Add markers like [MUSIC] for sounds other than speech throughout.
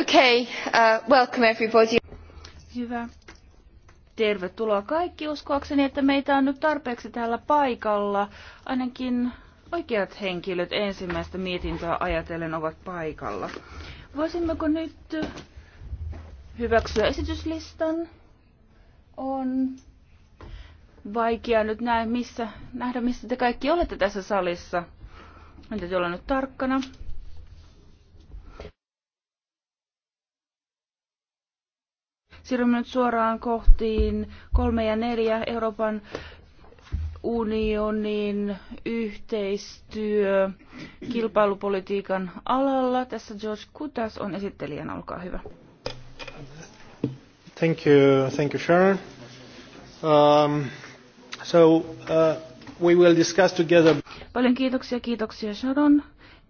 Okay, uh, welcome everybody. Hyvä. Tervetuloa kaikki. Uskoakseni, että meitä on nyt tarpeeksi täällä paikalla. Ainakin oikeat henkilöt ensimmäistä mietintöä ajatellen ovat paikalla. Voisimmeko nyt hyväksyä esityslistan? On vaikea nyt missä, nähdä, missä te kaikki olette tässä salissa. Mä täytyy olla nyt tarkkana. Siirrymme nyt suoraan kohtiin kolme ja neljä Euroopan unionin yhteistyö kilpailupolitiikan alalla. Tässä George Kutas on esittelijänä, olkaa hyvä. Thank you, thank you Sharon. Um, so, uh, we will discuss together. Paljon kiitoksia, kiitoksia Sharon.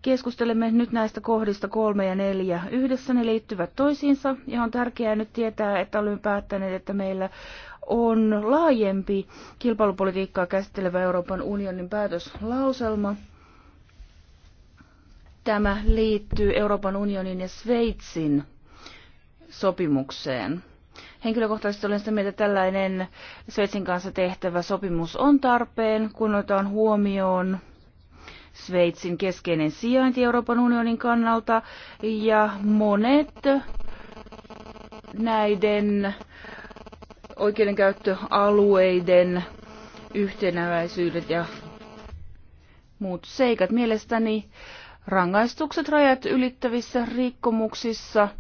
Keskustelemme nyt näistä kohdista kolme ja neljä yhdessä. Ne liittyvät toisiinsa ja on tärkeää nyt tietää, että olemme päättäneet, että meillä on laajempi kilpailupolitiikkaa käsittelevä Euroopan unionin päätöslauselma. Tämä liittyy Euroopan unionin ja Sveitsin sopimukseen. Henkilökohtaisesti olen sitä mieltä, että tällainen Sveitsin kanssa tehtävä sopimus on tarpeen, kun otetaan huomioon Sveitsin keskeinen sijainti Euroopan unionin kannalta ja monet näiden oikeudenkäyttöalueiden yhtenäväisyydet ja muut seikat. Mielestäni rangaistukset rajat ylittävissä rikkomuksissa –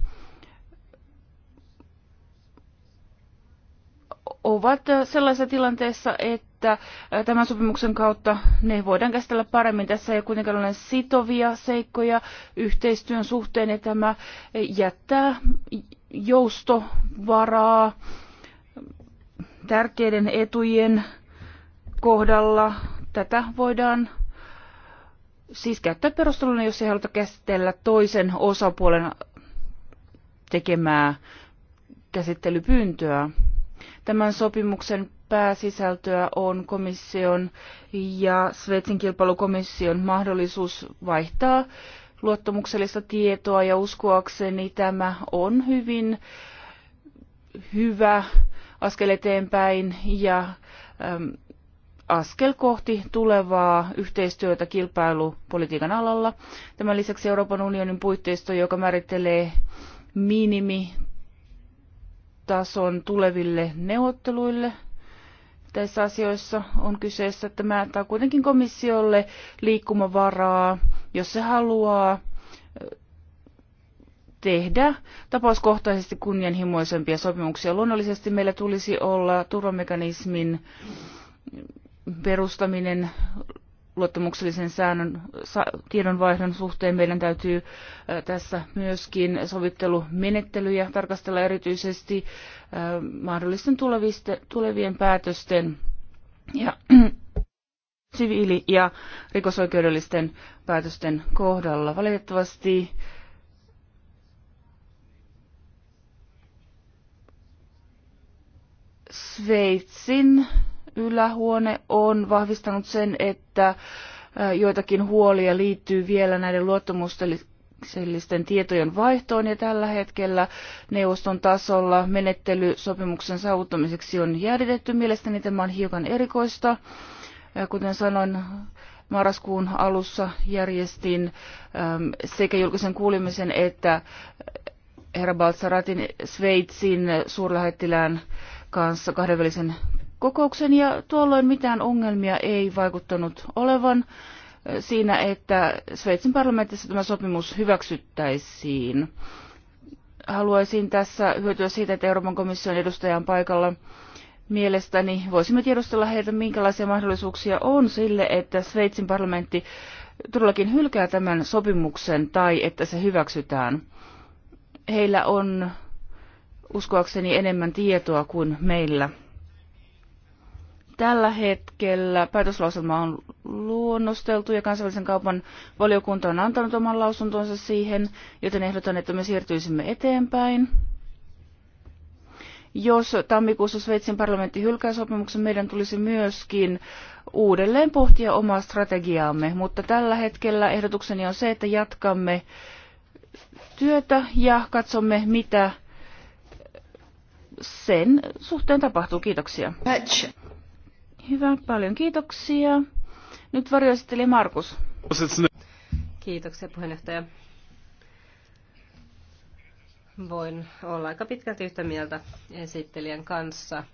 ovat sellaisessa tilanteessa, että tämän sopimuksen kautta ne voidaan käsitellä paremmin. Tässä ei kuitenkaan ole sitovia seikkoja yhteistyön suhteen ja tämä jättää joustovaraa tärkeiden etujen kohdalla. Tätä voidaan siis käyttää perusteluna, jos ei haluta käsitellä toisen osapuolen tekemää käsittelypyyntöä. Tämän sopimuksen pääsisältöä on komission ja Sveitsin kilpailukomission mahdollisuus vaihtaa luottamuksellista tietoa ja uskoakseni tämä on hyvin hyvä askel eteenpäin ja äm, askel kohti tulevaa yhteistyötä kilpailupolitiikan alalla. Tämän lisäksi Euroopan unionin puitteisto, joka määrittelee minimi tason tuleville neuvotteluille tässä asioissa on kyseessä. Tämä antaa kuitenkin komissiolle liikkumavaraa, jos se haluaa tehdä tapauskohtaisesti kunnianhimoisempia sopimuksia. Luonnollisesti meillä tulisi olla turvamekanismin perustaminen luottamuksellisen säännön sa, tiedonvaihdon suhteen meidän täytyy tässä myöskin sovittelumenettelyjä tarkastella erityisesti mahdollisten tulevien päätösten ja [CLEARS THROAT] siviili- ja rikosoikeudellisten päätösten kohdalla. Valitettavasti Sveitsin ylähuone on vahvistanut sen, että äh, joitakin huolia liittyy vielä näiden luottamuksellisten tietojen vaihtoon ja tällä hetkellä neuvoston tasolla menettely sopimuksen saavuttamiseksi on jäädytetty. Mielestäni tämä on hiukan erikoista. Äh, kuten sanoin, marraskuun alussa järjestin ähm, sekä julkisen kuulemisen että äh, herra Balsaratin Sveitsin suurlähettilään kanssa kahdenvälisen kokouksen ja tuolloin mitään ongelmia ei vaikuttanut olevan siinä, että Sveitsin parlamentissa tämä sopimus hyväksyttäisiin. Haluaisin tässä hyötyä siitä, että Euroopan komission edustaja on paikalla. Mielestäni voisimme tiedustella heiltä, minkälaisia mahdollisuuksia on sille, että Sveitsin parlamentti todellakin hylkää tämän sopimuksen tai että se hyväksytään. Heillä on uskoakseni enemmän tietoa kuin meillä Tällä hetkellä päätöslauselma on luonnosteltu ja kansainvälisen kaupan valiokunta on antanut oman lausuntonsa siihen, joten ehdotan, että me siirtyisimme eteenpäin. Jos tammikuussa Sveitsin parlamentti hylkää sopimuksen, meidän tulisi myöskin uudelleen pohtia omaa strategiaamme, mutta tällä hetkellä ehdotukseni on se, että jatkamme työtä ja katsomme, mitä sen suhteen tapahtuu. Kiitoksia. Hyvä, paljon kiitoksia. Nyt varjoesitteli Markus. Kiitoksia puheenjohtaja. Voin olla aika pitkälti yhtä mieltä esittelijän kanssa.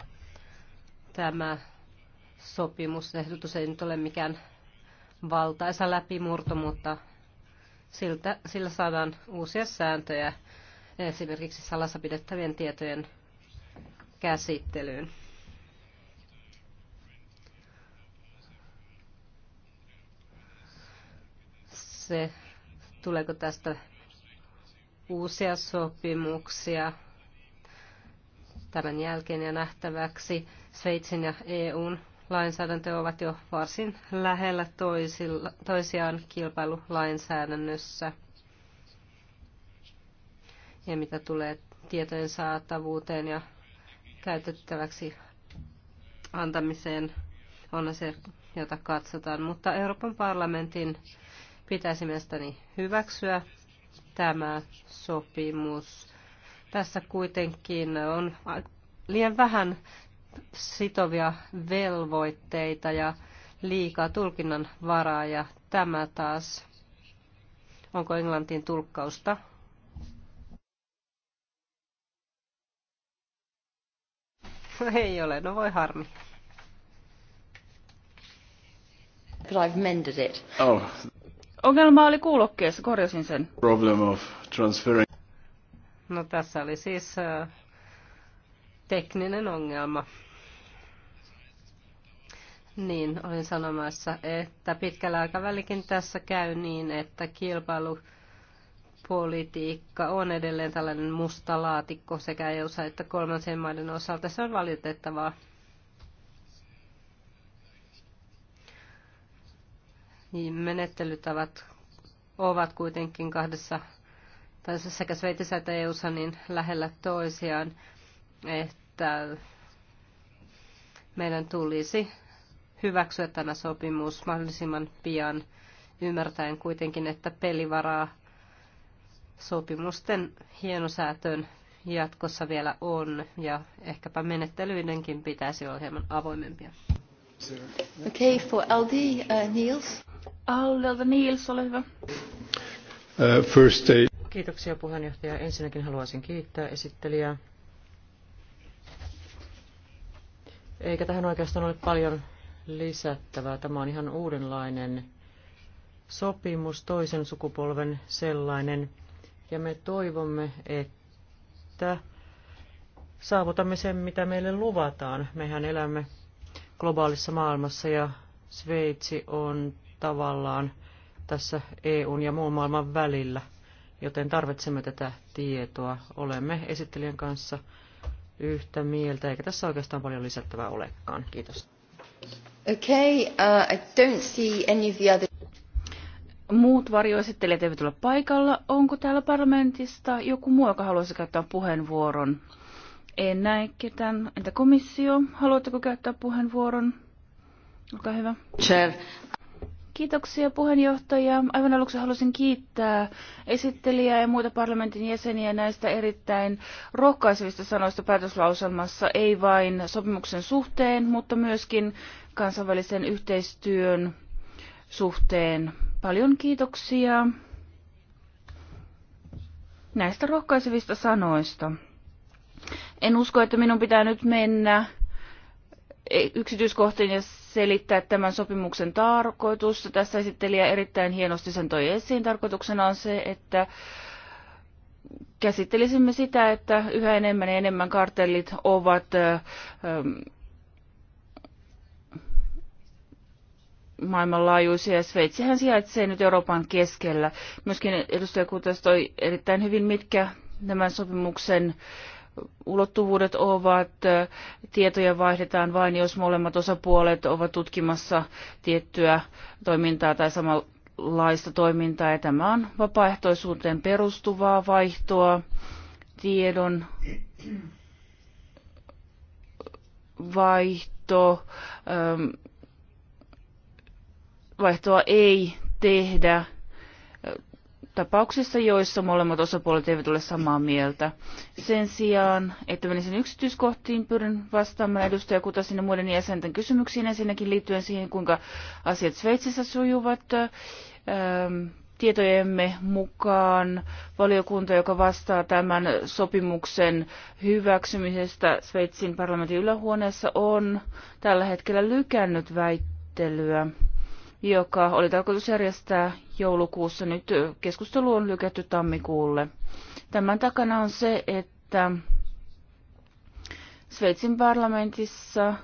Tämä sopimusehdotus ei nyt ole mikään valtaisa läpimurto, mutta siltä, sillä saadaan uusia sääntöjä esimerkiksi salassa pidettävien tietojen käsittelyyn. se, tuleeko tästä uusia sopimuksia tämän jälkeen ja nähtäväksi. Sveitsin ja EUn lainsäädäntö ovat jo varsin lähellä toisilla, toisiaan kilpailulainsäädännössä. Ja mitä tulee tietojen saatavuuteen ja käytettäväksi antamiseen, on se, jota katsotaan. Mutta Euroopan parlamentin pitäisi mielestäni hyväksyä tämä sopimus. Tässä kuitenkin on liian vähän sitovia velvoitteita ja liikaa tulkinnan varaa ja tämä taas, onko englantiin tulkkausta? No ei ole, no voi harmi. But I've mended it. Oh. Ongelma oli kuulokkeessa, korjasin sen. Problem of transferring. No tässä oli siis äh, tekninen ongelma. Niin, olin sanomassa, että pitkällä aikavälikin tässä käy niin, että kilpailupolitiikka on edelleen tällainen musta laatikko sekä EU- että kolmansien maiden osalta. Se on valitettavaa. Niin, menettelytavat ovat kuitenkin kahdessa, tai siis sekä Sveitsissä että EUssa niin lähellä toisiaan, että meidän tulisi hyväksyä tämä sopimus mahdollisimman pian, ymmärtäen kuitenkin, että pelivaraa sopimusten hienosäätön jatkossa vielä on, ja ehkäpä menettelyidenkin pitäisi olla hieman avoimempia. Okay, for LD, uh, Niels. Allelta Niils, ole hyvä. Uh, first day. Kiitoksia puheenjohtaja. Ensinnäkin haluaisin kiittää esittelijää. Eikä tähän oikeastaan ole paljon lisättävää. Tämä on ihan uudenlainen sopimus, toisen sukupolven sellainen. Ja me toivomme, että saavutamme sen, mitä meille luvataan. Mehän elämme globaalissa maailmassa ja Sveitsi on tavallaan tässä EUn ja muun maailman välillä, joten tarvitsemme tätä tietoa. Olemme esittelijän kanssa yhtä mieltä, eikä tässä oikeastaan paljon lisättävää olekaan. Kiitos. Okay, uh, I don't see any of the other... Muut varjoesittelijät eivät ole paikalla. Onko täällä parlamentista joku muu, joka haluaisi käyttää puheenvuoron? En näe ketään. Entä komissio? Haluatteko käyttää puheenvuoron? Olkaa hyvä. Chair, Kiitoksia puheenjohtaja. Aivan aluksi haluaisin kiittää esittelijää ja muita parlamentin jäseniä näistä erittäin rohkaisevista sanoista päätöslauselmassa, ei vain sopimuksen suhteen, mutta myöskin kansainvälisen yhteistyön suhteen. Paljon kiitoksia näistä rohkaisevista sanoista. En usko, että minun pitää nyt mennä yksityiskohtiin ja selittää tämän sopimuksen tarkoitus. Tässä esittelijä erittäin hienosti sen toi esiin. Tarkoituksena on se, että käsittelisimme sitä, että yhä enemmän ja enemmän kartellit ovat ähm, maailmanlaajuisia ja Sveitsihän sijaitsee nyt Euroopan keskellä. Myöskin edustaja Kutas toi erittäin hyvin, mitkä tämän sopimuksen äh, ulottuvuudet ovat, tietoja vaihdetaan vain, jos molemmat osapuolet ovat tutkimassa tiettyä toimintaa tai samanlaista toimintaa. Ja tämä on vapaaehtoisuuteen perustuvaa vaihtoa, tiedon vaihto, vaihtoa ei tehdä tapauksissa, joissa molemmat osapuolet eivät ole samaa mieltä. Sen sijaan, että menisin yksityiskohtiin, pyrin vastaamaan edustaja Kutasin ja muiden jäsenten kysymyksiin ensinnäkin liittyen siihen, kuinka asiat Sveitsissä sujuvat. Ähm, tietojemme mukaan valiokunta, joka vastaa tämän sopimuksen hyväksymisestä Sveitsin parlamentin ylähuoneessa, on tällä hetkellä lykännyt väittelyä joka oli tarkoitus järjestää joulukuussa. Nyt keskustelu on lykätty tammikuulle. Tämän takana on se, että Sveitsin parlamentissa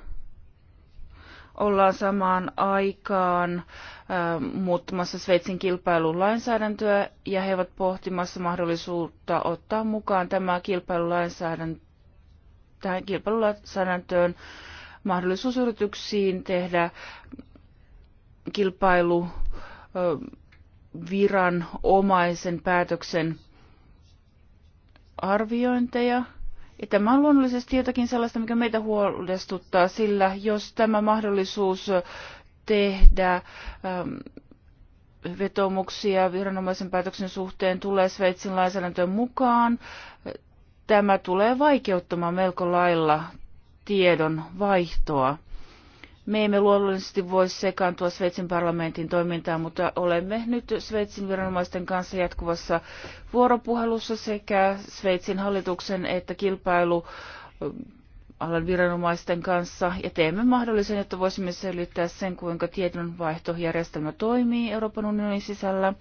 ollaan samaan aikaan ähm, muuttamassa Sveitsin kilpailun lainsäädäntöä ja he ovat pohtimassa mahdollisuutta ottaa mukaan tämä kilpailulainsäädäntö tähän kilpailulainsäädäntöön mahdollisuus yrityksiin tehdä kilpailu viranomaisen päätöksen arviointeja. Ja tämä on luonnollisesti jotakin sellaista, mikä meitä huolestuttaa, sillä jos tämä mahdollisuus tehdä vetomuksia viranomaisen päätöksen suhteen tulee Sveitsin lainsäädäntöön mukaan, tämä tulee vaikeuttamaan melko lailla tiedon vaihtoa. Me emme luonnollisesti voi sekaantua Sveitsin parlamentin toimintaan, mutta olemme nyt Sveitsin viranomaisten kanssa jatkuvassa vuoropuhelussa sekä Sveitsin hallituksen että kilpailu eh, alan viranomaisten kanssa ja teemme mahdollisen, että voisimme selvittää sen, kuinka tiedonvaihtojärjestelmä toimii Euroopan unionin sisällä.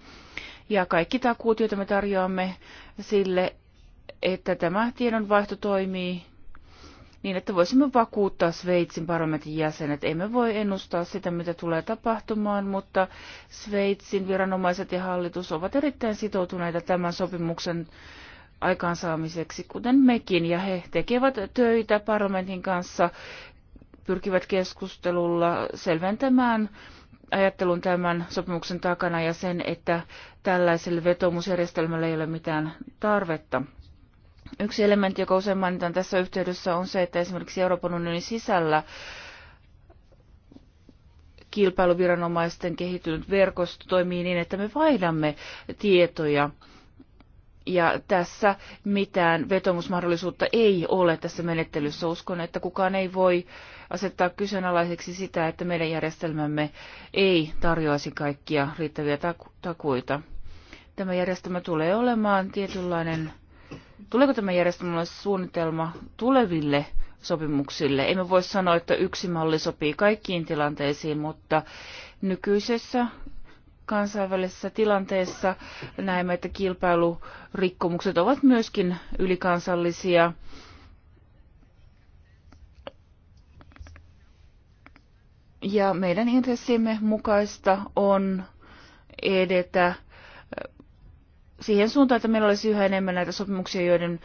Ja kaikki takuut, joita me tarjoamme sille, että tämä tiedonvaihto toimii niin, että voisimme vakuuttaa Sveitsin parlamentin jäsenet. Emme voi ennustaa sitä, mitä tulee tapahtumaan, mutta Sveitsin viranomaiset ja hallitus ovat erittäin sitoutuneita tämän sopimuksen aikaansaamiseksi, kuten mekin, ja he tekevät töitä parlamentin kanssa, pyrkivät keskustelulla selventämään ajattelun tämän sopimuksen takana ja sen, että tällaiselle vetomusjärjestelmälle ei ole mitään tarvetta. Yksi elementti, joka usein mainitaan tässä yhteydessä, on se, että esimerkiksi Euroopan unionin sisällä kilpailuviranomaisten kehittynyt verkosto toimii niin, että me vaihdamme tietoja. Ja tässä mitään vetomusmahdollisuutta ei ole tässä menettelyssä. Uskon, että kukaan ei voi asettaa kyseenalaiseksi sitä, että meidän järjestelmämme ei tarjoaisi kaikkia riittäviä takuita. Tämä järjestelmä tulee olemaan tietynlainen Tuleeko tämä järjestelmällä suunnitelma tuleville sopimuksille? Emme voi sanoa, että yksi malli sopii kaikkiin tilanteisiin, mutta nykyisessä kansainvälisessä tilanteessa näemme, että kilpailurikkomukset ovat myöskin ylikansallisia. Ja meidän intressimme mukaista on edetä siihen suuntaan, että meillä olisi yhä enemmän näitä sopimuksia, joiden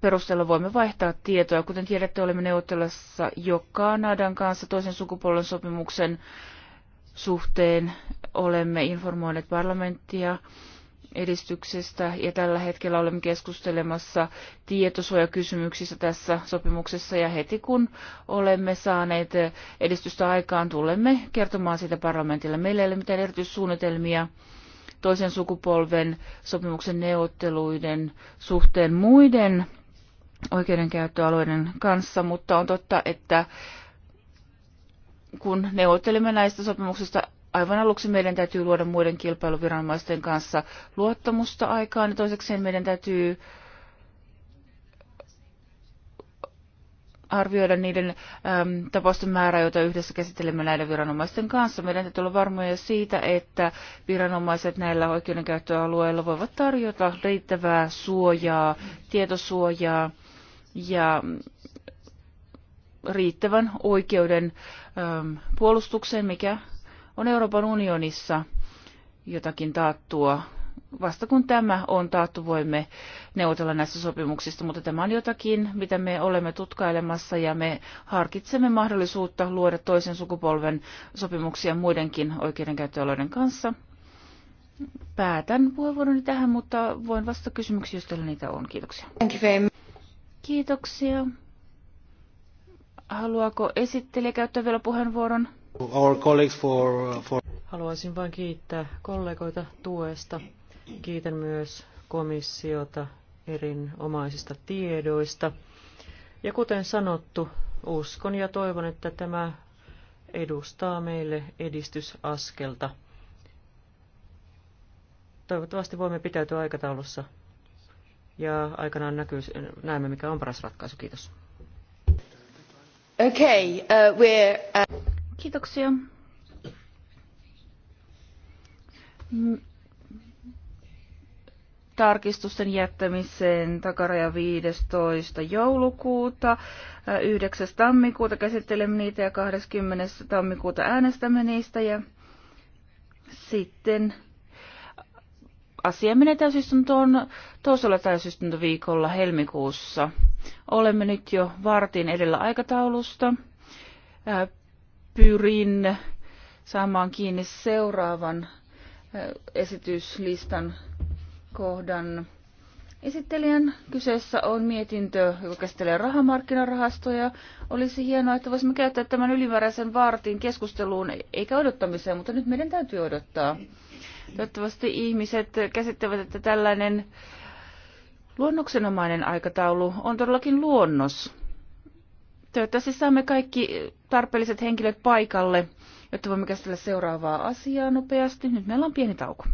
perusteella voimme vaihtaa tietoa. Kuten tiedätte, olemme neuvottelussa jo Kanadan kanssa toisen sukupuolen sopimuksen suhteen. Olemme informoineet parlamenttia edistyksestä ja tällä hetkellä olemme keskustelemassa tietosuojakysymyksissä tässä sopimuksessa ja heti kun olemme saaneet edistystä aikaan, tulemme kertomaan siitä parlamentille. Meillä ei ole mitään erityissuunnitelmia toisen sukupolven sopimuksen neuvotteluiden suhteen muiden oikeudenkäyttöalueiden kanssa, mutta on totta, että kun neuvottelimme näistä sopimuksista aivan aluksi meidän täytyy luoda muiden kilpailuviranomaisten kanssa luottamusta aikaan ja toisekseen meidän täytyy arvioida niiden äm, tapausten määrää, joita yhdessä käsittelemme näiden viranomaisten kanssa. Meidän täytyy olla varmoja siitä, että viranomaiset näillä oikeudenkäyttöalueilla voivat tarjota riittävää suojaa, tietosuojaa ja mm, riittävän oikeuden äm, puolustukseen, mikä on Euroopan unionissa jotakin taattua vasta kun tämä on taattu, voimme neuvotella näistä sopimuksista, mutta tämä on jotakin, mitä me olemme tutkailemassa ja me harkitsemme mahdollisuutta luoda toisen sukupolven sopimuksia muidenkin oikeudenkäyttöalueiden kanssa. Päätän puheenvuoroni tähän, mutta voin vastata kysymyksiin, jos teillä niitä on. Kiitoksia. Kiitoksia. Haluaako esittelijä käyttää vielä puheenvuoron? Haluaisin vain kiittää kollegoita tuesta Kiitän myös komissiota erinomaisista tiedoista. Ja kuten sanottu, uskon ja toivon, että tämä edustaa meille edistysaskelta. Toivottavasti voimme pitäytyä aikataulussa ja aikanaan näkyy, näemme, mikä on paras ratkaisu. Kiitos. Okay, uh, we're, uh... Kiitoksia tarkistusten jättämiseen takaraja 15. joulukuuta, 9. tammikuuta käsittelemme niitä ja 20. tammikuuta äänestämme niistä ja sitten asia menee täysistuntoon toisella täysistuntoviikolla helmikuussa. Olemme nyt jo vartin edellä aikataulusta. Pyrin saamaan kiinni seuraavan esityslistan kohdan esittelijän. Kyseessä on mietintö, joka käsittelee rahamarkkinarahastoja. Olisi hienoa, että voisimme käyttää tämän ylimääräisen vartin keskusteluun, eikä odottamiseen, mutta nyt meidän täytyy odottaa. Toivottavasti ihmiset käsittävät, että tällainen luonnoksenomainen aikataulu on todellakin luonnos. Toivottavasti saamme kaikki tarpeelliset henkilöt paikalle, jotta voimme käsitellä seuraavaa asiaa nopeasti. Nyt meillä on pieni tauko.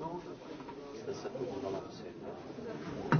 Non, ça peut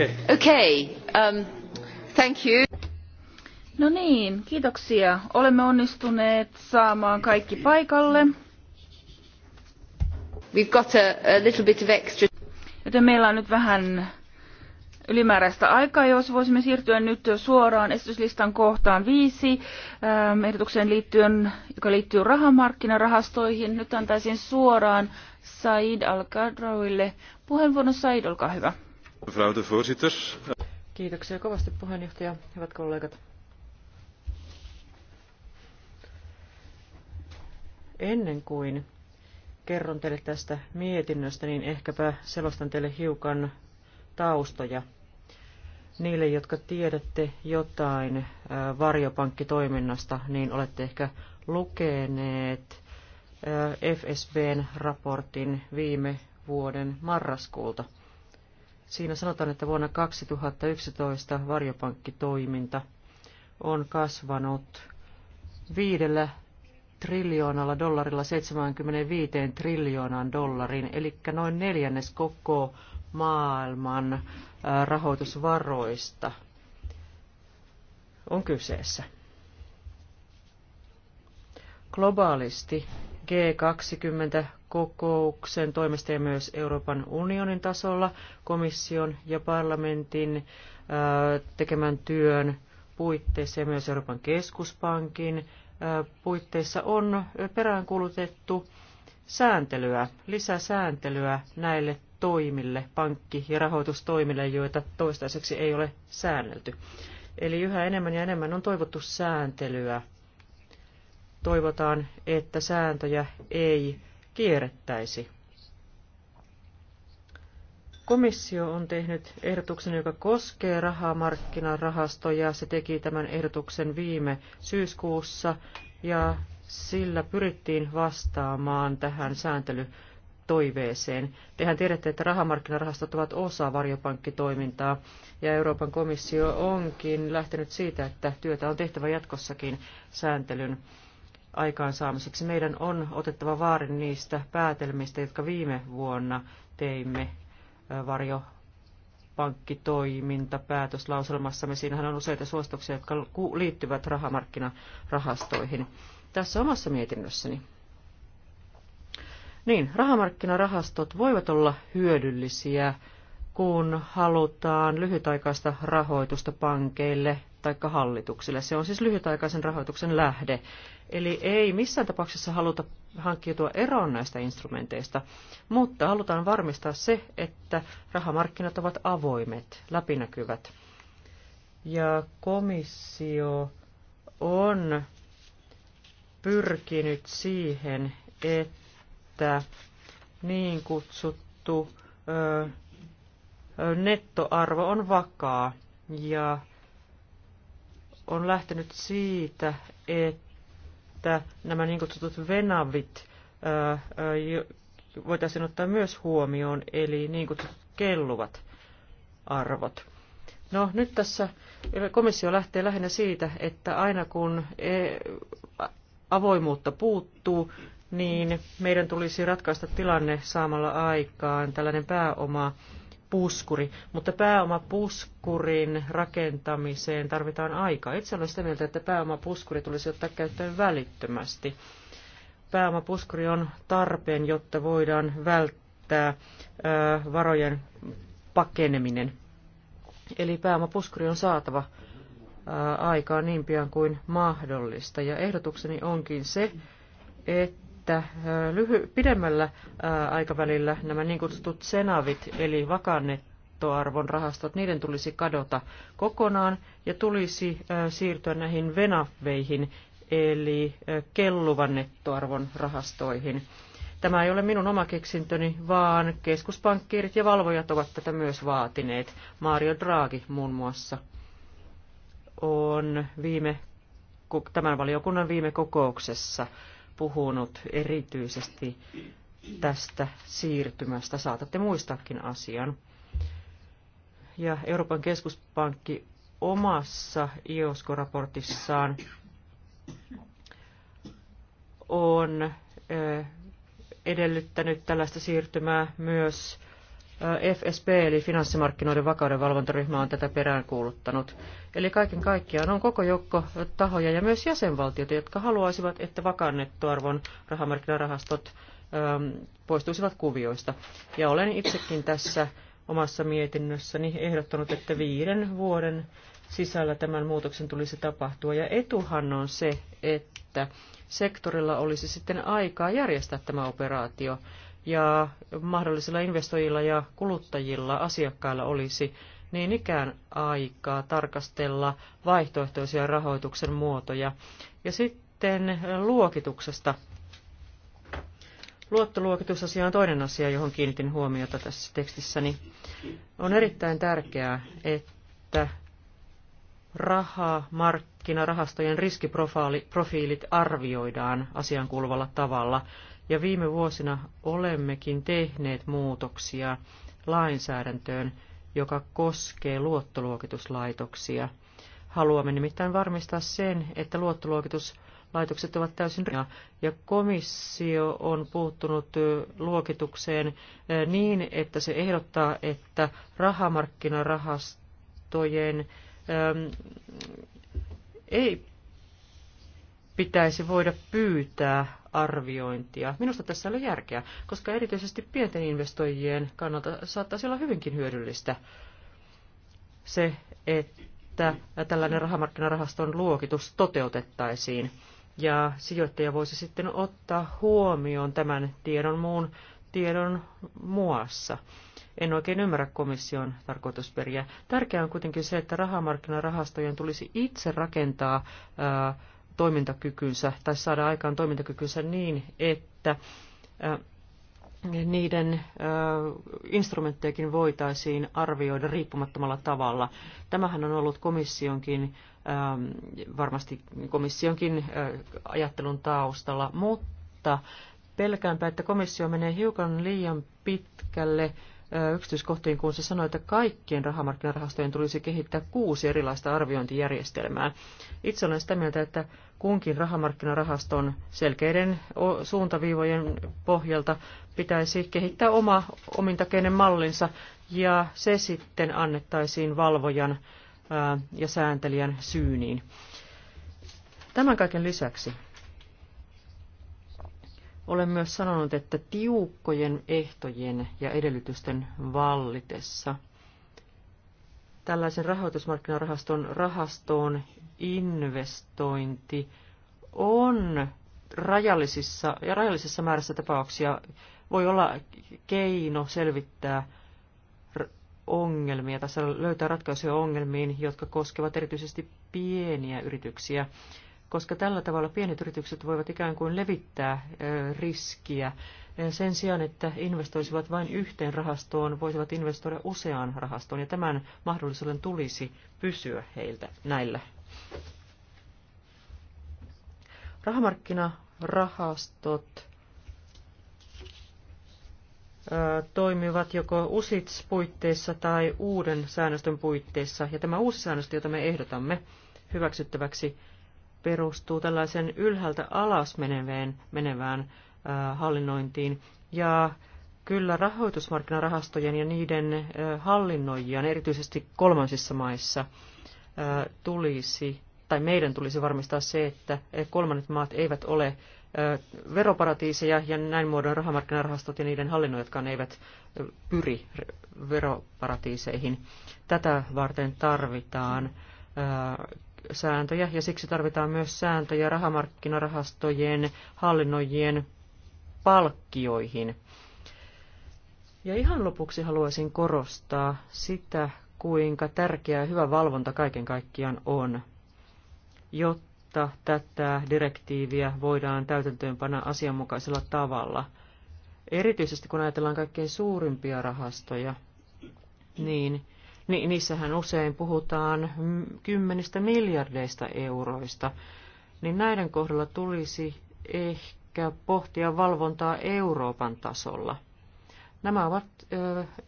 Um, no niin, kiitoksia. Olemme onnistuneet saamaan kaikki paikalle. We've got a, a little bit of extra. Joten meillä on nyt vähän ylimääräistä aikaa, jos voisimme siirtyä nyt suoraan esityslistan kohtaan viisi ähm, ehdotukseen liittyen, joka liittyy rahamarkkinarahastoihin. Nyt antaisin suoraan Said Al-Kadrawille puheenvuoron. Said, olkaa hyvä. Kiitoksia kovasti puheenjohtaja, hyvät kollegat. Ennen kuin kerron teille tästä mietinnöstä, niin ehkäpä selostan teille hiukan taustoja niille, jotka tiedätte jotain äh, varjopankkitoiminnasta, niin olette ehkä lukeneet äh, FSBn raportin viime vuoden marraskuulta – Siinä sanotaan, että vuonna 2011 varjopankkitoiminta on kasvanut viidellä triljoonalla dollarilla 75 triljoonaan dollariin, eli noin neljännes koko maailman rahoitusvaroista on kyseessä. Globaalisti G20 kokouksen toimesta ja myös Euroopan unionin tasolla komission ja parlamentin äh, tekemän työn puitteissa ja myös Euroopan keskuspankin äh, puitteissa on peräänkulutettu sääntelyä, lisäsääntelyä näille toimille, pankki- ja rahoitustoimille, joita toistaiseksi ei ole säännelty. Eli yhä enemmän ja enemmän on toivottu sääntelyä. Toivotaan, että sääntöjä ei kierrettäisi. Komissio on tehnyt ehdotuksen, joka koskee rahamarkkinarahastoja. Se teki tämän ehdotuksen viime syyskuussa ja sillä pyrittiin vastaamaan tähän sääntelytoiveeseen. Tehän tiedätte, että rahamarkkinarahastot ovat osa varjopankkitoimintaa ja Euroopan komissio onkin lähtenyt siitä, että työtä on tehtävä jatkossakin sääntelyn aikaansaamiseksi. Meidän on otettava vaarin niistä päätelmistä, jotka viime vuonna teimme varjo päätöslauselmassamme. Siinähän on useita suosituksia, jotka liittyvät rahamarkkinarahastoihin. Tässä omassa mietinnössäni. Niin, rahamarkkinarahastot voivat olla hyödyllisiä, kun halutaan lyhytaikaista rahoitusta pankeille tai hallituksille. Se on siis lyhytaikaisen rahoituksen lähde. Eli ei missään tapauksessa haluta hankkiutua eroon näistä instrumenteista, mutta halutaan varmistaa se, että rahamarkkinat ovat avoimet, läpinäkyvät. Ja komissio on pyrkinyt siihen, että niin kutsuttu nettoarvo on vakaa ja on lähtenyt siitä, että nämä niin kutsutut venavit voitaisiin ottaa myös huomioon, eli niin kutsutut kelluvat arvot. No nyt tässä komissio lähtee lähinnä siitä, että aina kun e, avoimuutta puuttuu, niin meidän tulisi ratkaista tilanne saamalla aikaan tällainen pääoma puskuri, mutta pääomapuskurin rakentamiseen tarvitaan aikaa. Itse olen sitä mieltä, että pääomapuskuri tulisi ottaa käyttöön välittömästi. Pääomapuskuri on tarpeen, jotta voidaan välttää varojen pakeneminen. Eli pääomapuskuri on saatava aikaa niin pian kuin mahdollista. Ja ehdotukseni onkin se, että että lyhy- pidemmällä aikavälillä nämä niin kutsutut senavit, eli vakannettoarvon rahastot, niiden tulisi kadota kokonaan ja tulisi siirtyä näihin venaveihin, eli kelluvan nettoarvon rahastoihin. Tämä ei ole minun oma keksintöni, vaan keskuspankkiirit ja valvojat ovat tätä myös vaatineet. Mario Draghi muun muassa on viime, tämän valiokunnan viime kokouksessa puhunut erityisesti tästä siirtymästä. Saatatte muistaakin asian. Ja Euroopan keskuspankki omassa IOSCO-raportissaan on edellyttänyt tällaista siirtymää myös FSP eli finanssimarkkinoiden vakauden valvontaryhmä on tätä peräänkuuluttanut. Eli kaiken kaikkiaan on koko joukko tahoja ja myös jäsenvaltioita, jotka haluaisivat, että vakannettuarvon rahamarkkinarahastot äm, poistuisivat kuvioista. Ja olen itsekin tässä omassa mietinnössäni ehdottanut, että viiden vuoden sisällä tämän muutoksen tulisi tapahtua. Ja etuhan on se, että sektorilla olisi sitten aikaa järjestää tämä operaatio ja mahdollisilla investoijilla ja kuluttajilla, asiakkailla olisi niin ikään aikaa tarkastella vaihtoehtoisia rahoituksen muotoja. Ja sitten luokituksesta. Luottoluokitusasia on toinen asia, johon kiinnitin huomiota tässä tekstissäni. On erittäin tärkeää, että rahamarkkinarahastojen riskiprofiilit arvioidaan asian kuuluvalla tavalla – ja viime vuosina olemmekin tehneet muutoksia lainsäädäntöön, joka koskee luottoluokituslaitoksia. Haluamme nimittäin varmistaa sen, että luottoluokituslaitokset ovat täysin rinnoja, ja komissio on puuttunut luokitukseen niin, että se ehdottaa, että rahamarkkinarahastojen ei pitäisi voida pyytää arviointia. Minusta tässä oli järkeä, koska erityisesti pienten investoijien kannalta saattaisi olla hyvinkin hyödyllistä se, että tällainen rahamarkkinarahaston luokitus toteutettaisiin. Ja sijoittaja voisi sitten ottaa huomioon tämän tiedon muun tiedon muassa. En oikein ymmärrä komission tarkoitusperiä. Tärkeää on kuitenkin se, että rahamarkkinarahastojen tulisi itse rakentaa ää, toimintakykynsä tai saada aikaan toimintakykynsä niin, että äh, niiden äh, instrumenttejakin voitaisiin arvioida riippumattomalla tavalla. Tämähän on ollut komissionkin, äh, varmasti komissionkin ajattelun taustalla, mutta pelkäänpä, että komissio menee hiukan liian pitkälle yksityiskohtiin, kun se sanoi, että kaikkien rahamarkkinarahastojen tulisi kehittää kuusi erilaista arviointijärjestelmää. Itse olen sitä mieltä, että kunkin rahamarkkinarahaston selkeiden suuntaviivojen pohjalta pitäisi kehittää oma omintakeinen mallinsa, ja se sitten annettaisiin valvojan ja sääntelijän syyniin. Tämän kaiken lisäksi olen myös sanonut, että tiukkojen ehtojen ja edellytysten vallitessa tällaisen rahoitusmarkkinarahaston rahastoon investointi on rajallisissa ja rajallisessa määrässä tapauksia voi olla keino selvittää ongelmia, tässä löytää ratkaisuja ongelmiin, jotka koskevat erityisesti pieniä yrityksiä koska tällä tavalla pienet yritykset voivat ikään kuin levittää riskiä. Sen sijaan, että investoisivat vain yhteen rahastoon, voisivat investoida useaan rahastoon, ja tämän mahdollisuuden tulisi pysyä heiltä näillä. Rahamarkkinarahastot toimivat joko USITS-puitteissa tai uuden säännöstön puitteissa, ja tämä uusi säännöstö, jota me ehdotamme hyväksyttäväksi, perustuu tällaisen ylhäältä alas menevään, menevään hallinnointiin. Ja kyllä rahoitusmarkkinarahastojen ja niiden hallinnoijien, erityisesti kolmansissa maissa, tulisi, tai meidän tulisi varmistaa se, että kolmannet maat eivät ole veroparatiiseja ja näin muodon rahamarkkinarahastot ja niiden hallinnoijatkaan eivät pyri veroparatiiseihin. Tätä varten tarvitaan sääntöjä ja siksi tarvitaan myös sääntöjä rahamarkkinarahastojen hallinnoijien palkkioihin. Ja ihan lopuksi haluaisin korostaa sitä, kuinka tärkeää hyvä valvonta kaiken kaikkiaan on, jotta tätä direktiiviä voidaan täytäntöönpana asianmukaisella tavalla. Erityisesti kun ajatellaan kaikkein suurimpia rahastoja, niin niin niissähän usein puhutaan kymmenistä miljardeista euroista, niin näiden kohdalla tulisi ehkä pohtia valvontaa Euroopan tasolla. Nämä ovat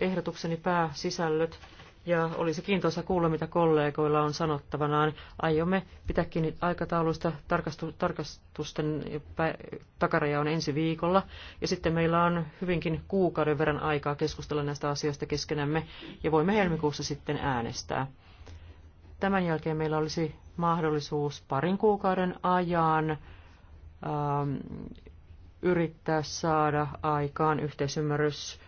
ehdotukseni pääsisällöt ja olisi kiintoisa kuulla, mitä kollegoilla on sanottavanaan. Aiomme pitää kiinni aikatauluista Tarkastu, tarkastusten pä, takaraja on ensi viikolla. Ja sitten meillä on hyvinkin kuukauden verran aikaa keskustella näistä asioista keskenämme. Ja voimme helmikuussa sitten äänestää. Tämän jälkeen meillä olisi mahdollisuus parin kuukauden ajan ähm, yrittää saada aikaan yhteisymmärrys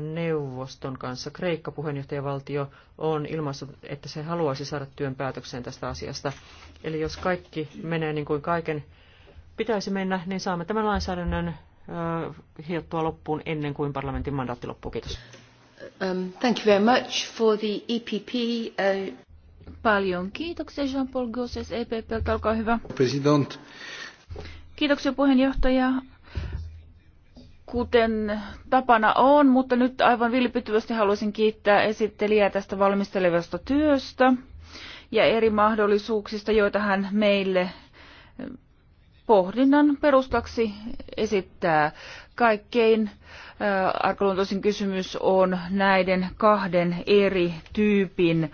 neuvoston kanssa. Kreikka puheenjohtajavaltio on ilmaissut, että se haluaisi saada työn päätökseen tästä asiasta. Eli jos kaikki menee niin kuin kaiken pitäisi mennä, niin saamme tämän lainsäädännön hiottua loppuun ennen kuin parlamentin mandaatti loppuu. Kiitos. Um, thank you very much for the EPP. Uh... Paljon kiitoksia Jean-Paul Gosses EPP, olkaa hyvä. President. Kiitoksia puheenjohtaja kuten tapana on, mutta nyt aivan vilpittyvästi haluaisin kiittää esittelijää tästä valmistelevasta työstä ja eri mahdollisuuksista, joita hän meille eh, pohdinnan perustaksi esittää. Kaikkein eh, arkaluontoisin kysymys on näiden kahden eri tyypin eh,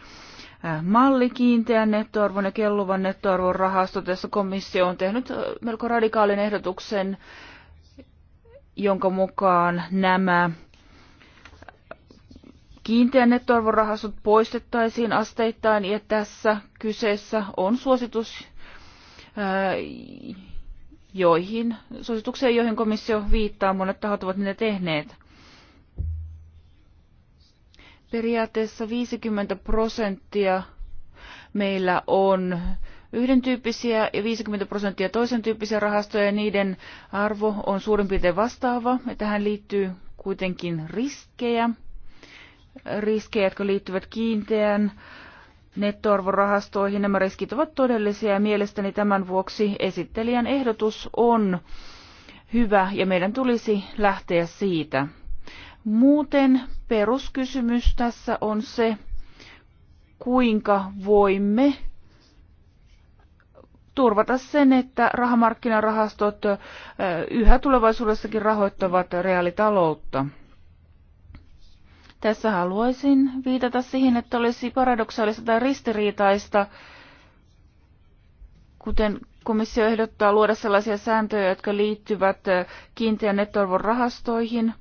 malli, kiinteän nettoarvon ja kelluvan nettoarvon rahasto. Tässä komissio on tehnyt melko radikaalin ehdotuksen jonka mukaan nämä kiinteän nettoarvorahastot poistettaisiin asteittain ja tässä kyseessä on suositus, joihin, suositukseen, joihin komissio viittaa, monet tahot ovat niitä tehneet. Periaatteessa 50 prosenttia meillä on yhden tyyppisiä ja 50 prosenttia toisen tyyppisiä rahastoja ja niiden arvo on suurin piirtein vastaava. Ja tähän liittyy kuitenkin riskejä, riskejä, jotka liittyvät kiinteään nettoarvorahastoihin. Nämä riskit ovat todellisia ja mielestäni tämän vuoksi esittelijän ehdotus on hyvä ja meidän tulisi lähteä siitä. Muuten peruskysymys tässä on se, kuinka voimme turvata sen, että rahamarkkinarahastot yhä tulevaisuudessakin rahoittavat reaalitaloutta. Tässä haluaisin viitata siihen, että olisi paradoksaalista tai ristiriitaista, kuten komissio ehdottaa luoda sellaisia sääntöjä, jotka liittyvät kiinteän nettoarvon rahastoihin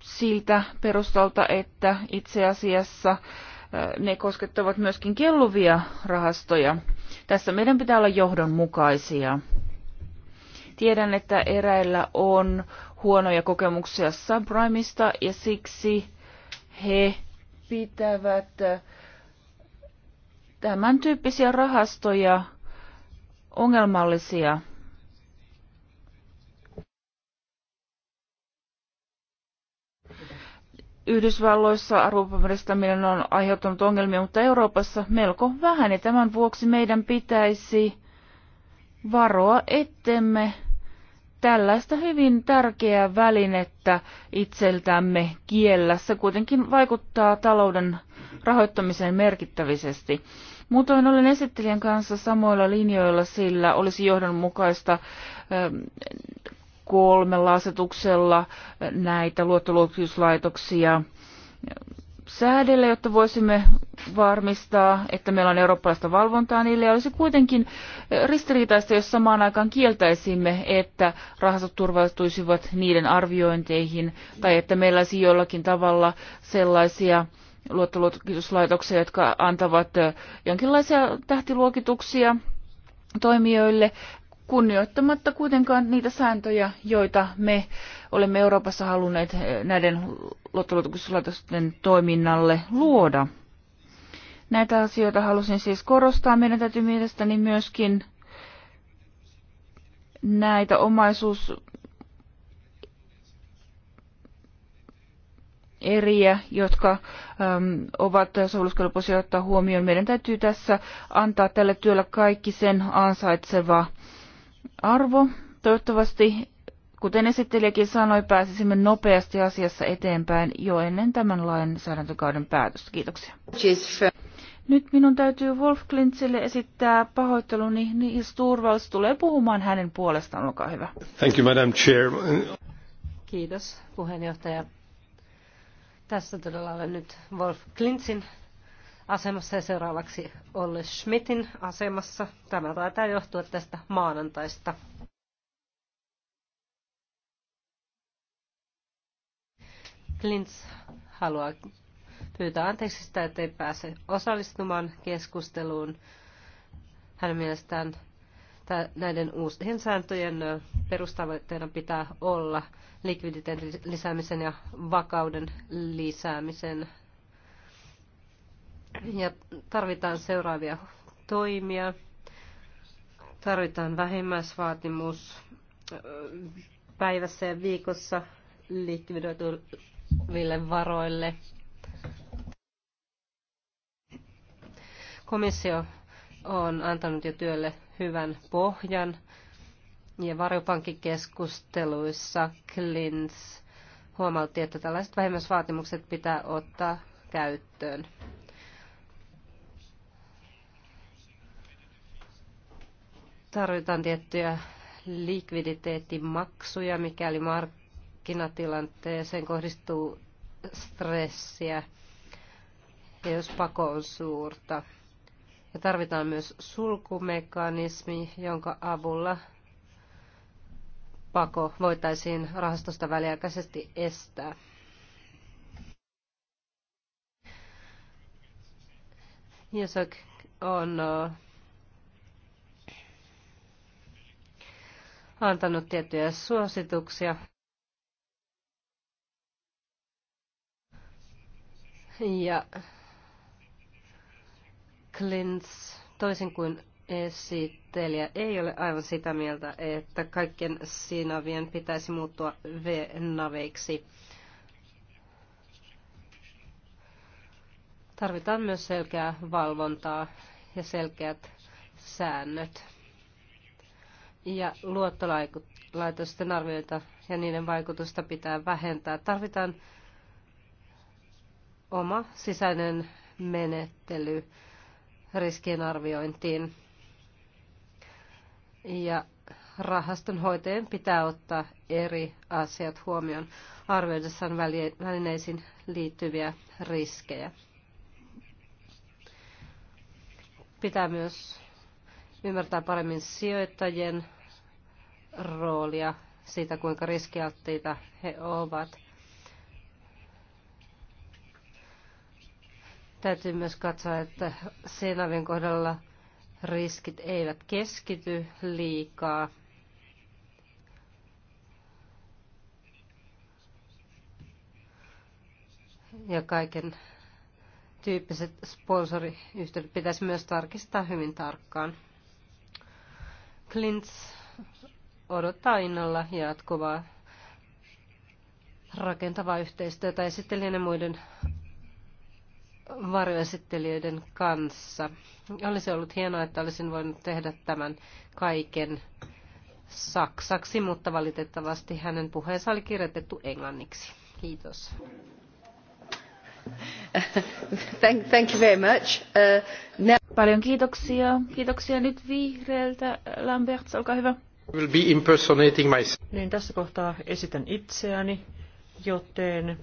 siltä perustalta, että itse asiassa ne koskettavat myöskin kelluvia rahastoja. Tässä meidän pitää olla johdonmukaisia. Tiedän, että eräillä on huonoja kokemuksia subprimeista ja siksi he pitävät tämän tyyppisiä rahastoja ongelmallisia Yhdysvalloissa arvopaperistaminen on aiheuttanut ongelmia, mutta Euroopassa melko vähän. Ja tämän vuoksi meidän pitäisi varoa, ettemme tällaista hyvin tärkeää välinettä itseltämme kiellä. Se kuitenkin vaikuttaa talouden rahoittamiseen merkittävisesti. Muutoin olen esittelijän kanssa samoilla linjoilla, sillä olisi johdonmukaista kolmella asetuksella näitä luottoluokituslaitoksia säädellä, jotta voisimme varmistaa, että meillä on eurooppalaista valvontaa niille. Ja olisi kuitenkin ristiriitaista, jos samaan aikaan kieltäisimme, että rahastot turvautuisivat niiden arviointeihin tai että meillä olisi jollakin tavalla sellaisia luottoluokituslaitoksia, jotka antavat jonkinlaisia tähtiluokituksia toimijoille kunnioittamatta kuitenkaan niitä sääntöjä, joita me olemme Euroopassa halunneet eh, näiden luottoluokituslaitosten toiminnalle luoda. Näitä asioita halusin siis korostaa. Meidän täytyy mielestäni myöskin näitä omaisuus eriä, jotka äm, ovat sovelluskelpoisia ottaa huomioon. Meidän täytyy tässä antaa tälle työlle kaikki sen ansaitseva arvo. Toivottavasti, kuten esittelijäkin sanoi, pääsisimme nopeasti asiassa eteenpäin jo ennen tämän lainsäädäntökauden päätöstä. Kiitoksia. Nyt minun täytyy Wolf Klintzille esittää pahoitteluni, niin Sturvals tulee puhumaan hänen puolestaan. Olkaa hyvä. Thank you, Madam Chair. Kiitos, puheenjohtaja. Tässä todella olen nyt Wolf Klintsin asemassa ja seuraavaksi Olle Schmidtin asemassa. Tämä taitaa johtua tästä maanantaista. Klintz haluaa pyytää anteeksi sitä, ettei pääse osallistumaan keskusteluun. Hän mielestään näiden uusien sääntöjen perustavoitteena pitää olla likviditeetin lisäämisen ja vakauden lisäämisen ja tarvitaan seuraavia toimia. Tarvitaan vähimmäisvaatimus päivässä ja viikossa likvidoituville varoille. Komissio on antanut jo työlle hyvän pohjan ja varjopankkikeskusteluissa Klins huomautti, että tällaiset vähimmäisvaatimukset pitää ottaa käyttöön. Tarvitaan tiettyjä likviditeettimaksuja, mikäli markkinatilanteeseen kohdistuu stressiä ja jos pako on suurta. Ja tarvitaan myös sulkumekanismi, jonka avulla pako voitaisiin rahastosta väliaikaisesti estää. Jesök on äh, antanut tiettyjä suosituksia. Ja Klintz, toisin kuin esittelijä, ei ole aivan sitä mieltä, että kaikkien sinavien pitäisi muuttua V-naveiksi. Tarvitaan myös selkeää valvontaa ja selkeät säännöt ja luottolaitosten arvioita ja niiden vaikutusta pitää vähentää. Tarvitaan oma sisäinen menettely riskien arviointiin. Ja rahastonhoitajien pitää ottaa eri asiat huomioon arvioidessaan välineisiin liittyviä riskejä. Pitää myös ymmärtää paremmin sijoittajien roolia, siitä kuinka riskialttiita he ovat. Täytyy myös katsoa, että Senavin kohdalla riskit eivät keskity liikaa. Ja kaiken tyyppiset sponsoriyhteydet pitäisi myös tarkistaa hyvin tarkkaan. Klints odottaa innolla jatkuvaa rakentavaa yhteistyötä esittelijän ja muiden varjoesittelijöiden kanssa. Olisi ollut hienoa, että olisin voinut tehdä tämän kaiken saksaksi, mutta valitettavasti hänen puheensa oli kirjoitettu englanniksi. Kiitos. [LAUGHS] Thank, thank you very much. Uh, now... Paljon kiitoksia. Kiitoksia nyt vihreältä. Lambert, olkaa hyvä. Will be impersonating myself. Niin, tässä kohtaa esitän itseäni, joten...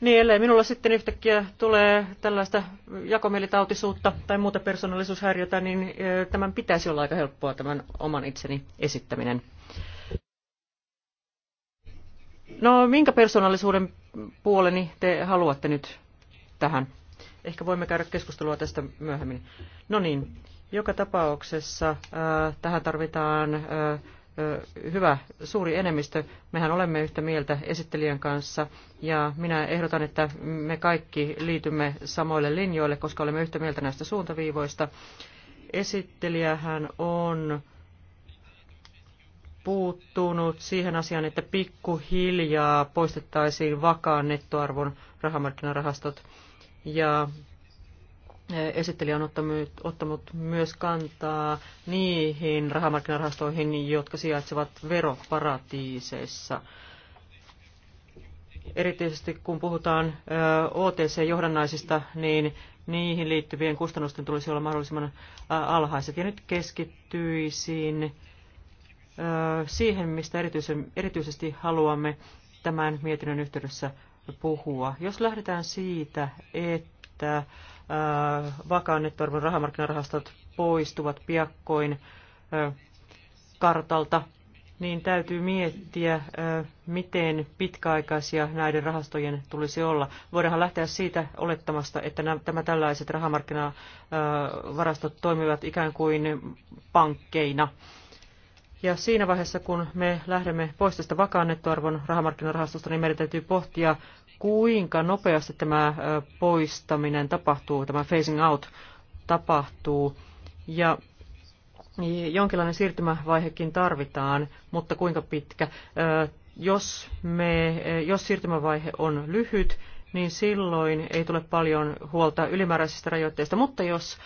Niin, ellei minulla sitten yhtäkkiä tulee tällaista jakomielitautisuutta tai muuta persoonallisuushäiriötä, niin tämän pitäisi olla aika helppoa, tämän oman itseni esittäminen. No, minkä persoonallisuuden puoleni te haluatte nyt tähän? Ehkä voimme käydä keskustelua tästä myöhemmin. No niin, joka tapauksessa äh, tähän tarvitaan äh, äh, hyvä suuri enemmistö. Mehän olemme yhtä mieltä esittelijän kanssa ja minä ehdotan, että me kaikki liitymme samoille linjoille, koska olemme yhtä mieltä näistä suuntaviivoista. Esittelijähän on puuttunut siihen asiaan, että pikkuhiljaa poistettaisiin vakaan nettoarvon rahamarkkinarahastot ja eh, esittelijä on ottanut, ottanut myös kantaa niihin rahamarkkinarahastoihin, jotka sijaitsevat veroparatiiseissa. Erityisesti kun puhutaan eh, OTC-johdannaisista, niin niihin liittyvien kustannusten tulisi olla mahdollisimman eh, alhaiset. Ja nyt keskittyisin siihen, mistä erityisesti haluamme tämän mietinnön yhteydessä puhua. Jos lähdetään siitä, että äh, vakaan nettoarvon rahamarkkinarahastot poistuvat piakkoin äh, kartalta, niin täytyy miettiä, äh, miten pitkäaikaisia näiden rahastojen tulisi olla. Voidaanhan lähteä siitä olettamasta, että nämä tällaiset rahamarkkinavarastot toimivat ikään kuin pankkeina. Ja siinä vaiheessa, kun me lähdemme pois tästä nettoarvon rahamarkkinarahastosta, niin meidän täytyy pohtia, kuinka nopeasti tämä poistaminen tapahtuu, tämä phasing out tapahtuu. Ja jonkinlainen siirtymävaihekin tarvitaan, mutta kuinka pitkä? Jos, me, jos siirtymävaihe on lyhyt, niin silloin ei tule paljon huolta ylimääräisistä rajoitteista, mutta jos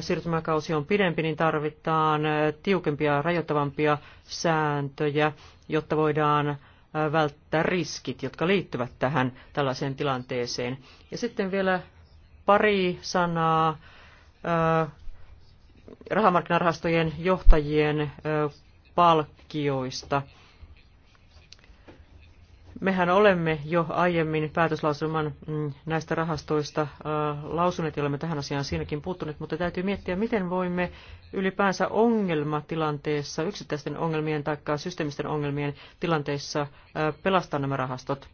siirtymäkausi on pidempi, niin tarvitaan tiukempia, rajoittavampia sääntöjä, jotta voidaan välttää riskit, jotka liittyvät tähän tällaiseen tilanteeseen. Ja sitten vielä pari sanaa rahamarkkinarahastojen johtajien palkkioista. Mehän olemme jo aiemmin päätöslauselman mm, näistä rahastoista äh, lausuneet ja olemme tähän asiaan siinäkin puuttuneet, mutta täytyy miettiä, miten voimme ylipäänsä ongelmatilanteessa, yksittäisten ongelmien tai systeemisten ongelmien tilanteissa äh, pelastaa nämä rahastot.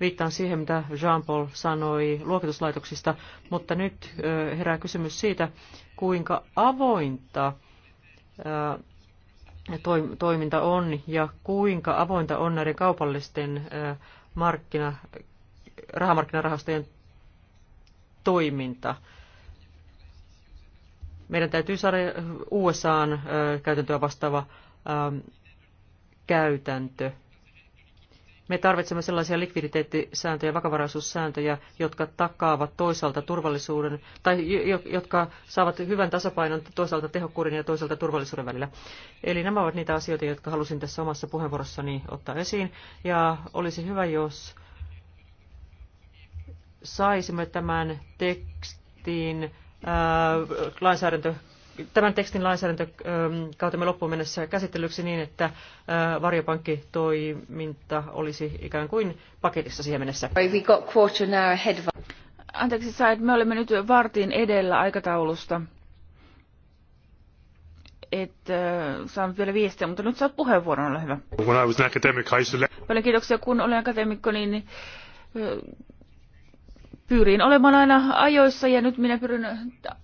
Viittaan siihen, mitä Jean-Paul sanoi luokituslaitoksista, mutta nyt äh, herää kysymys siitä, kuinka avointa toiminta on ja kuinka avointa on näiden kaupallisten markkina, rahamarkkinarahastojen toiminta. Meidän täytyy saada USAan käytäntöä vastaava käytäntö me tarvitsemme sellaisia likviditeettisääntöjä, vakavaraisuussääntöjä, jotka takaavat toisaalta turvallisuuden, tai jotka saavat hyvän tasapainon toisaalta tehokkuuden ja toisaalta turvallisuuden välillä. Eli nämä ovat niitä asioita, jotka halusin tässä omassa puheenvuorossani ottaa esiin. Ja olisi hyvä, jos saisimme tämän tekstin lainsäädäntö tämän tekstin kautemme loppuun mennessä käsittelyksi niin, että varjopankkitoiminta olisi ikään kuin paketissa siihen mennessä. Anteeksi että me olemme nyt vartin edellä aikataulusta. Et äh, saanut vielä viestiä, mutta nyt saat puheenvuoron, ole hyvä. Paljon kiitoksia, kun olen akateemikko, niin äh, pyrin olemaan aina ajoissa ja nyt minä pyrin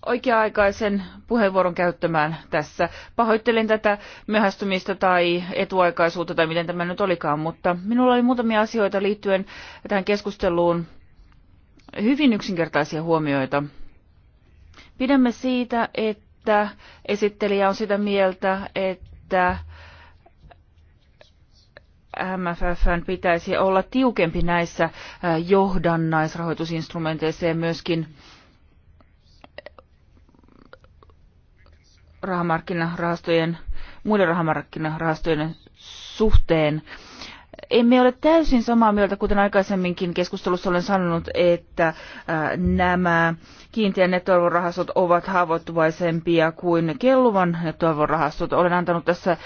oikea-aikaisen puheenvuoron käyttämään tässä. Pahoittelen tätä myöhästymistä tai etuaikaisuutta tai miten tämä nyt olikaan, mutta minulla oli muutamia asioita liittyen tähän keskusteluun. Hyvin yksinkertaisia huomioita. Pidämme siitä, että esittelijä on sitä mieltä, että MFFn pitäisi olla tiukempi näissä johdannaisrahoitusinstrumenteissa ja myöskin rahamarkkinarahastojen, muiden rahamarkkinarahastojen suhteen. Emme ole täysin samaa mieltä, kuten aikaisemminkin keskustelussa olen sanonut, että nämä kiinteän nettoarvorahastot ovat haavoittuvaisempia kuin kelluvan nettoarvorahastot. Olen antanut tässä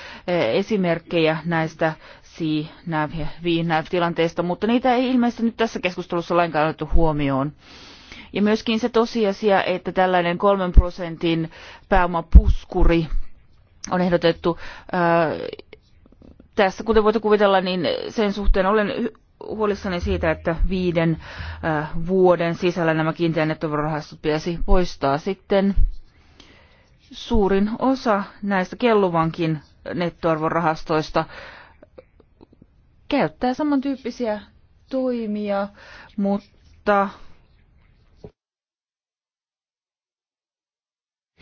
esimerkkejä näistä CNAV ja VNAV-tilanteesta, mutta niitä ei ilmeisesti nyt tässä keskustelussa lainkaan otettu huomioon. Ja myöskin se tosiasia, että tällainen kolmen prosentin pääomapuskuri on ehdotettu ää, äh, tässä, kuten voitte kuvitella, niin sen suhteen olen huolissani siitä, että viiden ää, äh, vuoden sisällä nämä kiinteännettovarahastot pitäisi poistaa sitten suurin osa näistä kelluvankin nettoarvorahastoista käyttää samantyyppisiä toimia, mutta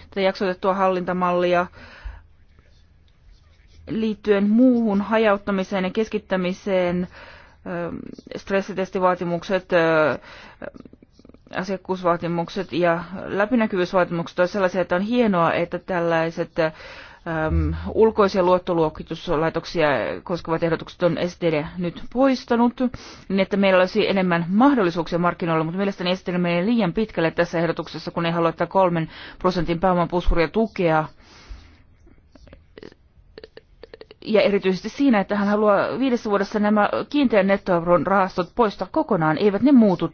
tätä jaksotettua hallintamallia liittyen muuhun hajauttamiseen ja keskittämiseen, ähm, stressitestivaatimukset, äh, asiakkuusvaatimukset ja läpinäkyvyysvaatimukset ovat sellaisia, että on hienoa, että tällaiset äh, äm, ulkoisia luottoluokituslaitoksia koskevat ehdotukset on STD nyt poistanut, niin että meillä olisi enemmän mahdollisuuksia markkinoilla, mutta mielestäni STD menee liian pitkälle tässä ehdotuksessa, kun ei halua että kolmen prosentin pääomapuskuria tukea. Ja erityisesti siinä, että hän haluaa viidessä vuodessa nämä kiinteän nettoarvon rahastot poistaa kokonaan, eivät ne muutu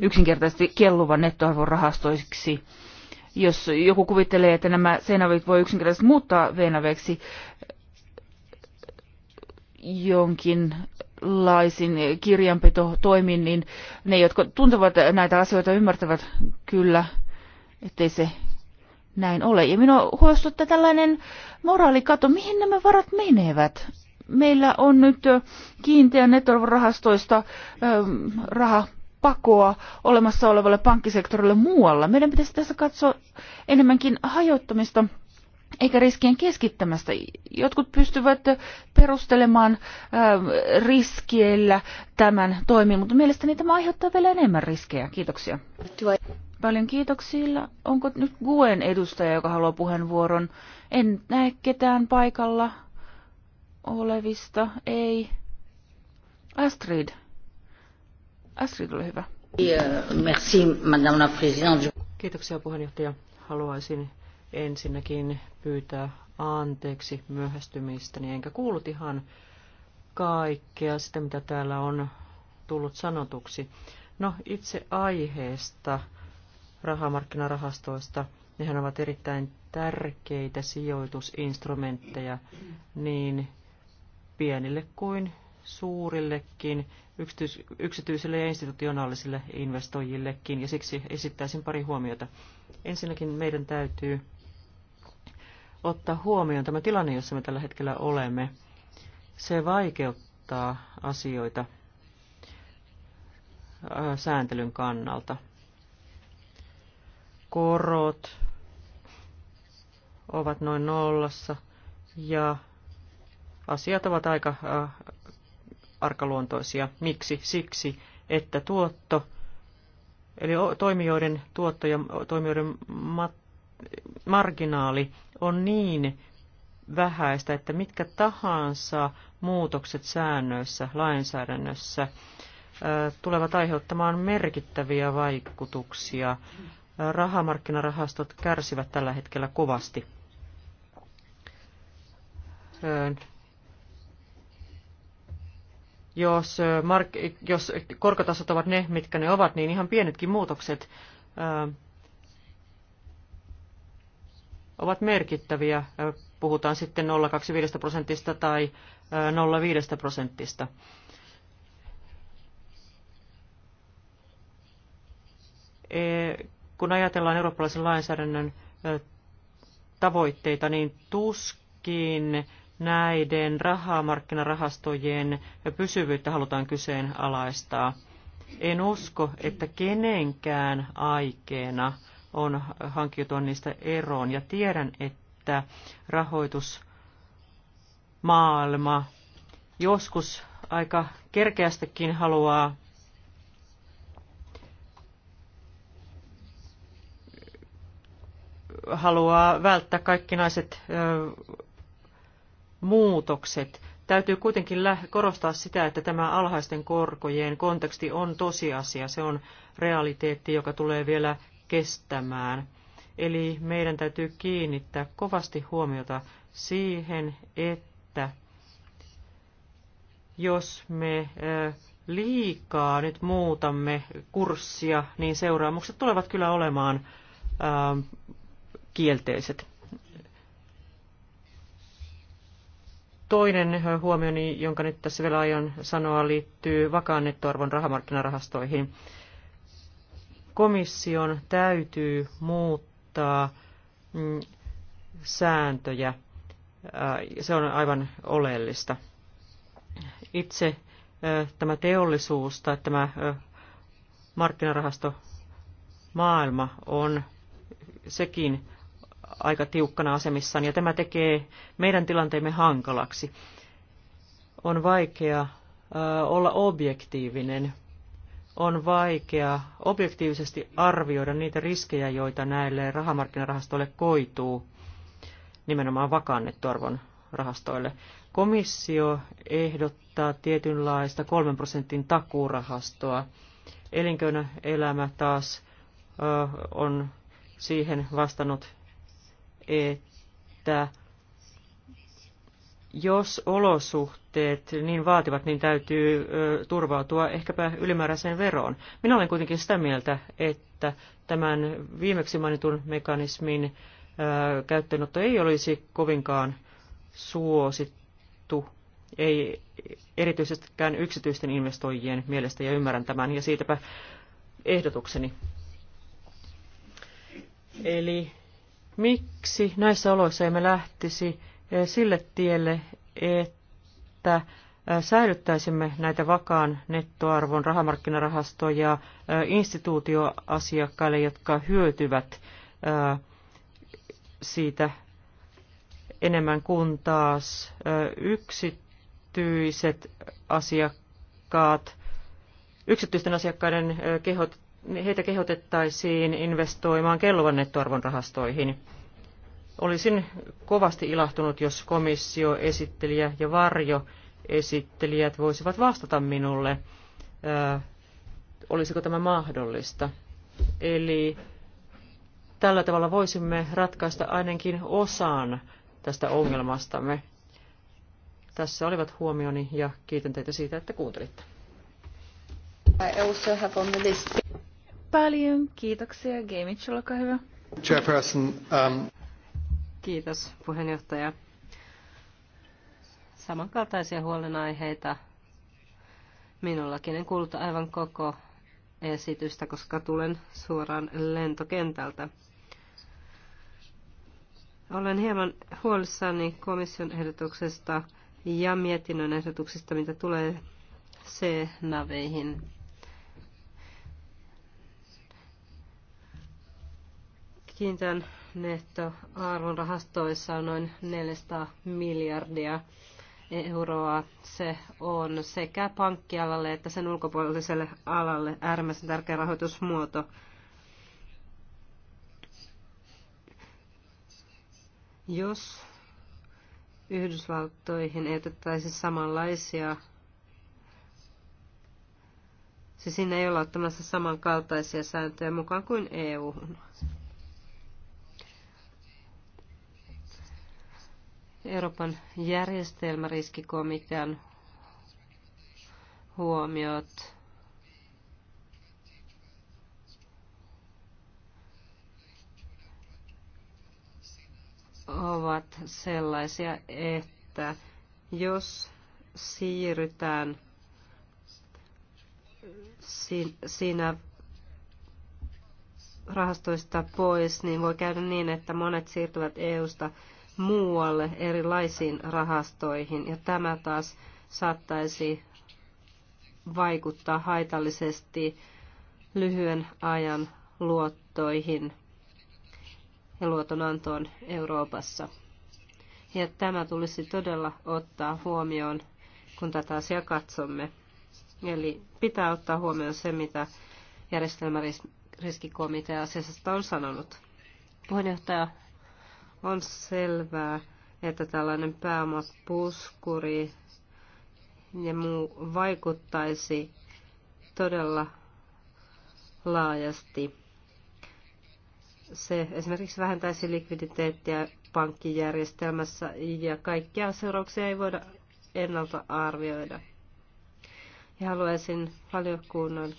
yksinkertaisesti kelluvan nettoarvon rahastoiksi. Jos joku kuvittelee, että nämä seinävit voi yksinkertaisesti muuttaa veinaveksi jonkin laisin kirjanpito toimin, niin ne, jotka tuntevat näitä asioita, ymmärtävät kyllä, ettei se näin ole. Ja minua huolestuttaa tällainen moraalikato, mihin nämä varat menevät. Meillä on nyt kiinteä nettorahastoista ähm, raha pakoa olemassa olevalle pankkisektorille muualla. Meidän pitäisi tässä katsoa enemmänkin hajottamista eikä riskien keskittämästä. Jotkut pystyvät perustelemaan äh, riskeillä tämän toimin, mutta mielestäni tämä aiheuttaa vielä enemmän riskejä. Kiitoksia. Paljon kiitoksia. Onko nyt Guen edustaja, joka haluaa puheenvuoron? En näe ketään paikalla olevista. Ei. Astrid. Astrid, ole hyvä. Euh, merci, madame la présidente. Kiitoksia puheenjohtaja. Haluaisin ensinnäkin pyytää anteeksi niin enkä kuullut ihan kaikkea sitä, mitä täällä on tullut sanotuksi. No itse aiheesta, rahamarkkinarahastoista, nehän ovat erittäin tärkeitä sijoitusinstrumentteja niin pienille kuin suurillekin yksityisille ja institutionaalisille investoijillekin, ja siksi esittäisin pari huomiota. Ensinnäkin meidän täytyy ottaa huomioon tämä tilanne, jossa me tällä hetkellä olemme. Se vaikeuttaa asioita sääntelyn kannalta. Korot ovat noin nollassa ja asiat ovat aika arkaluontoisia. Miksi? Siksi, että tuotto, eli toimijoiden tuotto ja toimijoiden marginaali on niin vähäistä, että mitkä tahansa muutokset säännöissä, lainsäädännössä tulevat aiheuttamaan merkittäviä vaikutuksia. Rahamarkkinarahastot kärsivät tällä hetkellä kovasti jos, mark, jos korkotasot ovat ne, mitkä ne ovat, niin ihan pienetkin muutokset ovat merkittäviä. Puhutaan sitten 0,25 prosentista tai 0,5 prosentista. E, kun ajatellaan eurooppalaisen lainsäädännön tavoitteita, niin tuskin näiden rahamarkkinarahastojen pysyvyyttä halutaan kyseenalaistaa. En usko, että kenenkään aikeena on hankkiutua niistä eroon. Ja tiedän, että rahoitusmaailma joskus aika kerkeästikin haluaa haluaa välttää kaikki naiset muutokset. Täytyy kuitenkin korostaa sitä, että tämä alhaisten korkojen konteksti on tosiasia. Se on realiteetti, joka tulee vielä kestämään. Eli meidän täytyy kiinnittää kovasti huomiota siihen, että jos me liikaa nyt muutamme kurssia, niin seuraamukset tulevat kyllä olemaan kielteiset. Toinen huomioni, jonka nyt tässä vielä aion sanoa, liittyy vakaan nettoarvon rahamarkkinarahastoihin. Komission täytyy muuttaa mm, sääntöjä. Se on aivan oleellista. Itse tämä teollisuus tai tämä markkinarahasto maailma on sekin aika tiukkana asemissaan, ja tämä tekee meidän tilanteemme hankalaksi. On vaikea olla objektiivinen, on vaikea objektiivisesti arvioida niitä riskejä, joita näille rahamarkkinarahastoille koituu, nimenomaan vakaannettuarvon rahastoille. Komissio ehdottaa tietynlaista 3 prosentin takuurahastoa. Elinkeinoelämä taas on siihen vastannut että jos olosuhteet niin vaativat, niin täytyy turvautua ehkäpä ylimääräiseen veroon. Minä olen kuitenkin sitä mieltä, että tämän viimeksi mainitun mekanismin käyttöönotto ei olisi kovinkaan suosittu, ei erityisestikään yksityisten investoijien mielestä, ja ymmärrän tämän, ja siitäpä ehdotukseni. Eli Miksi näissä oloissa emme lähtisi eh, sille tielle, että eh, säilyttäisimme näitä vakaan nettoarvon rahamarkkinarahastoja eh, instituutioasiakkaille, jotka hyötyvät siitä enemmän kuin taas yksityiset asiakkaat, yksityisten asiakkaiden kehot heitä kehotettaisiin investoimaan kelluvan rahastoihin. Olisin kovasti ilahtunut, jos komissio, esittelijä ja varjo esittelijät voisivat vastata minulle, olisiko tämä mahdollista. Eli tällä tavalla voisimme ratkaista ainakin osan tästä ongelmastamme. Tässä olivat huomioni ja kiitän teitä siitä, että kuuntelitte paljon. Kiitoksia. Gamech, olkaa hyvä. Chairperson, um... Kiitos puheenjohtaja. Samankaltaisia huolenaiheita minullakin. En kuullut aivan koko esitystä, koska tulen suoraan lentokentältä. Olen hieman huolissani komission ehdotuksesta ja mietinnön ehdotuksesta, mitä tulee C-naveihin. Kiinteän nettoarvon rahastoissa on noin 400 miljardia euroa. Se on sekä pankkialalle että sen ulkopuoliselle alalle äärimmäisen tärkeä rahoitusmuoto. Jos Yhdysvaltoihin ei otettaisi samanlaisia, siis siinä ei olla ottamassa samankaltaisia sääntöjä mukaan kuin EU. Euroopan järjestelmäriskikomitean huomiot. ovat sellaisia, että jos siirrytään siinä rahastoista pois, niin voi käydä niin, että monet siirtyvät EUsta sta muualle erilaisiin rahastoihin. Ja tämä taas saattaisi vaikuttaa haitallisesti lyhyen ajan luottoihin ja luotonantoon Euroopassa. Ja tämä tulisi todella ottaa huomioon, kun tätä asiaa katsomme. Eli pitää ottaa huomioon se, mitä järjestelmäriskikomitea asiasta on sanonut. Puheenjohtaja on selvää, että tällainen pääomapuskuri ja muu vaikuttaisi todella laajasti. Se esimerkiksi vähentäisi likviditeettiä pankkijärjestelmässä ja kaikkia seurauksia ei voida ennalta arvioida. Ja haluaisin valiokunnan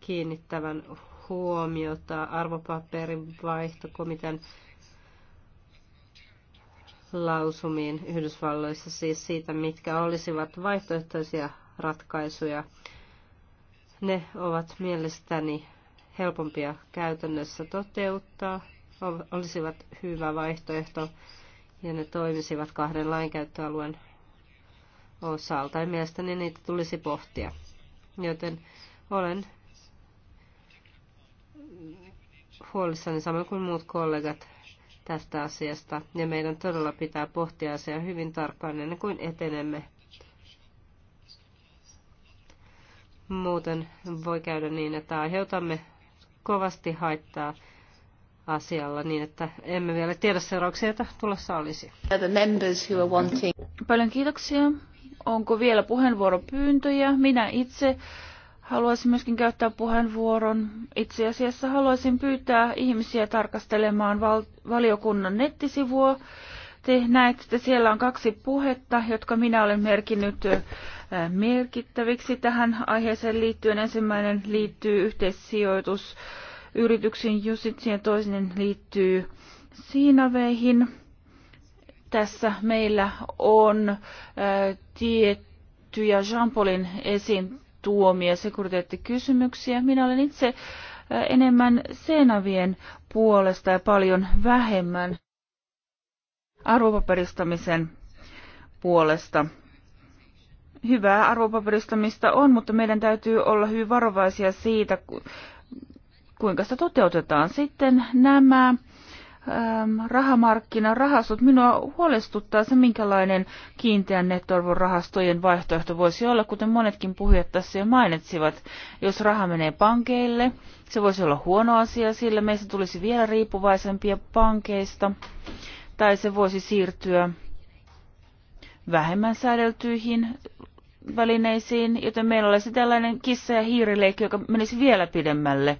kiinnittävän huomiota arvopaperin vaihtokomitean lausumiin Yhdysvalloissa siis siitä, mitkä olisivat vaihtoehtoisia ratkaisuja. Ne ovat mielestäni helpompia käytännössä toteuttaa, olisivat hyvä vaihtoehto ja ne toimisivat kahden lainkäyttöalueen osalta ja mielestäni niitä tulisi pohtia. Joten olen huolissani samoin kuin muut kollegat tästä asiasta ja meidän todella pitää pohtia asiaa hyvin tarkkaan ennen kuin etenemme. Muuten voi käydä niin, että aiheutamme kovasti haittaa asialla niin, että emme vielä tiedä seurauksia, joita tulossa olisi. Paljon kiitoksia. Onko vielä puheenvuoropyyntöjä? Minä itse Haluaisin myöskin käyttää puheenvuoron. Itse asiassa haluaisin pyytää ihmisiä tarkastelemaan val- valiokunnan nettisivua. Te näette, että siellä on kaksi puhetta, jotka minä olen merkinnyt merkittäviksi tähän aiheeseen liittyen. Ensimmäinen liittyy yhteissijoitus yrityksiin Jusitsiin ja toinen liittyy Siinaveihin. Tässä meillä on tiettyjä Jean-Paulin esiin tuomia sekuriteettikysymyksiä. Minä olen itse enemmän senavien puolesta ja paljon vähemmän arvopaperistamisen puolesta. Hyvää arvopaperistamista on, mutta meidän täytyy olla hyvin varovaisia siitä, kuinka sitä toteutetaan. Sitten nämä rahamarkkina, rahastot. Minua huolestuttaa se, minkälainen kiinteän nettoarvon rahastojen vaihtoehto voisi olla, kuten monetkin puhujat tässä jo mainitsivat. Jos raha menee pankeille, se voisi olla huono asia, sillä meistä tulisi vielä riippuvaisempia pankeista, tai se voisi siirtyä vähemmän säädeltyihin välineisiin, joten meillä olisi tällainen kissa- ja hiirileikki, joka menisi vielä pidemmälle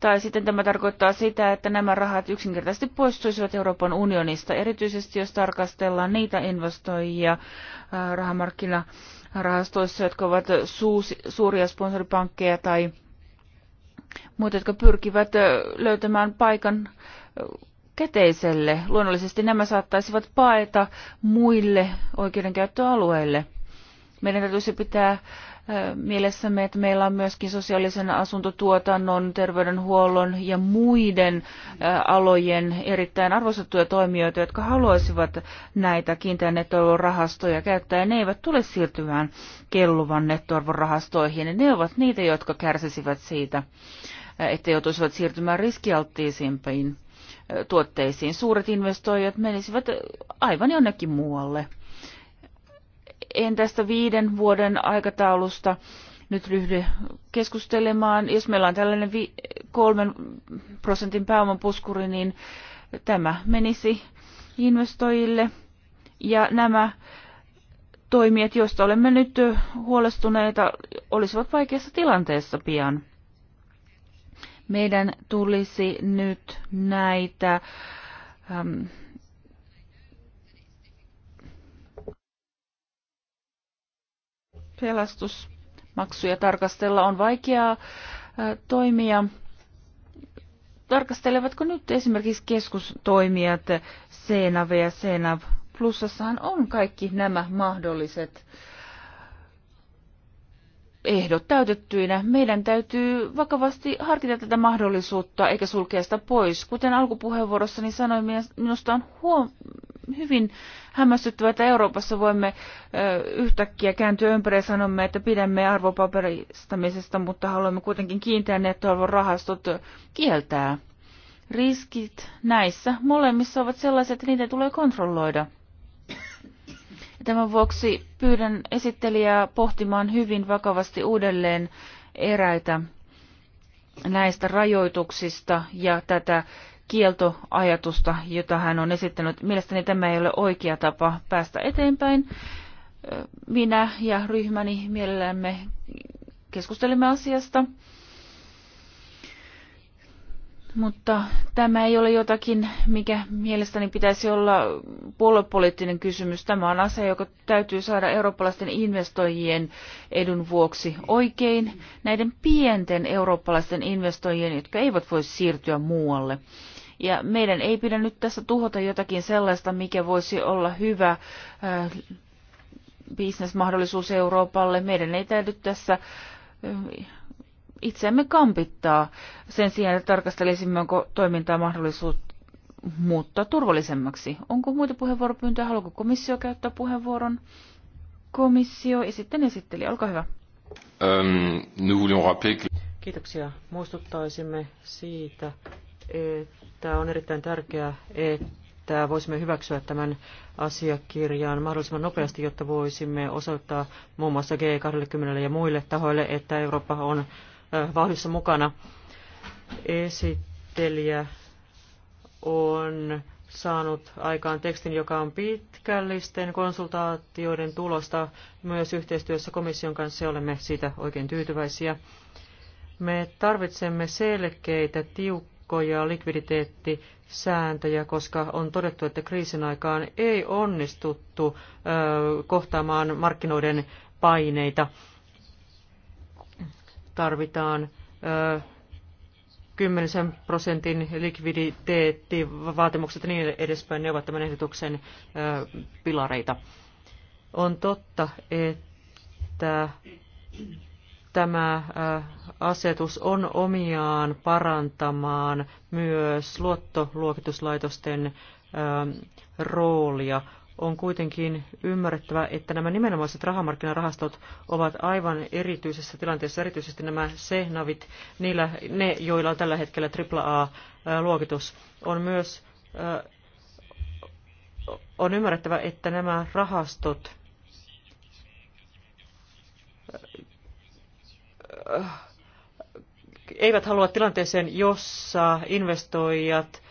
tai sitten tämä tarkoittaa sitä, että nämä rahat yksinkertaisesti poistuisivat Euroopan unionista, erityisesti jos tarkastellaan niitä investoijia rahamarkkinarahastoissa, jotka ovat suuria sponsoripankkeja tai muut, jotka pyrkivät löytämään paikan käteiselle. Luonnollisesti nämä saattaisivat paeta muille oikeudenkäyttöalueille. Meidän täytyisi pitää mielessämme, että meillä on myöskin sosiaalisen asuntotuotannon, terveydenhuollon ja muiden alojen erittäin arvostettuja toimijoita, jotka haluaisivat näitä kiinteän nettoarvorahastoja käyttää, ja ne eivät tule siirtymään kelluvan nettoarvorahastoihin, ne ovat niitä, jotka kärsisivät siitä, että joutuisivat siirtymään riskialttiisimpiin tuotteisiin. Suuret investoijat menisivät aivan jonnekin muualle en tästä viiden vuoden aikataulusta nyt ryhdy keskustelemaan. Jos meillä on tällainen vi- kolmen prosentin pääoman puskuri, niin tämä menisi investoijille. Ja nämä toimijat, joista olemme nyt huolestuneita, olisivat vaikeassa tilanteessa pian. Meidän tulisi nyt näitä ähm, pelastusmaksuja tarkastella on vaikeaa toimia. Tarkastelevatko nyt esimerkiksi keskustoimijat CNAV ja CNAV Plusassahan on kaikki nämä mahdolliset ehdot täytettyinä. Meidän täytyy vakavasti harkita tätä mahdollisuutta eikä sulkea sitä pois. Kuten alkupuheenvuorossani sanoin, minusta on huom- hyvin hämmästyttävää, että Euroopassa voimme yhtäkkiä kääntyä ympäri ja sanomme, että pidämme arvopaperistamisesta, mutta haluamme kuitenkin kiinteän nettoarvon rahastot kieltää. Riskit näissä molemmissa ovat sellaiset, että niitä tulee kontrolloida. Tämän vuoksi pyydän esittelijää pohtimaan hyvin vakavasti uudelleen eräitä näistä rajoituksista ja tätä kieltoajatusta, jota hän on esittänyt. Mielestäni tämä ei ole oikea tapa päästä eteenpäin. Minä ja ryhmäni mielellämme keskustelemme asiasta. Mutta tämä ei ole jotakin, mikä mielestäni pitäisi olla puoluepoliittinen kysymys. Tämä on asia, joka täytyy saada eurooppalaisten investoijien edun vuoksi oikein. Näiden pienten eurooppalaisten investoijien, jotka eivät voi siirtyä muualle. Ja meidän ei pidä nyt tässä tuhota jotakin sellaista, mikä voisi olla hyvä äh, bisnesmahdollisuus Euroopalle. Meidän ei täydy tässä äh, itseämme kampittaa sen sijaan, että tarkastelisimme, onko toimintaa mahdollisuutta muuttaa turvallisemmaksi. Onko muita puheenvuoropyyntöjä? Haluatko komissio käyttää puheenvuoron? Komissio ja sitten esitteli. Olkaa hyvä. Ähm, Kiitoksia. Muistuttaisimme siitä, että on erittäin tärkeää, että voisimme hyväksyä tämän asiakirjan mahdollisimman nopeasti, jotta voisimme osoittaa muun muassa G20 ja muille tahoille, että Eurooppa on vauhdissa mukana. Esittelijä on saanut aikaan tekstin, joka on pitkällisten konsultaatioiden tulosta. Myös yhteistyössä komission kanssa olemme siitä oikein tyytyväisiä. Me tarvitsemme selkeitä, tiukkoja ja likviditeettisääntöjä, koska on todettu, että kriisin aikaan ei onnistuttu kohtaamaan markkinoiden paineita. Tarvitaan kymmenisen prosentin likviditeettivaatimukset ja niin edespäin, ne ovat tämän ehdotuksen pilareita. On totta, että tämä äh, asetus on omiaan parantamaan myös luottoluokituslaitosten ähm, roolia. On kuitenkin ymmärrettävä, että nämä nimenomaiset rahamarkkinarahastot ovat aivan erityisessä tilanteessa, erityisesti nämä sehnavit, niillä, ne joilla on tällä hetkellä AAA-luokitus, äh, on myös äh, on ymmärrettävä, että nämä rahastot Äh, eivät halua tilanteeseen, jossa investoijat,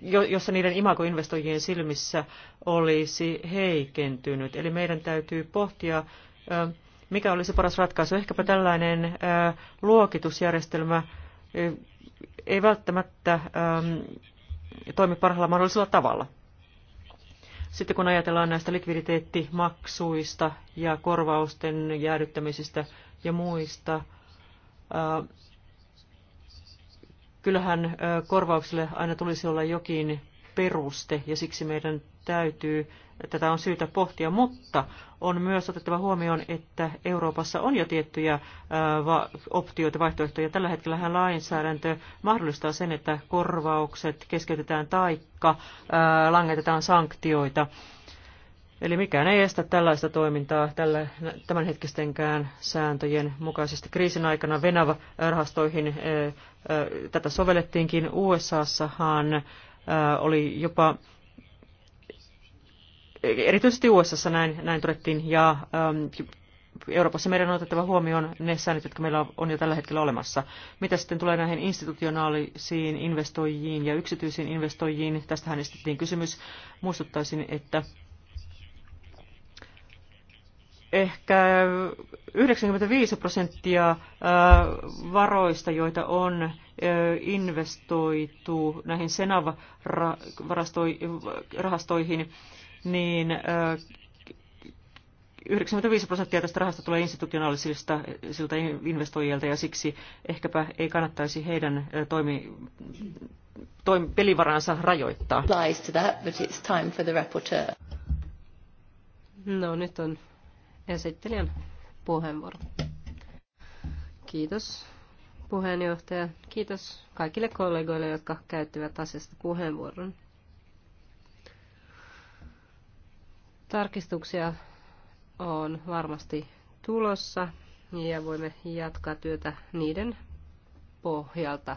äh, jossa niiden imagoinvestoijien silmissä olisi heikentynyt. Eli meidän täytyy pohtia, äh, mikä olisi paras ratkaisu. Ehkäpä tällainen luokitusjärjestelmä ei välttämättä ähm, toimi parhaalla mahdollisella tavalla. Sitten kun ajatellaan näistä likviditeettimaksuista ja korvausten jäädyttämisistä, ja muista. Kyllähän korvaukselle aina tulisi olla jokin peruste ja siksi meidän täytyy, tätä on syytä pohtia, mutta on myös otettava huomioon, että Euroopassa on jo tiettyjä optioita, vaihtoehtoja. Tällä hetkellä lainsäädäntö mahdollistaa sen, että korvaukset keskeytetään taikka langetetaan sanktioita Eli mikään ei estä tällaista toimintaa tällä, tämänhetkistenkään sääntöjen mukaisesti. Kriisin aikana venäva rahastoihin eh, eh, tätä sovellettiinkin. USAssahan eh, oli jopa, erityisesti USAssa näin, näin todettiin, ja Euroopassa meidän on otettava huomioon ne säännöt, jotka meillä on jo tällä hetkellä olemassa. Mitä sitten tulee näihin institutionaalisiin investoijiin ja yksityisiin investoijiin, tästähän esitettiin kysymys. Muistuttaisin, että ehkä 95 prosenttia äh, varoista, joita on äh, investoitu näihin senava rahastoihin niin 95 äh, prosenttia tästä rahasta tulee institutionaalisilta siltä investoijilta ja siksi ehkäpä ei kannattaisi heidän toimi, toimi, pelivaransa rajoittaa. No nyt on esittelijän puheenvuoro. Kiitos puheenjohtaja. Kiitos kaikille kollegoille, jotka käyttivät asiasta puheenvuoron. Tarkistuksia on varmasti tulossa ja voimme jatkaa työtä niiden pohjalta.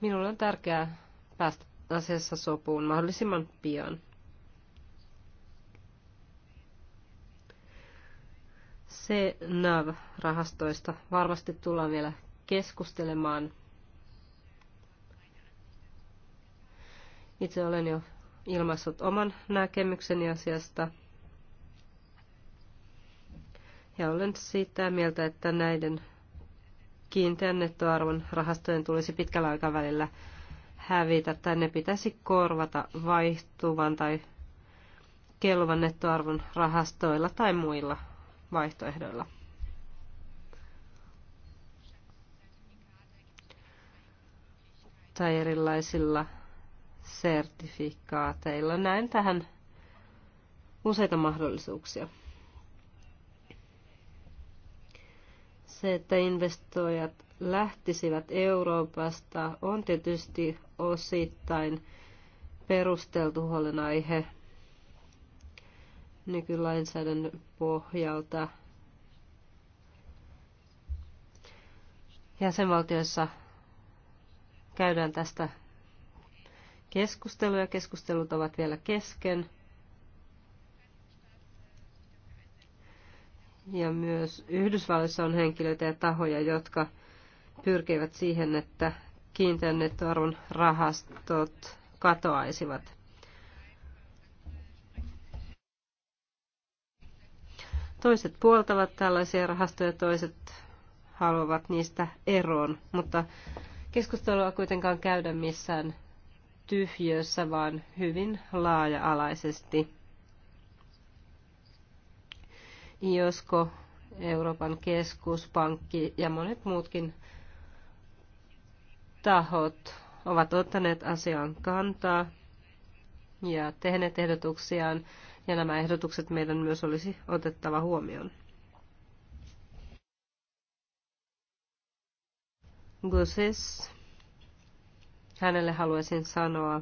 Minulle on tärkeää päästä asiassa sopuun mahdollisimman pian. CNAV-rahastoista varmasti tullaan vielä keskustelemaan. Itse olen jo ilmaissut oman näkemykseni asiasta. Ja olen sitä mieltä, että näiden kiinteän nettoarvon rahastojen tulisi pitkällä aikavälillä hävitä tai ne pitäisi korvata vaihtuvan tai kelvan nettoarvon rahastoilla tai muilla vaihtoehdoilla. Tai erilaisilla sertifikaateilla. Näin tähän useita mahdollisuuksia. Se, että investoijat lähtisivät Euroopasta, on tietysti osittain perusteltu huolenaihe nykylainsäädännön pohjalta jäsenvaltioissa käydään tästä keskusteluja. Keskustelut ovat vielä kesken. Ja myös Yhdysvalloissa on henkilöitä ja tahoja, jotka pyrkivät siihen, että kiinteän nettoarvon rahastot katoaisivat. Toiset puoltavat tällaisia rahastoja, toiset haluavat niistä eroon, mutta keskustelua kuitenkaan käydä missään tyhjössä, vaan hyvin laaja-alaisesti. Josko Euroopan keskuspankki ja monet muutkin tahot ovat ottaneet asian kantaa ja tehneet ehdotuksiaan ja nämä ehdotukset meidän myös olisi otettava huomioon. Gosses, hänelle haluaisin sanoa,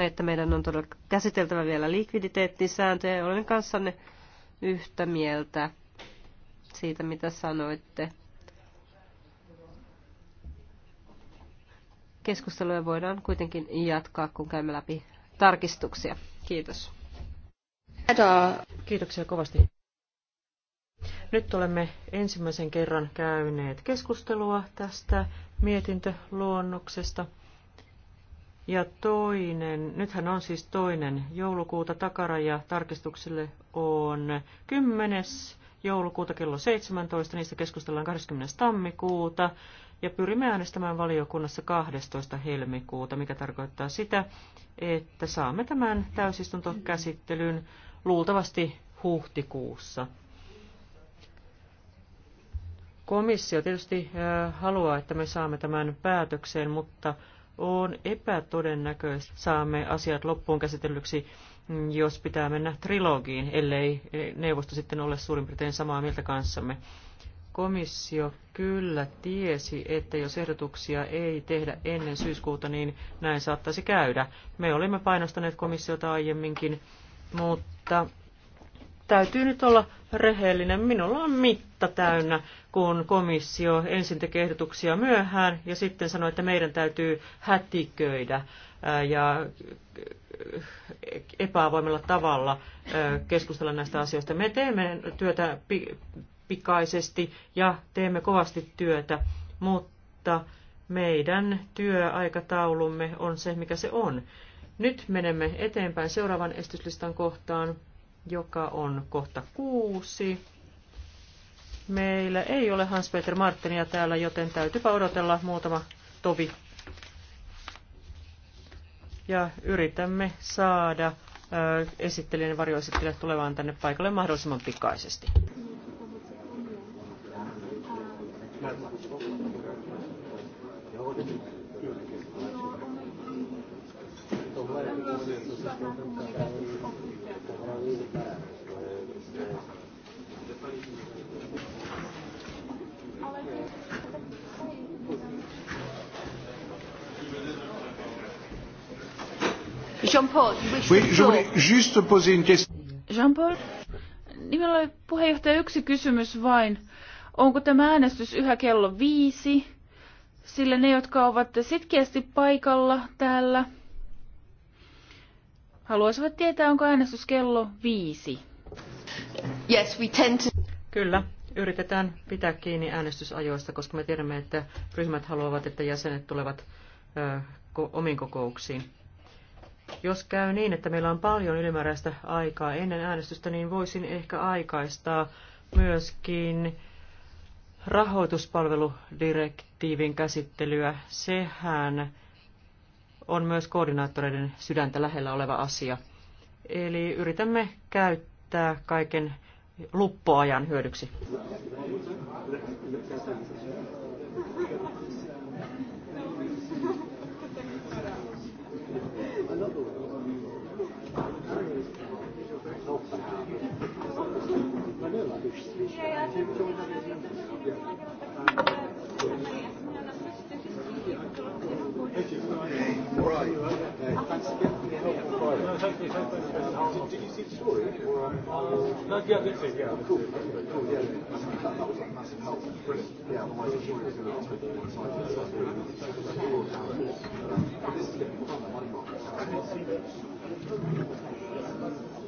että meidän on todella käsiteltävä vielä likviditeettisääntöjä ja olen kanssanne yhtä mieltä siitä, mitä sanoitte. Keskusteluja voidaan kuitenkin jatkaa, kun käymme läpi tarkistuksia. Kiitos. Kiitoksia kovasti. Nyt olemme ensimmäisen kerran käyneet keskustelua tästä mietintöluonnoksesta. Ja toinen, nythän on siis toinen joulukuuta takaraja tarkistukselle on 10. joulukuuta kello 17, niistä keskustellaan 20. tammikuuta ja pyrimme äänestämään valiokunnassa 12. helmikuuta, mikä tarkoittaa sitä, että saamme tämän täysistuntokäsittelyn luultavasti huhtikuussa. Komissio tietysti äh, haluaa, että me saamme tämän päätökseen, mutta on epätodennäköistä saamme asiat loppuun käsitellyksi, mm, jos pitää mennä trilogiin, ellei eh, neuvosto sitten ole suurin piirtein samaa mieltä kanssamme komissio kyllä tiesi, että jos ehdotuksia ei tehdä ennen syyskuuta, niin näin saattaisi käydä. Me olimme painostaneet komissiota aiemminkin, mutta täytyy nyt olla rehellinen. Minulla on mitta täynnä, kun komissio ensin tekee ehdotuksia myöhään ja sitten sanoi, että meidän täytyy hätiköidä äh, ja äh, epäavoimella tavalla äh, keskustella näistä asioista. Me teemme työtä pikaisesti ja teemme kovasti työtä, mutta meidän työaikataulumme on se, mikä se on. Nyt menemme eteenpäin seuraavan estyslistan kohtaan, joka on kohta kuusi. Meillä ei ole Hans-Peter Martenia täällä, joten täytyypä odotella muutama tovi. Ja yritämme saada esittelijän varjoesittelijät tulevaan tänne paikalle mahdollisimman pikaisesti. Jean-Paul, oui, je voulais juste poser une question. Jean-Paul, puheenjohtaja yksi kysymys vain onko tämä äänestys yhä kello viisi, sillä ne, jotka ovat sitkeästi paikalla täällä, haluaisivat tietää, onko äänestys kello viisi. Yes, we tend to... Kyllä, yritetään pitää kiinni äänestysajoista, koska me tiedämme, että ryhmät haluavat, että jäsenet tulevat ö, omiin kokouksiin. Jos käy niin, että meillä on paljon ylimääräistä aikaa ennen äänestystä, niin voisin ehkä aikaistaa myöskin rahoituspalveludirektiivin käsittelyä. Sehän on myös koordinaattoreiden sydäntä lähellä oleva asia. Eli yritämme käyttää kaiken luppoajan hyödyksi. Yeah, [LAUGHS] yeah. Not yet, this is, yeah. Cool, cool, yeah. That was like massive help. Brilliant. Yeah, otherwise I'm sure it was going to last with you. So I think that's really good. This is the money market.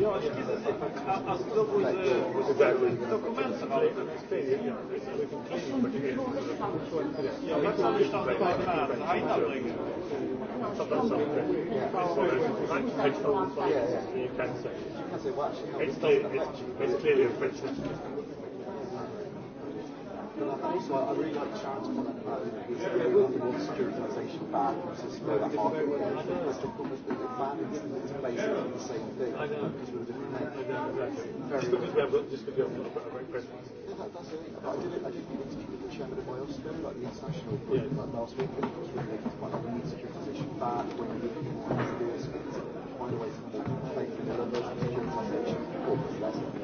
Ja, det finns alltså då was dokumenten var Jag kan inte förstå vad det här innebär. It's clearly a French But I also, I really like Sharon's comment It's yeah, really nothing on securitisation back. It's just about the market. with the plan. It's, it's basically the same thing. I know. Because we're a different name. I know, exactly. Very just because we have a great preference. Yeah, that, that's the I did, I did meet with the chairman of IOSCO, like the international group, yeah. like last week, and it was really like, we need securitisation back. We're looking at this. Find a way to more the numbers.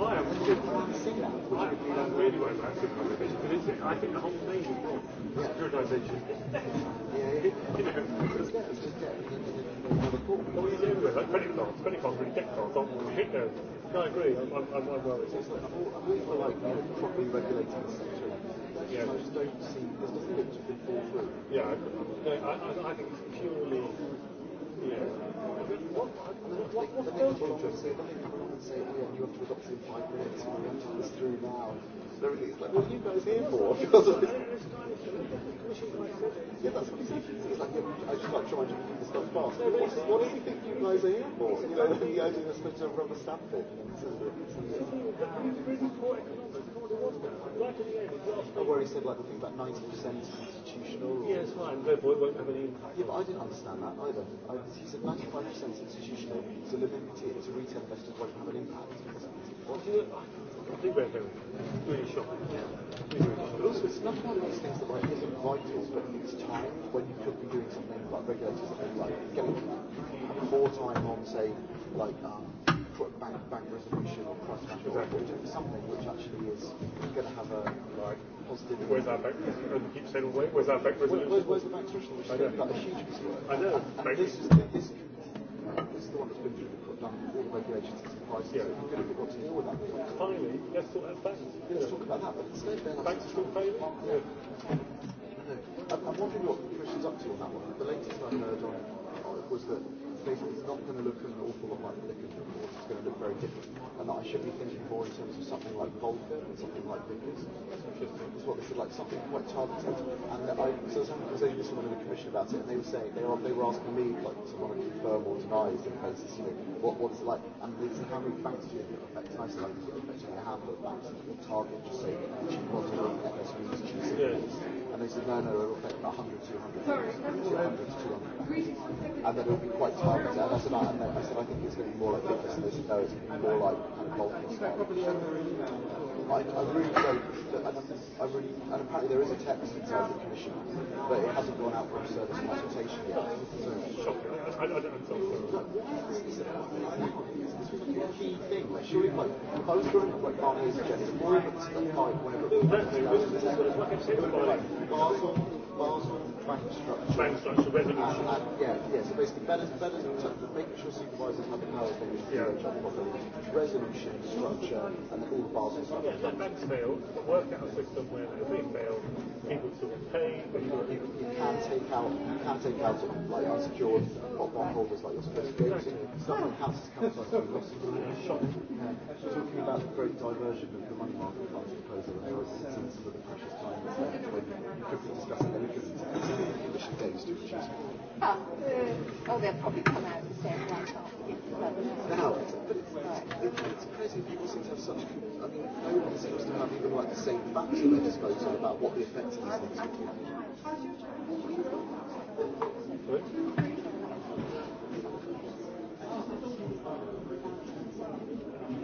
Why? It would be fun to see that. Would you agree that? Really well, that's a conversation. But it's, I think the whole thing is wrong. Yeah. Securitization. yeah, yeah. you know. It's there, it's just there. What do you do with it? Credit cards, credit cards, really debt cards aren't really hit there. No, I agree. I'm, I'm, I'm worried. It's like, I'm really for like properly regulating the sector. Yeah. I just don't see, there's nothing that should fall through. Yeah, no, I, I, I think it's purely, yeah. What, what, what, what, what, what, what, what, what, what, say, yeah, you have to adopt in five minutes, and we have to this through now. So it's like, what are you guys here for? Because I think, yeah, that's what he said. He's like, yeah, I just like trying to do the stuff fast. What, what do you think you guys are here for? You know, the idea of supposed to rubber stamp it. This is it. This is it. I where he said like I about 90% institutional. Or... Yeah, it's fine. Therefore, it won't have any impact. Yeah, but I didn't understand that either. I, he said 95% institutional It's a retail it won't have an impact. What do you? I think we're very really shocking. Yeah. Really But also, it's not one of those things that like isn't vital, but needs time when you could be doing something like regulators, something like getting more time on, say, like. Um, put bank, bank resolution or cross control, exactly. which, something which actually is going to have a right. positive. Where's our bank resolution? Oh, keep saying, where, where's our bank resolution? Where, where, where's the bank resolution? Which is going to become a huge piece of work. I know. And, and this, is, this, this is the one that's been through the down all the regulations and prices. Yeah. So we're going to be able to deal with that. Finally, let's talk about banks. Yeah, let's talk about that. But instead, no then banks are still failing. Yeah. yeah. I'm wondering what the Commission's up to on that one. The latest I heard on uh, was that places it's not going to look an awful lot like Dickens report. It's going to look very different. And that I should be thinking more in terms of something like Volker and something like Vickers. That's what they said, like something quite targeted. And that I, so I was having a conversation with someone in the commission about it, and they were saying they were, they were asking me like to want to confirm or deny different places. You know, what what's it like. And they said, how many banks do you think affect? And I said, like, affecting a handful of facts. What target? Just say, she wants to look at this, And they said, no, no, it'll affect 100, 200, 200, 200. And that it'll be quite targeted. And I said, I, I said, I think it's going to be more like this. And they said, no, it's going to be more like kind of bulk and stuff. I, I really don't. That, and, I really, and apparently there is a text inside the commission, but it hasn't gone out for a service consultation yet. So, shocking. I, I don't oh, why no, no, is this? know thing. Like, like, growing up like Barney's agenda, why it whenever it's like. Basel, Basel. Crime structure. Crime structure resolution. Uh, and, and, yeah, yeah, so basically better, better in making sure supervisors have the power to use yeah. their job properly, resolution, structure, and all the bars and stuff. Yeah, let banks fail, work out a system where if they fail, people to pay. You, you, you can take out, you can take out of like unsecured pop bond holders like you're supposed to be able to. Stuff like houses comes up and Talking about the great diversion of the money market funds proposal, and there was instances where the precious Ah, uh, oh, they'll probably come out and say it right after. Now, but it's, right. it's, it's crazy people seem to have such. I mean, no one seems to have even like the same facts at their disposal about what the effects of these things would be. Sorry?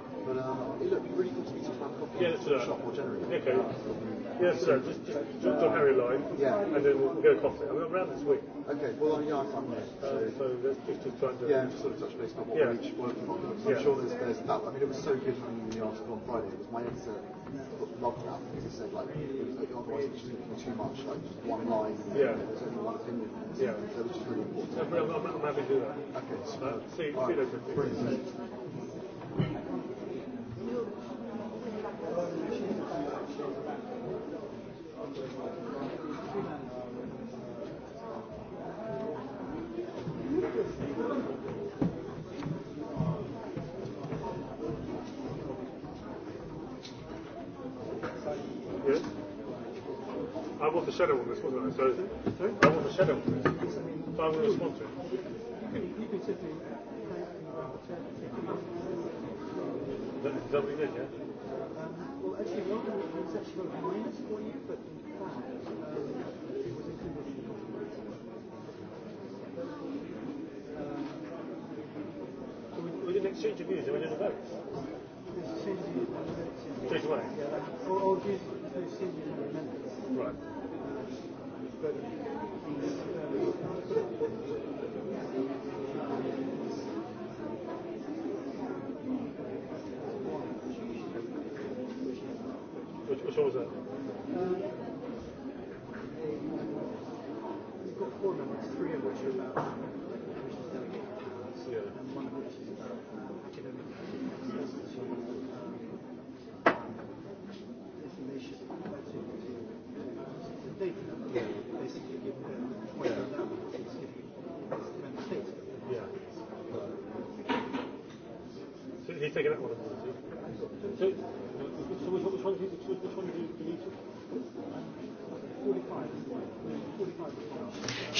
But um, look, you really good to meet you for a coffee yes, sir. shop more generally. Okay. Yes, sir. Just, just, just on Harry Line. Yeah. And then we'll get a coffee. I'm around this week. Okay. Well, I yeah, I'm here. So, uh, so let's just, just try and yeah, just sort of touch base on what yeah. we're each working on. I'm yeah. sure there's, there's that. I mean, it was so good reading the article on Friday. It was my editor loved that because he said like, like otherwise it's just too much like just one line. And yeah. There's only one opinion. So yeah. So which is really important. I'm, I'm, I'm happy to do that. Okay. So, uh, see, right. you later. Brilliant. shadow on this, wasn't I? So I want the shadow on this. So I was responsible. Is that what you did, yeah? Well, actually, not in the conceptual minus for you, but in fact, um, it was included in the um, so we, we did an exchange of views, and we did a vote. Straight Yeah, like, or, or just exchange of amendments. Right. Uh, but these, quelque chose. Yeah.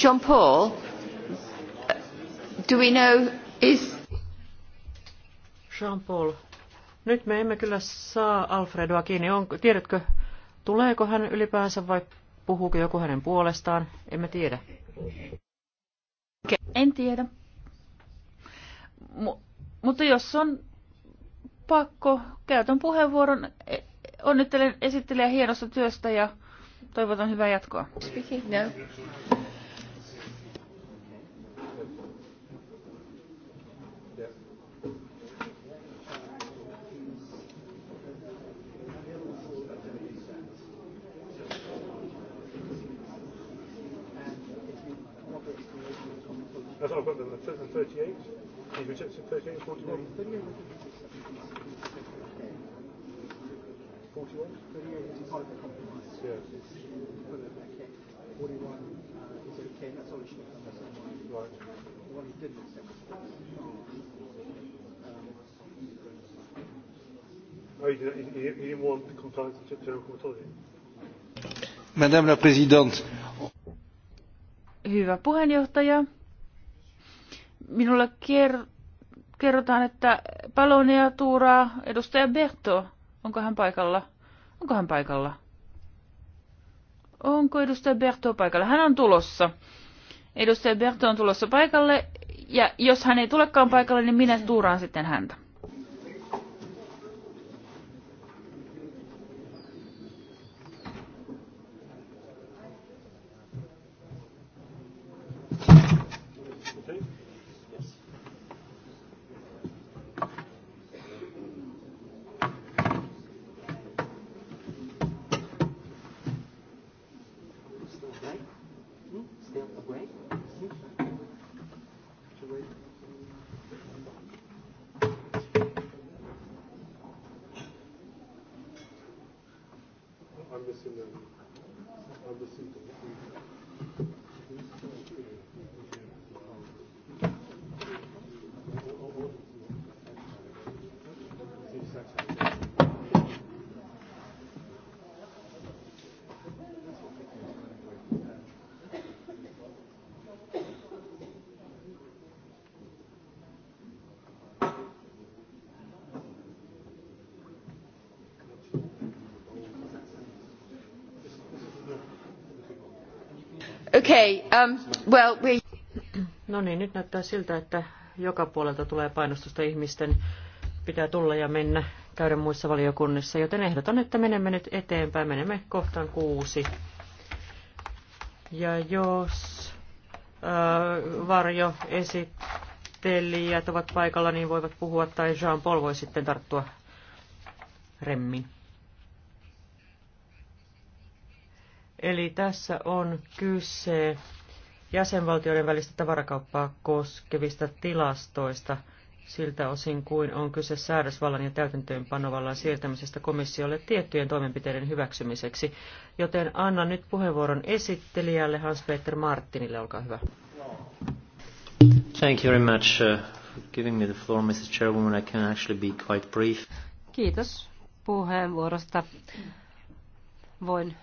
Jean Paul, uh, do we know is... Jean Paul, nyt me emme kyllä saa Alfredoa kiinni. On, tiedätkö, tuleeko hän ylipäänsä vai puhuuko joku hänen puolestaan? Emme tiedä. En tiedä. M- mutta jos on pakko, käytän puheenvuoron. E-, onnittelen esittelijä hienosta työstä ja toivotan hyvää jatkoa. No. I've got them 38. He 38 41. 38 41 is Hyvä puheenjohtaja. Minulle ker- kerrotaan, että Palonia tuuraa edustaja Berto. Onko hän paikalla? Onko hän paikalla? Onko edustaja Berto paikalla? Hän on tulossa. Edustaja Berto on tulossa paikalle, ja jos hän ei tulekaan paikalle, niin minä tuuraan sitten häntä. Okay, um, well, we... No niin, nyt näyttää siltä, että joka puolelta tulee painostusta ihmisten. Pitää tulla ja mennä, käydä muissa valiokunnissa, joten ehdotan, että menemme nyt eteenpäin. Menemme kohtaan kuusi. Ja jos äh, varjo esittelijät ovat paikalla, niin voivat puhua, tai Jean-Paul voi sitten tarttua remmin. Eli tässä on kyse jäsenvaltioiden välistä tavarakauppaa koskevista tilastoista siltä osin kuin on kyse säädösvallan ja täytäntöönpanovallan siirtämisestä komissiolle tiettyjen toimenpiteiden hyväksymiseksi. Joten annan nyt puheenvuoron esittelijälle Hans-Peter Martinille, olkaa hyvä. Thank you very much uh, for giving me the floor, Mrs. Chairwoman. I can actually be quite brief. Kiitos puheenvuorosta. Voin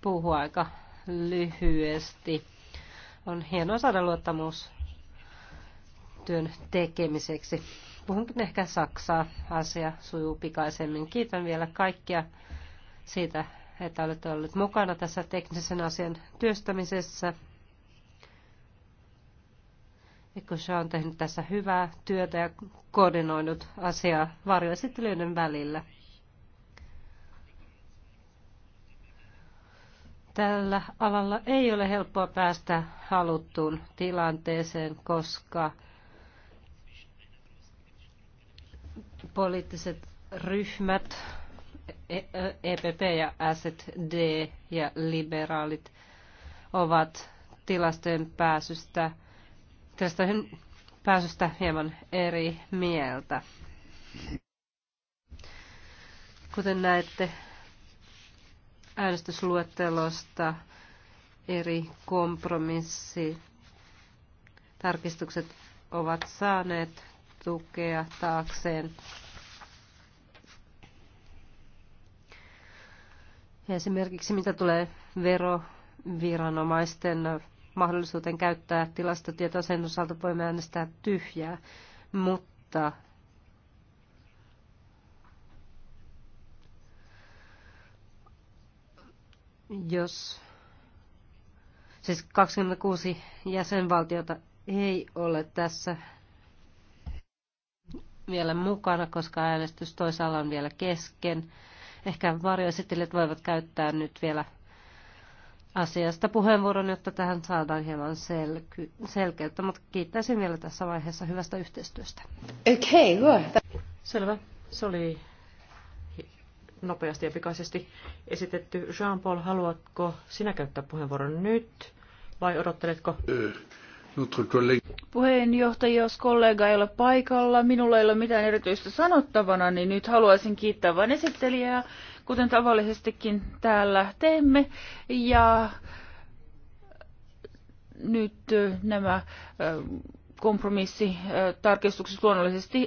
puhua aika lyhyesti. On hienoa saada luottamus työn tekemiseksi. Puhunkin ehkä Saksaa. Asia sujuu pikaisemmin. Kiitän vielä kaikkia siitä, että olette olleet mukana tässä teknisen asian työstämisessä. se on tehnyt tässä hyvää työtä ja koordinoinut asiaa varjoesittelyiden välillä. Tällä alalla ei ole helppoa päästä haluttuun tilanteeseen, koska poliittiset ryhmät, EPP e- e ja SD ja liberaalit, ovat tilastojen pääsystä, tilastojen pääsystä hieman eri mieltä. Kuten näette, äänestysluettelosta eri kompromissi. Tarkistukset ovat saaneet tukea taakseen. Esimerkiksi mitä tulee veroviranomaisten mahdollisuuteen käyttää tilastotietoa, sen osalta voimme äänestää tyhjää, mutta Jos siis 26 jäsenvaltiota ei ole tässä vielä mukana, koska äänestys toisaalla on vielä kesken. Ehkä varjoesittelijät voivat käyttää nyt vielä asiasta puheenvuoron, jotta tähän saadaan hieman selky- selkeyttä, mutta kiittäisin vielä tässä vaiheessa hyvästä yhteistyöstä. Okei, okay, Selvä. Se oli nopeasti ja pikaisesti esitetty. Jean-Paul, haluatko sinä käyttää puheenvuoron nyt vai odotteletko? Eh, Puheenjohtaja, jos kollega ei ole paikalla, minulla ei ole mitään erityistä sanottavana, niin nyt haluaisin kiittää vain esittelijää, kuten tavallisestikin täällä teemme. Ja nyt eh, nämä eh, kompromissitarkistukset luonnollisesti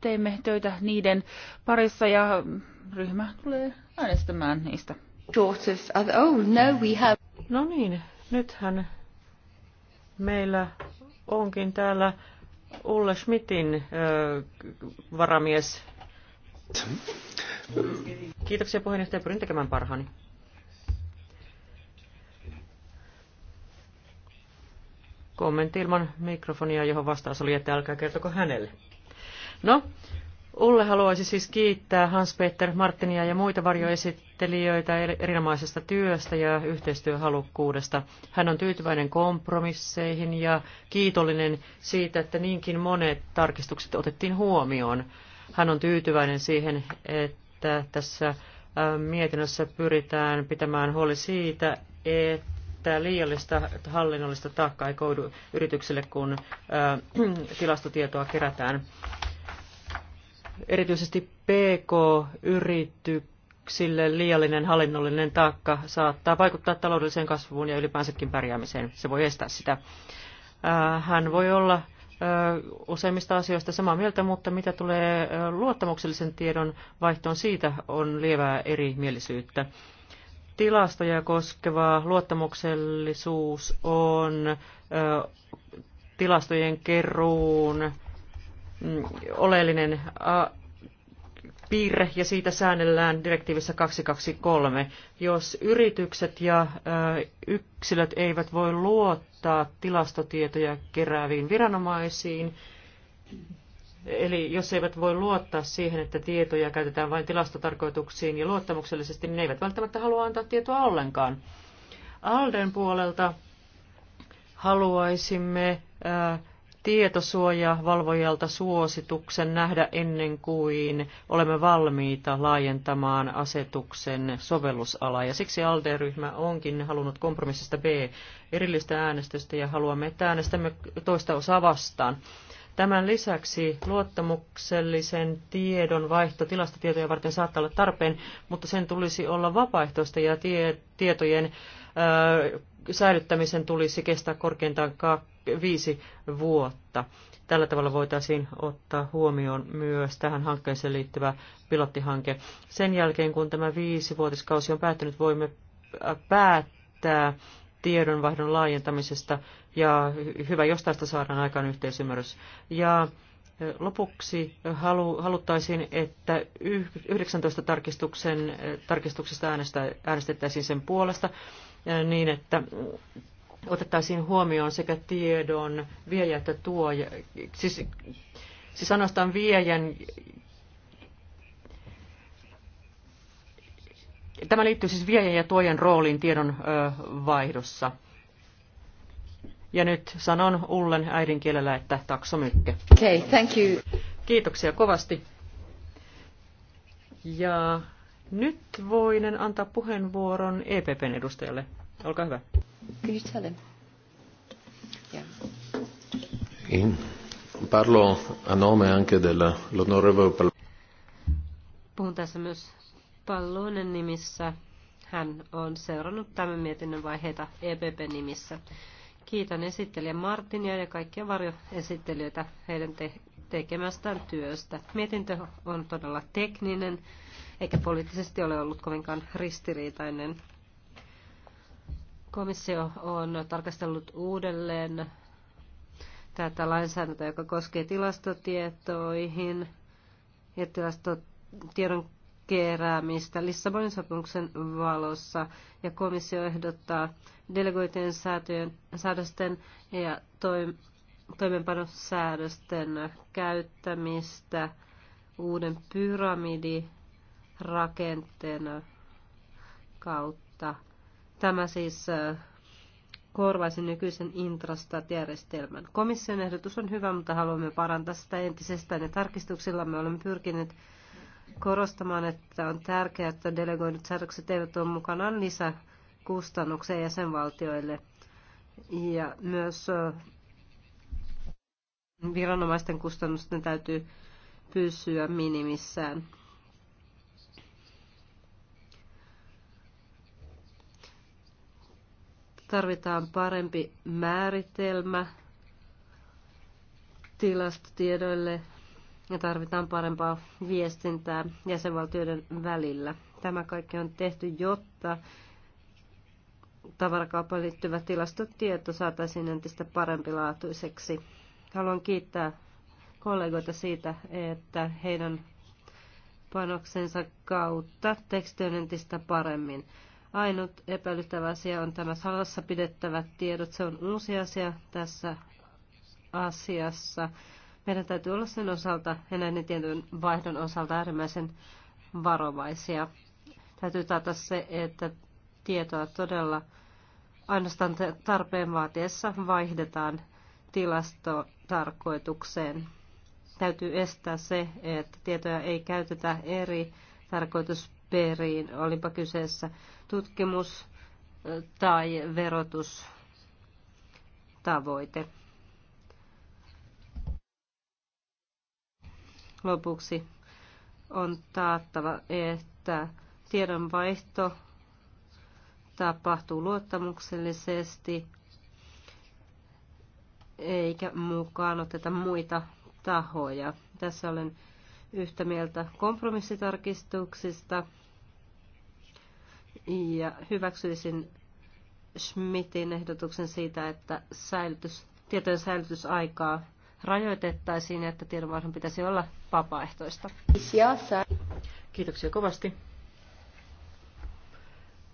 teemme töitä niiden parissa ja ryhmä tulee äänestämään niistä. Oh, no, we have... no niin, nythän meillä onkin täällä Ulle Schmidtin varamies. Kiitoksia puheenjohtaja, pyrin tekemään parhaani. Kommentti ilman mikrofonia, johon vastaus oli, että älkää kertoko hänelle. No, Ulle haluaisi siis kiittää Hans-Peter Martinia ja muita varjoesittelijöitä erinomaisesta työstä ja yhteistyöhalukkuudesta. Hän on tyytyväinen kompromisseihin ja kiitollinen siitä, että niinkin monet tarkistukset otettiin huomioon. Hän on tyytyväinen siihen, että tässä äh, mietinnössä pyritään pitämään huoli siitä, että liiallista hallinnollista taakkaa ei koudu yritykselle, kun äh, tilastotietoa kerätään erityisesti PK-yrityksille liiallinen hallinnollinen taakka saattaa vaikuttaa taloudelliseen kasvuun ja ylipäänsäkin pärjäämiseen. Se voi estää sitä. Äh, hän voi olla äh, useimmista asioista samaa mieltä, mutta mitä tulee äh, luottamuksellisen tiedon vaihtoon, siitä on lievää erimielisyyttä. Tilastoja koskeva luottamuksellisuus on tilastojen keruun Mm, oleellinen piirre ja siitä säännellään direktiivissä 223. Jos yritykset ja yksilöt eivät voi luottaa tilastotietoja kerääviin viranomaisiin, Eli jos eivät voi luottaa siihen, että tietoja käytetään vain tilastotarkoituksiin ja luottamuksellisesti, niin ne eivät välttämättä halua antaa tietoa ollenkaan. Alden puolelta haluaisimme äh, tietosuojavalvojalta suosituksen nähdä ennen kuin olemme valmiita laajentamaan asetuksen sovellusalaa. Ja siksi ALDE-ryhmä onkin halunnut kompromissista B erillistä äänestystä ja haluamme, että äänestämme toista osaa vastaan. Tämän lisäksi luottamuksellisen tiedon vaihto tilastotietoja varten saattaa olla tarpeen, mutta sen tulisi olla vapaaehtoista ja tie, tietojen ö, säilyttämisen tulisi kestää korkeintaan kaksi viisi vuotta. Tällä tavalla voitaisiin ottaa huomioon myös tähän hankkeeseen liittyvä pilottihanke. Sen jälkeen, kun tämä viisivuotiskausi on päättynyt, voimme päättää tiedonvaihdon laajentamisesta ja hyvä, jos tästä saadaan aikaan yhteisymmärrys. Ja Lopuksi halu, haluttaisiin, että 19 tarkistuksen, tarkistuksesta äänestä, äänestettäisiin sen puolesta niin, että otettaisiin huomioon sekä tiedon viejä että tuoja, siis, siis ainoastaan viejän Tämä liittyy siis viejän ja tuojan rooliin tiedon vaihdossa. Ja nyt sanon Ullen äidinkielellä, että taksomykke. Okay, thank you. Kiitoksia kovasti. Ja nyt voinen antaa puheenvuoron EPPn edustajalle. Olkaa hyvä. Kyllä. In, parlo a nome anche dell'onorevole Puhun tässä myös Pallonen nimissä. Hän on seurannut tämän mietinnön vaiheita EPP-nimissä. Kiitän esittelijä Martinia ja kaikkia varjoesittelijöitä heidän te- tekemästään työstä. Mietintö on todella tekninen, eikä poliittisesti ole ollut kovinkaan ristiriitainen. Komissio on tarkastellut uudelleen tätä lainsäädäntöä, joka koskee tilastotietoihin ja tilastotiedon keräämistä Lissabonin sopimuksen valossa ja komissio ehdottaa delegoitujen säädösten ja toim- toimenpanosäädösten käyttämistä uuden pyramidirakenteen kautta. Tämä siis korvaisi nykyisen Intrastat-järjestelmän. Komission ehdotus on hyvä, mutta haluamme parantaa sitä entisestään ja tarkistuksilla me olemme pyrkineet korostamaan, että on tärkeää, että delegoidut säädökset eivät ole mukanaan lisäkustannuksia jäsenvaltioille ja myös viranomaisten kustannusten täytyy pysyä minimissään. Tarvitaan parempi määritelmä tilastotiedoille ja tarvitaan parempaa viestintää jäsenvaltioiden välillä. Tämä kaikki on tehty, jotta tavarakauppaan liittyvä tilastotieto saataisiin entistä parempilaatuiseksi. Haluan kiittää kollegoita siitä, että heidän panoksensa kautta teksti on entistä paremmin Ainut epäilyttävä asia on tämä salassa pidettävät tiedot. Se on uusi asia tässä asiassa. Meidän täytyy olla sen osalta ja näiden tietojen vaihdon osalta äärimmäisen varovaisia. Täytyy taata se, että tietoa todella ainoastaan tarpeen vaatiessa vaihdetaan tilastotarkoitukseen. Täytyy estää se, että tietoja ei käytetä eri tarkoitusperiin, olipa kyseessä tutkimus tai verotustavoite. Lopuksi on taattava, että tiedonvaihto tapahtuu luottamuksellisesti eikä mukaan oteta muita tahoja. Tässä olen yhtä mieltä kompromissitarkistuksista ja hyväksyisin Schmidtin ehdotuksen siitä, että säilytys, tietojen säilytysaikaa rajoitettaisiin ja että tiedonvaihdon pitäisi olla vapaaehtoista. Kiitoksia kovasti.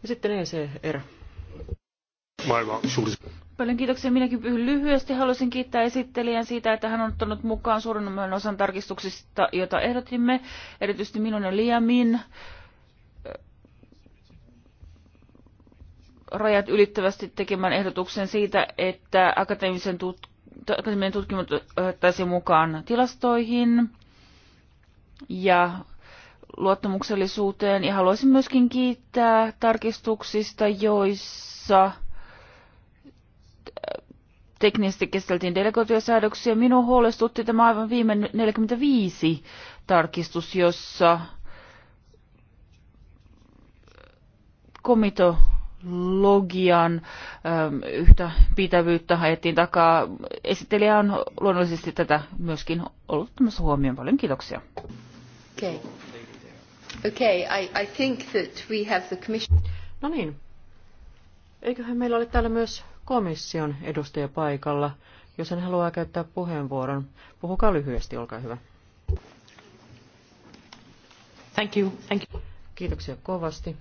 Ja sitten Erä. Paljon kiitoksia. Minäkin pyhyn lyhyesti. Haluaisin kiittää esittelijän siitä, että hän on ottanut mukaan suurin osan tarkistuksista, joita ehdotimme, erityisesti minun ja Liamin rajat ylittävästi tekemään ehdotuksen siitä, että akateemisen tut- akateeminen tutkimus otettaisiin mukaan tilastoihin ja luottamuksellisuuteen. Ja haluaisin myöskin kiittää tarkistuksista, joissa teknisesti kesteltiin delegoituja Minua huolestutti tämä aivan viime 45 tarkistus, jossa komito logian ähm, yhtä pitävyyttä haettiin takaa. Esittelijä on luonnollisesti tätä myöskin ollut tämässä huomioon. Paljon kiitoksia. Okay. Okay, I, I think that we have the commission... No niin. Eiköhän meillä ole täällä myös komission edustaja paikalla. Jos hän haluaa käyttää puheenvuoron, puhukaa lyhyesti, olkaa hyvä. Thank you. Thank you. Kiitoksia kovasti.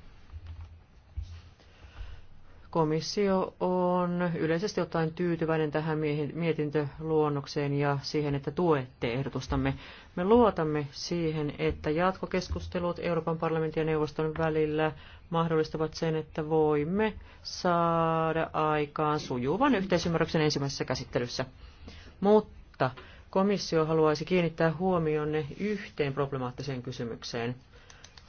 Komissio on yleisesti ottaen tyytyväinen tähän mietintöluonnokseen ja siihen, että tuette ehdotustamme. Me luotamme siihen, että jatkokeskustelut Euroopan parlamentin ja neuvoston välillä mahdollistavat sen, että voimme saada aikaan sujuvan yhteisymmärryksen ensimmäisessä käsittelyssä. Mutta komissio haluaisi kiinnittää huomionne yhteen problemaattiseen kysymykseen –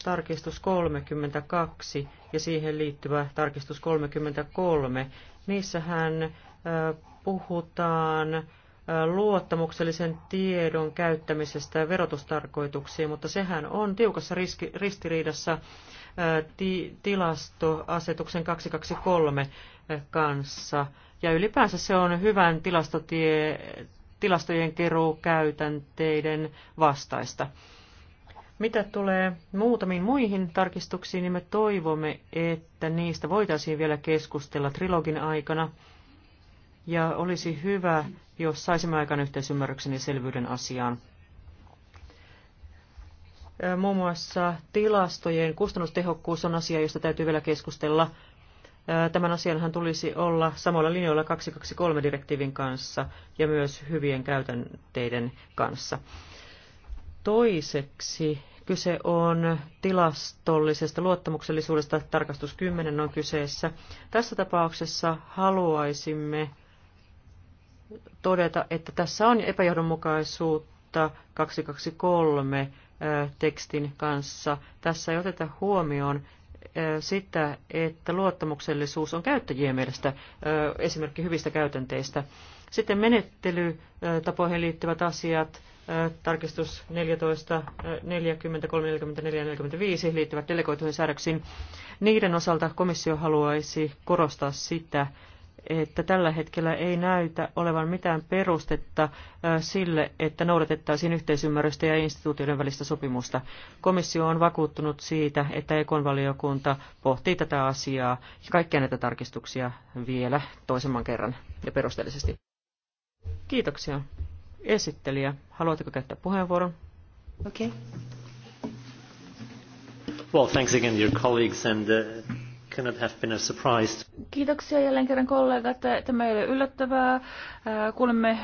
tarkistus 32 ja siihen liittyvä tarkistus 33. Niissähän puhutaan luottamuksellisen tiedon käyttämisestä verotustarkoituksiin, mutta sehän on tiukassa riski, ristiriidassa ti, tilastoasetuksen 223 kanssa. Ja ylipäänsä se on hyvän tilastotie, tilastojen keruukäytänteiden vastaista. Mitä tulee muutamiin muihin tarkistuksiin, niin me toivomme, että niistä voitaisiin vielä keskustella trilogin aikana. Ja olisi hyvä, jos saisimme aikaan yhteisymmärryksen ja selvyyden asiaan. Muun muassa tilastojen kustannustehokkuus on asia, josta täytyy vielä keskustella. Tämän asianhan tulisi olla samoilla linjoilla 223-direktiivin kanssa ja myös hyvien käytänteiden kanssa. Toiseksi kyse on tilastollisesta luottamuksellisuudesta, tarkastus 10 on kyseessä. Tässä tapauksessa haluaisimme todeta, että tässä on epäjohdonmukaisuutta 223 tekstin kanssa. Tässä ei oteta huomioon sitä, että luottamuksellisuus on käyttäjien mielestä esimerkki hyvistä käytänteistä. Sitten menettelytapoihin liittyvät asiat, tarkistus 14, 40, 44 ja 45 liittyvät delegoituihin säädöksiin. Niiden osalta komissio haluaisi korostaa sitä, että tällä hetkellä ei näytä olevan mitään perustetta sille, että noudatettaisiin yhteisymmärrystä ja instituutioiden välistä sopimusta. Komissio on vakuuttunut siitä, että ekonvaliokunta pohtii tätä asiaa ja kaikkia näitä tarkistuksia vielä toisemman kerran ja perusteellisesti. Kiitoksia. Esittelijä, haluatteko käyttää puheenvuoron? Okei. Okay. Well, thanks again your colleagues and uh, cannot have been a surprise. Kiitoksia jälleen kerran kollegat. Tämä ei ole yllättävää. Äh, kuulemme äh,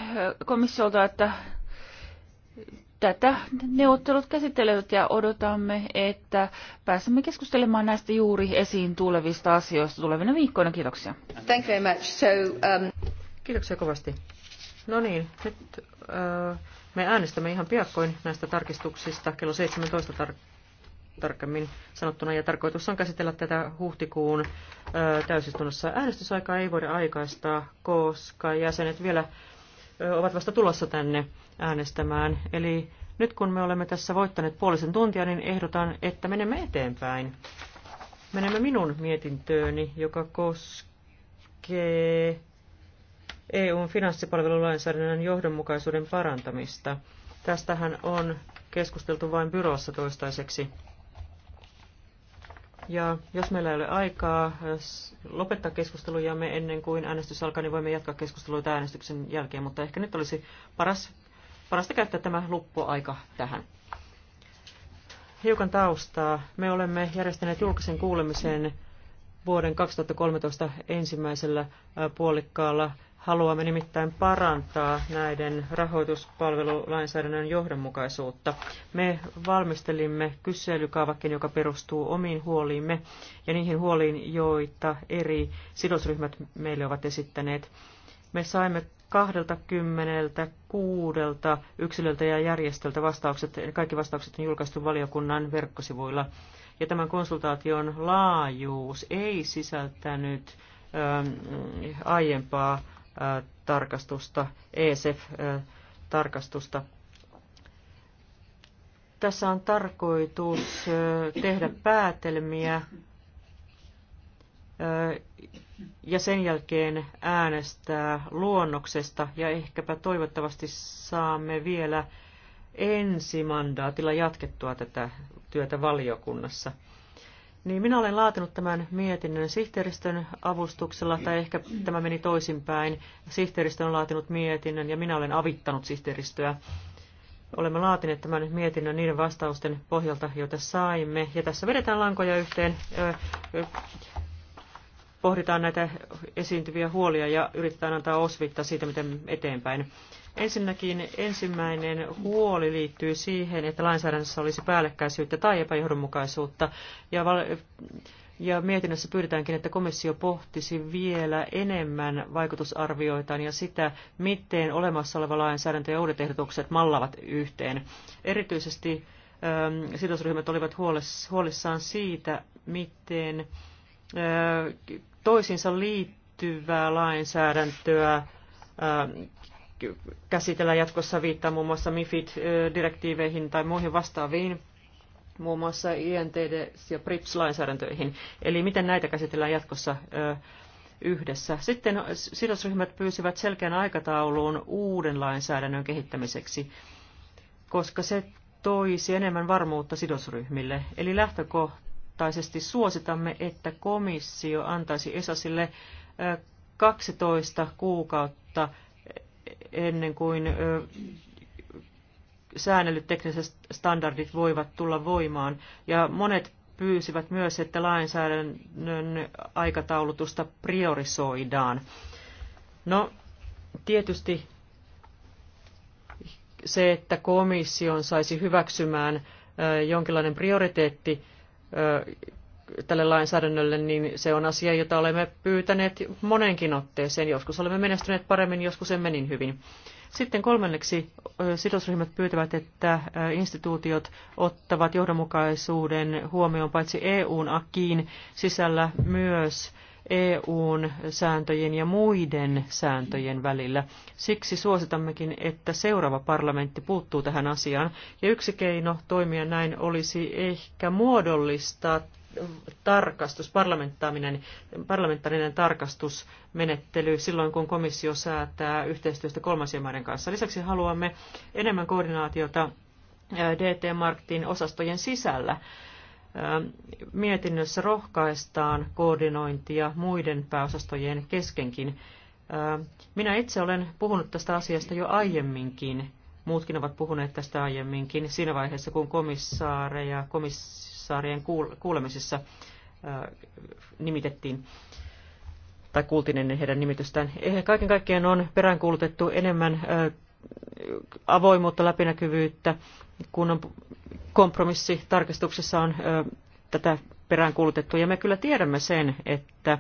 komissiolta, että tätä neuvottelut käsittelevät ja odotamme, että pääsemme keskustelemaan näistä juuri esiin tulevista asioista tulevina viikkoina. Kiitoksia. Thank you very much. So, um... Kiitoksia kovasti. No niin, nyt äh, me äänestämme ihan piakkoin näistä tarkistuksista kello 17 tar- tarkemmin sanottuna. Ja tarkoitus on käsitellä tätä huhtikuun äh, täysistunnossa. Äänestysaikaa ei voida aikaistaa, koska jäsenet vielä äh, ovat vasta tulossa tänne äänestämään. Eli nyt kun me olemme tässä voittaneet puolisen tuntia, niin ehdotan, että menemme eteenpäin. Menemme minun mietintööni, joka koskee EUn finanssipalvelulainsäädännön johdonmukaisuuden parantamista. Tästähän on keskusteltu vain byrossa toistaiseksi. Ja jos meillä ei ole aikaa lopettaa keskustelujamme ennen kuin äänestys alkaa, niin voimme jatkaa keskustelua äänestyksen jälkeen, mutta ehkä nyt olisi paras, parasta käyttää tämä luppuaika tähän. Hiukan taustaa. Me olemme järjestäneet julkisen kuulemisen vuoden 2013 ensimmäisellä puolikkaalla Haluamme nimittäin parantaa näiden rahoituspalvelulainsäädännön johdonmukaisuutta. Me valmistelimme kyselykaavakkeen, joka perustuu omiin huoliimme ja niihin huoliin, joita eri sidosryhmät meille ovat esittäneet. Me saimme 26 yksilöltä ja järjestöltä vastaukset, kaikki vastaukset on julkaistu valiokunnan verkkosivuilla. Ja tämän konsultaation laajuus ei sisältänyt ähm, aiempaa E, tarkastusta, ESF-tarkastusta. E, Tässä on tarkoitus e, tehdä päätelmiä ja sen jälkeen äänestää luonnoksesta ja ehkäpä toivottavasti saamme vielä ensimandaatilla jatkettua tätä työtä valiokunnassa. Niin minä olen laatinut tämän mietinnön sihteeristön avustuksella, tai ehkä tämä meni toisinpäin. Sihteeristö on laatinut mietinnön ja minä olen avittanut sihteeristöä. Olemme laatineet tämän mietinnön niiden vastausten pohjalta, joita saimme. Ja tässä vedetään lankoja yhteen, pohditaan näitä esiintyviä huolia ja yritetään antaa osvittaa siitä, miten eteenpäin. Ensinnäkin ensimmäinen huoli liittyy siihen, että lainsäädännössä olisi päällekkäisyyttä tai epäjohdonmukaisuutta. Ja, val- ja mietinnössä pyydetäänkin, että komissio pohtisi vielä enemmän vaikutusarvioitaan ja sitä, miten olemassa oleva lainsäädäntö ja uudet ehdotukset mallavat yhteen. Erityisesti ähm, sidosryhmät olivat huolissaan siitä, miten äh, toisiinsa liittyvää lainsäädäntöä äh, käsitellä jatkossa viittaa muun muassa MIFID-direktiiveihin tai muihin vastaaviin, muun muassa INTD- ja PRIPS-lainsäädäntöihin. Eli miten näitä käsitellään jatkossa yhdessä. Sitten sidosryhmät pyysivät selkeän aikatauluun uuden lainsäädännön kehittämiseksi, koska se toisi enemmän varmuutta sidosryhmille. Eli lähtökohtaisesti suositamme, että komissio antaisi ESASille 12 kuukautta ennen kuin säännellyt tekniset standardit voivat tulla voimaan. Ja monet pyysivät myös, että lainsäädännön aikataulutusta priorisoidaan. No, tietysti se, että komission saisi hyväksymään jonkinlainen prioriteetti tälle lainsäädännölle, niin se on asia, jota olemme pyytäneet monenkin otteeseen. Joskus olemme menestyneet paremmin, joskus emme niin hyvin. Sitten kolmanneksi sidosryhmät pyytävät, että instituutiot ottavat johdonmukaisuuden huomioon paitsi EUn akiin sisällä myös EUn sääntöjen ja muiden sääntöjen välillä. Siksi suositammekin, että seuraava parlamentti puuttuu tähän asiaan. Ja yksi keino toimia näin olisi ehkä muodollistaa tarkastus, parlamentaarinen, parlamentaarinen tarkastusmenettely silloin, kun komissio säätää yhteistyöstä kolmansien maiden kanssa. Lisäksi haluamme enemmän koordinaatiota DT Marktin osastojen sisällä. Mietinnössä rohkaistaan koordinointia muiden pääosastojen keskenkin. Minä itse olen puhunut tästä asiasta jo aiemminkin muutkin ovat puhuneet tästä aiemminkin, siinä vaiheessa kun komissaareja komissaarien kuulemisessa nimitettiin tai kuultiin ennen heidän nimitystään. Eh, kaiken kaikkiaan on peräänkuulutettu enemmän avoimuutta, läpinäkyvyyttä, kun on tarkastuksessa on tätä peräänkuulutettu. Ja me kyllä tiedämme sen, että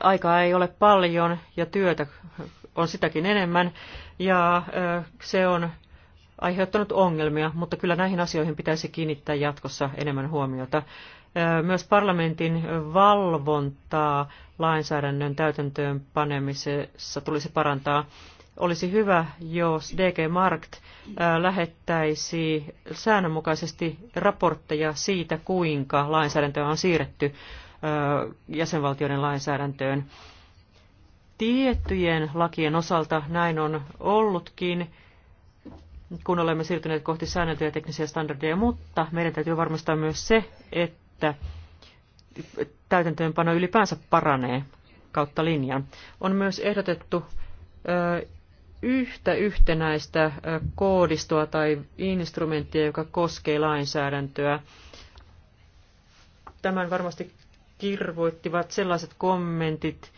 aikaa ei ole paljon ja työtä on sitäkin enemmän ja se on aiheuttanut ongelmia, mutta kyllä näihin asioihin pitäisi kiinnittää jatkossa enemmän huomiota. Myös parlamentin valvontaa lainsäädännön täytäntöön panemisessa tulisi parantaa. Olisi hyvä, jos DG Markt lähettäisi säännönmukaisesti raportteja siitä, kuinka lainsäädäntöä on siirretty jäsenvaltioiden lainsäädäntöön. Tiettyjen lakien osalta näin on ollutkin, kun olemme siirtyneet kohti säänneltyjä teknisiä standardeja, mutta meidän täytyy varmistaa myös se, että täytäntöönpano ylipäänsä paranee kautta linjan. On myös ehdotettu yhtä yhtenäistä koodistoa tai instrumenttia, joka koskee lainsäädäntöä. Tämän varmasti kirvoittivat sellaiset kommentit,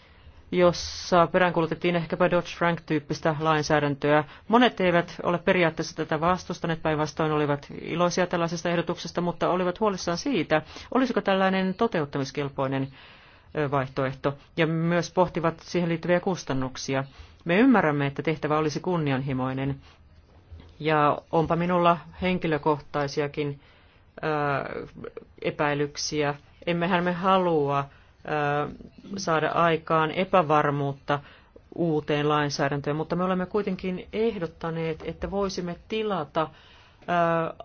jossa peräänkuulutettiin ehkäpä Dodge frank tyyppistä lainsäädäntöä. Monet eivät ole periaatteessa tätä vastustaneet, päinvastoin olivat iloisia tällaisesta ehdotuksesta, mutta olivat huolissaan siitä, olisiko tällainen toteuttamiskelpoinen vaihtoehto, ja myös pohtivat siihen liittyviä kustannuksia. Me ymmärrämme, että tehtävä olisi kunnianhimoinen, ja onpa minulla henkilökohtaisiakin epäilyksiä. Emmehän me halua saada aikaan epävarmuutta uuteen lainsäädäntöön, mutta me olemme kuitenkin ehdottaneet, että voisimme tilata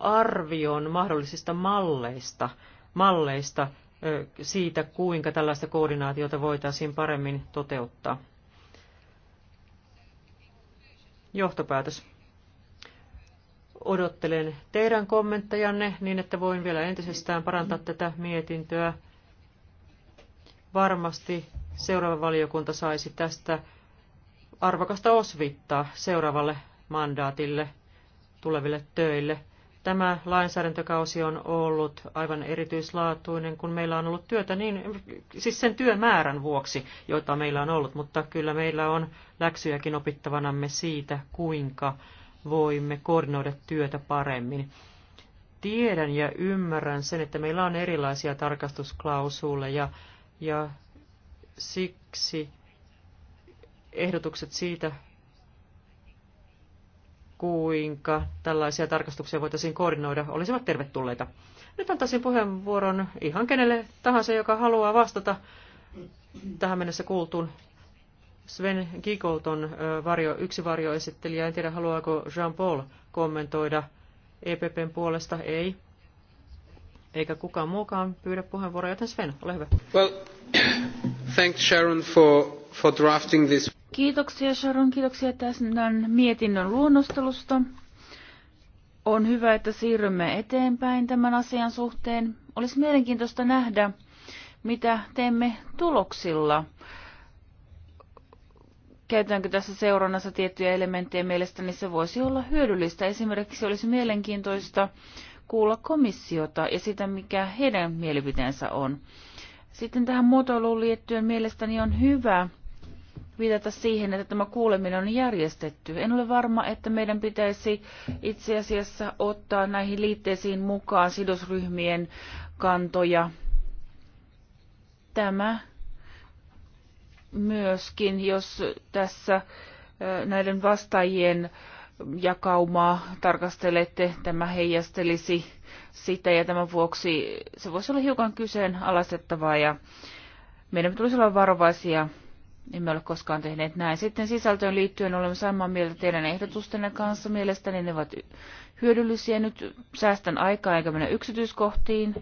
arvion mahdollisista malleista, malleista siitä, kuinka tällaista koordinaatiota voitaisiin paremmin toteuttaa. Johtopäätös. Odottelen teidän kommenttejanne niin, että voin vielä entisestään parantaa tätä mietintöä. Varmasti seuraava valiokunta saisi tästä arvokasta osvittaa seuraavalle mandaatille tuleville töille. Tämä lainsäädäntökausi on ollut aivan erityislaatuinen, kun meillä on ollut työtä niin, siis sen työmäärän vuoksi, joita meillä on ollut, mutta kyllä meillä on läksyjäkin opittavanamme siitä, kuinka voimme koordinoida työtä paremmin. Tiedän ja ymmärrän sen, että meillä on erilaisia tarkastusklausuuleja, ja ja siksi ehdotukset siitä, kuinka tällaisia tarkastuksia voitaisiin koordinoida, olisivat tervetulleita. Nyt antaisin puheenvuoron ihan kenelle tahansa, joka haluaa vastata tähän mennessä kuultuun. Sven Giegold on varjo, yksi varjoesittelijä. En tiedä, haluaako Jean-Paul kommentoida EPPn puolesta. Ei eikä kukaan muukaan pyydä puheenvuoroa, joten Sven, ole hyvä. Well, [COUGHS] thanks Sharon for, for drafting this. Kiitoksia Sharon, kiitoksia tämän mietinnön luonnostelusta. On hyvä, että siirrymme eteenpäin tämän asian suhteen. Olisi mielenkiintoista nähdä, mitä teemme tuloksilla. Käytäänkö tässä seurannassa tiettyjä elementtejä mielestäni niin se voisi olla hyödyllistä. Esimerkiksi olisi mielenkiintoista kuulla komissiota ja sitä, mikä heidän mielipiteensä on. Sitten tähän muotoiluun liittyen mielestäni on hyvä viitata siihen, että tämä kuuleminen on järjestetty. En ole varma, että meidän pitäisi itse asiassa ottaa näihin liitteisiin mukaan sidosryhmien kantoja. Tämä myöskin, jos tässä näiden vastaajien äh, jakaumaa tarkastelette, tämä heijastelisi sitä ja tämän vuoksi se voisi olla hiukan kyseenalaistettavaa ja meidän tulisi olla varovaisia. Emme ole koskaan tehneet näin. Sitten sisältöön liittyen olemme samaa mieltä teidän ehdotustenne kanssa. Mielestäni ne ovat hyödyllisiä. Nyt säästän aikaa eikä mennä yksityiskohtiin.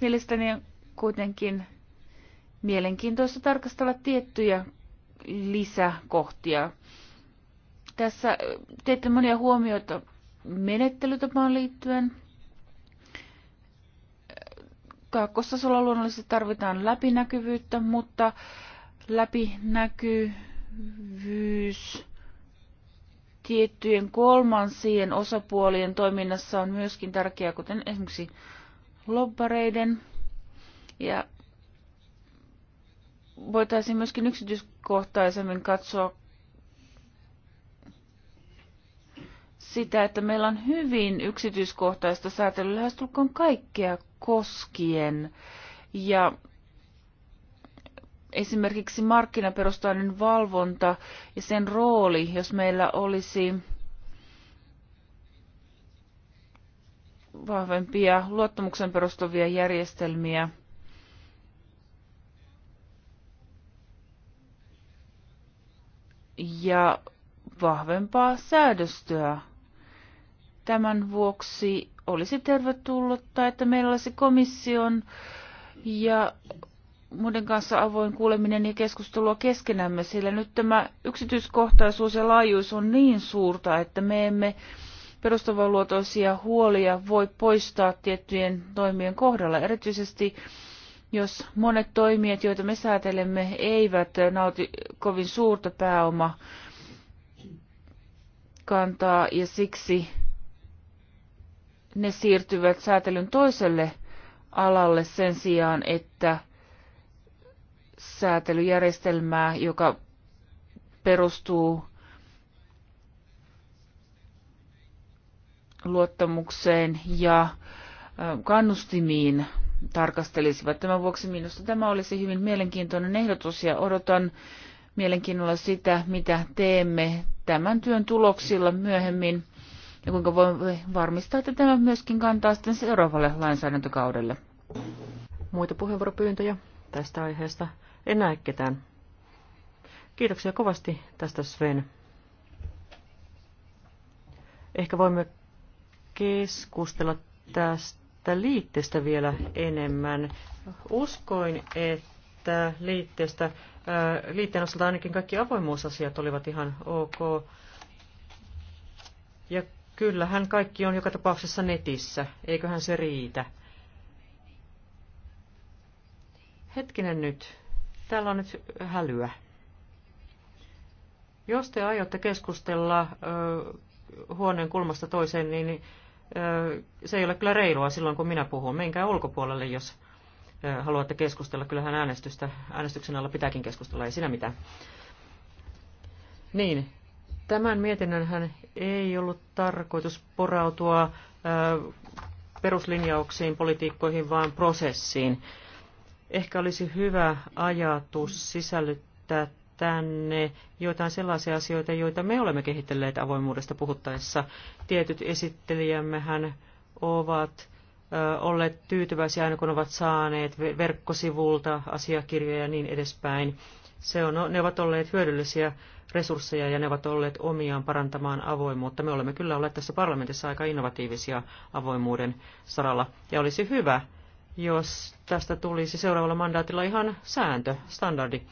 Mielestäni on kuitenkin mielenkiintoista tarkastella tiettyjä lisäkohtia. Tässä teette monia huomioita menettelytapaan liittyen. Kaakkostasolla luonnollisesti tarvitaan läpinäkyvyyttä, mutta läpinäkyvyys tiettyjen kolmansien osapuolien toiminnassa on myöskin tärkeää, kuten esimerkiksi lobbareiden. Ja voitaisiin myöskin yksityiskohtaisemmin katsoa sitä, että meillä on hyvin yksityiskohtaista säätelyä lähestulkoon kaikkea koskien. Ja esimerkiksi markkinaperustainen valvonta ja sen rooli, jos meillä olisi vahvempia luottamuksen perustuvia järjestelmiä, ja vahvempaa säädöstöä Tämän vuoksi olisi tervetullutta, että meillä olisi komission ja muiden kanssa avoin kuuleminen ja keskustelua keskenämme, sillä nyt tämä yksityiskohtaisuus ja laajuus on niin suurta, että me emme perustavanluotoisia huolia voi poistaa tiettyjen toimien kohdalla, erityisesti jos monet toimijat, joita me säätelemme, eivät nauti kovin suurta pääoma kantaa ja siksi ne siirtyvät säätelyn toiselle alalle sen sijaan, että säätelyjärjestelmää, joka perustuu luottamukseen ja kannustimiin tarkastelisivat. Tämän vuoksi minusta tämä olisi hyvin mielenkiintoinen ehdotus ja odotan mielenkiinnolla sitä, mitä teemme tämän työn tuloksilla myöhemmin ja kuinka voimme varmistaa, että tämä myöskin kantaa sitten seuraavalle lainsäädäntökaudelle. Muita puheenvuoropyyntöjä tästä aiheesta en näe ketään. Kiitoksia kovasti tästä Sven. Ehkä voimme keskustella tästä liitteestä vielä enemmän. Uskoin, että liitteestä, äh, liitteen osalta ainakin kaikki avoimuusasiat olivat ihan ok. Ja Kyllähän kaikki on joka tapauksessa netissä, eiköhän se riitä. Hetkinen nyt, täällä on nyt hälyä. Jos te aiotte keskustella ö, huoneen kulmasta toiseen, niin ö, se ei ole kyllä reilua silloin, kun minä puhun. Menkää ulkopuolelle, jos ö, haluatte keskustella. Kyllähän äänestystä, äänestyksen alla pitääkin keskustella, ei siinä mitään. Niin, Tämän mietinnönhän ei ollut tarkoitus porautua peruslinjauksiin, politiikkoihin, vaan prosessiin. Ehkä olisi hyvä ajatus sisällyttää tänne joitain sellaisia asioita, joita me olemme kehitelleet avoimuudesta puhuttaessa. Tietyt esittelijämmehän ovat olleet tyytyväisiä aina kun ovat saaneet verkkosivulta asiakirjoja ja niin edespäin. Se on, ne ovat olleet hyödyllisiä resursseja ja ne ovat olleet omiaan parantamaan avoimuutta. Me olemme kyllä olleet tässä parlamentissa aika innovatiivisia avoimuuden saralla ja olisi hyvä, jos tästä tulisi seuraavalla mandaatilla ihan sääntö, standardi.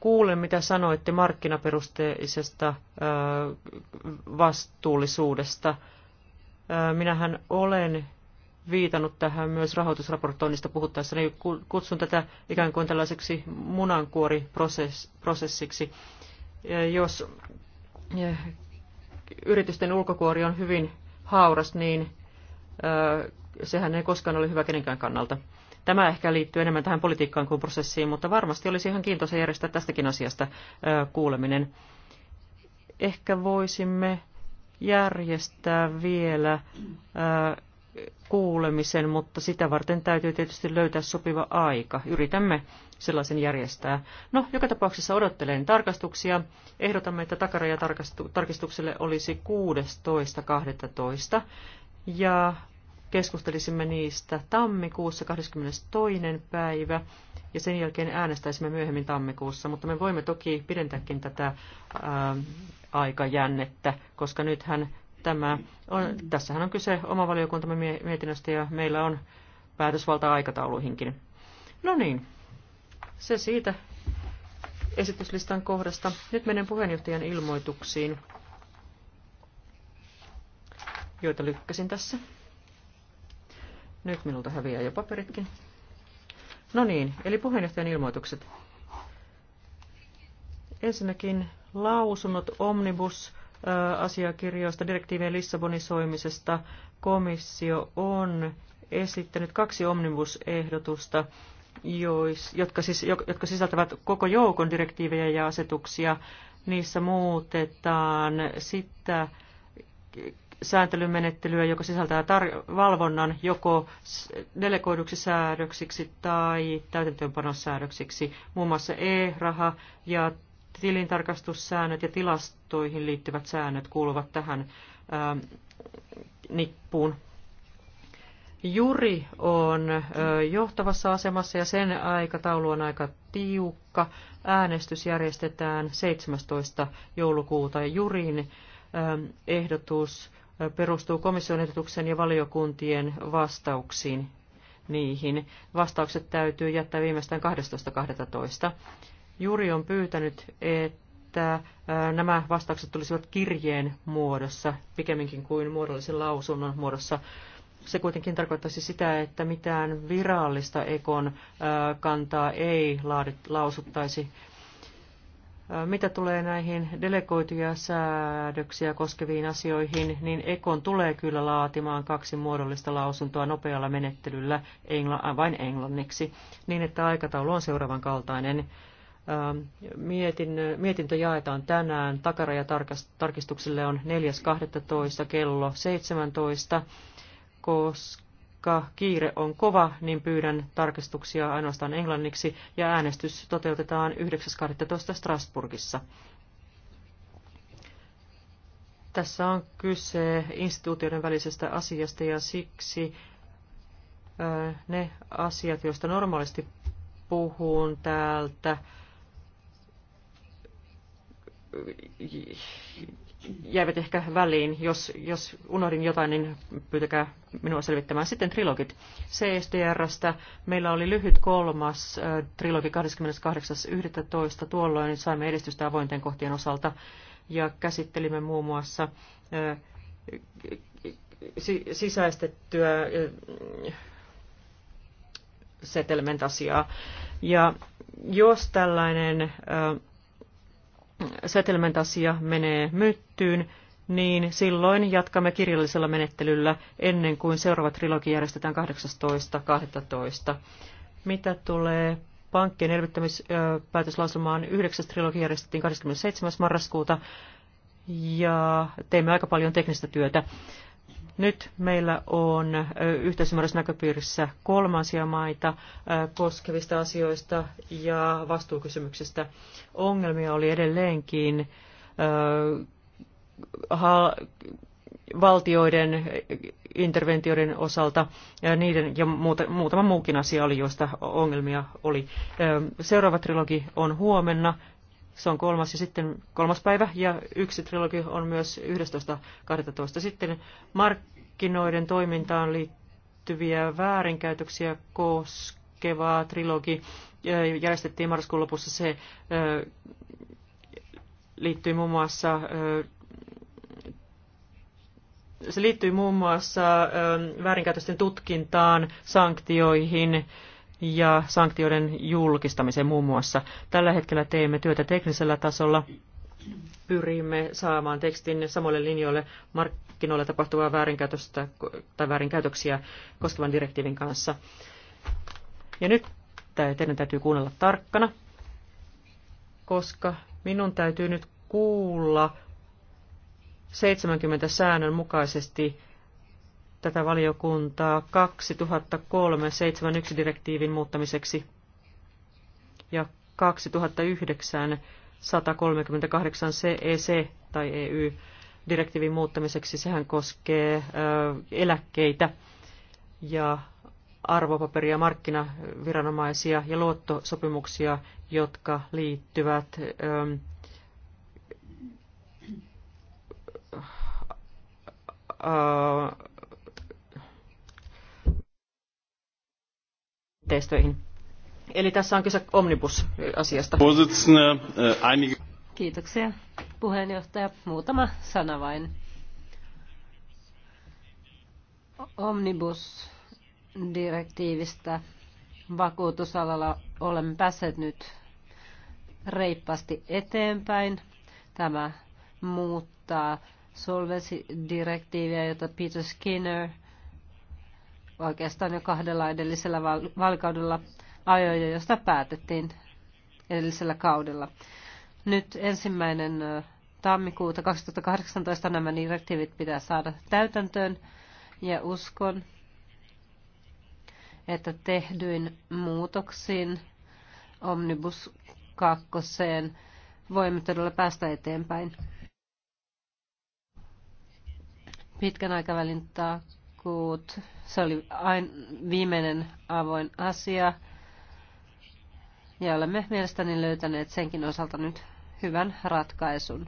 Kuulen, mitä sanoitte markkinaperusteisesta vastuullisuudesta. Minähän olen viitannut tähän myös rahoitusraportoinnista puhuttaessa, niin kutsun tätä ikään kuin tällaiseksi munankuoriprosessiksi jos yritysten ulkokuori on hyvin hauras, niin sehän ei koskaan ole hyvä kenenkään kannalta. Tämä ehkä liittyy enemmän tähän politiikkaan kuin prosessiin, mutta varmasti olisi ihan kiintoisa järjestää tästäkin asiasta kuuleminen. Ehkä voisimme järjestää vielä kuulemisen, mutta sitä varten täytyy tietysti löytää sopiva aika. Yritämme sellaisen järjestää. No, joka tapauksessa odottelen tarkastuksia. Ehdotamme, että takarajatarkistukselle olisi 16.12. Ja keskustelisimme niistä tammikuussa 22. päivä ja sen jälkeen äänestäisimme myöhemmin tammikuussa, mutta me voimme toki pidentääkin tätä ää, aikajännettä, koska nythän tämä on, tässähän on kyse oma valiokuntamme mietinnöstä ja meillä on päätösvalta aikatauluihinkin. No niin, se siitä esityslistan kohdasta. Nyt menen puheenjohtajan ilmoituksiin, joita lykkäsin tässä. Nyt minulta häviää jo paperitkin. No niin, eli puheenjohtajan ilmoitukset. Ensinnäkin lausunnot Omnibus asiakirjoista, direktiivien Lissabonisoimisesta, komissio on esittänyt kaksi omnibusehdotusta, jotka, siis, jotka sisältävät koko joukon direktiivejä ja asetuksia. Niissä muutetaan sitä sääntelymenettelyä, joka sisältää tar- valvonnan joko delegoiduksi säädöksiksi tai täytäntöönpanossäädöksiksi, muun muassa e-raha ja tilintarkastussäännöt ja tilastoihin liittyvät säännöt kuuluvat tähän ää, ähm, nippuun. Juri on äh, johtavassa asemassa ja sen aikataulu on aika tiukka. Äänestys järjestetään 17. joulukuuta. ja Jurin ähm, ehdotus äh, perustuu komission ehdotuksen ja valiokuntien vastauksiin niihin. Vastaukset täytyy jättää viimeistään 12.12. Juri on pyytänyt, että nämä vastaukset tulisivat kirjeen muodossa, pikemminkin kuin muodollisen lausunnon muodossa. Se kuitenkin tarkoittaisi sitä, että mitään virallista ekon kantaa ei lausuttaisi. Mitä tulee näihin delegoituja säädöksiä koskeviin asioihin, niin Ekon tulee kyllä laatimaan kaksi muodollista lausuntoa nopealla menettelyllä engla- vain englanniksi, niin että aikataulu on seuraavan kaltainen. Ähm, mietintö jaetaan tänään. Takarajatarkistukselle on 4.12. kello 17. Koska kiire on kova, niin pyydän tarkistuksia ainoastaan englanniksi ja äänestys toteutetaan 9.12. Strasburgissa. Tässä on kyse instituutioiden välisestä asiasta ja siksi äh, ne asiat, joista normaalisti puhun täältä, jäivät ehkä väliin. Jos, jos unohdin jotain, niin pyytäkää minua selvittämään. Sitten trilogit CSDRstä. Meillä oli lyhyt kolmas äh, trilogi 28.11. Tuolloin niin saimme edistystä avointen kohtien osalta ja käsittelimme muun muassa äh, sisäistettyä äh, settlement-asiaa. Ja jos tällainen äh, settlement-asia menee myttyyn, niin silloin jatkamme kirjallisella menettelyllä ennen kuin seuraava trilogi järjestetään 18.12. Mitä tulee pankkien elvyttämispäätöslausumaan, yhdeksäs trilogi järjestettiin 27. marraskuuta ja teimme aika paljon teknistä työtä. Nyt meillä on yhteisymmärrys näköpiirissä kolmansia maita koskevista asioista ja vastuukysymyksistä. Ongelmia oli edelleenkin valtioiden interventioiden osalta ja niiden ja muuta, muutama muukin asia oli, joista ongelmia oli. Seuraava trilogi on huomenna se on kolmas ja sitten kolmas päivä ja yksi trilogi on myös 11.12. Sitten markkinoiden toimintaan liittyviä väärinkäytöksiä koskeva trilogi järjestettiin marraskuun lopussa. Se liittyi muun muassa se liittyy muun muassa väärinkäytösten tutkintaan, sanktioihin, ja sanktioiden julkistamiseen muun muassa. Tällä hetkellä teemme työtä teknisellä tasolla. Pyrimme saamaan tekstin samoille linjoille markkinoilla tapahtuvaa väärinkäytöstä tai väärinkäytöksiä koskevan direktiivin kanssa. Ja nyt teidän täytyy kuunnella tarkkana, koska minun täytyy nyt kuulla 70 säännön mukaisesti tätä valiokuntaa 2003-71 direktiivin muuttamiseksi ja 2009 138 CEC tai EU direktiivin muuttamiseksi. Sehän koskee ö, eläkkeitä ja arvopaperia markkinaviranomaisia ja luottosopimuksia, jotka liittyvät ö, puitteistoihin. Eli tässä on kyse omnibus-asiasta. Eh, Kiitoksia puheenjohtaja. Muutama sana vain. Omnibus-direktiivistä vakuutusalalla olemme päässeet nyt reippaasti eteenpäin. Tämä muuttaa solvesi direktiiviä jota Peter Skinner – oikeastaan jo kahdella edellisellä vaalikaudella ajoja, josta päätettiin edellisellä kaudella. Nyt ensimmäinen tammikuuta 2018 nämä direktiivit pitää saada täytäntöön ja uskon, että tehdyin muutoksiin Omnibus 2 voimme todella päästä eteenpäin. Pitkän aikavälin Good. se oli ain, viimeinen avoin asia. Ja olemme mielestäni löytäneet senkin osalta nyt hyvän ratkaisun.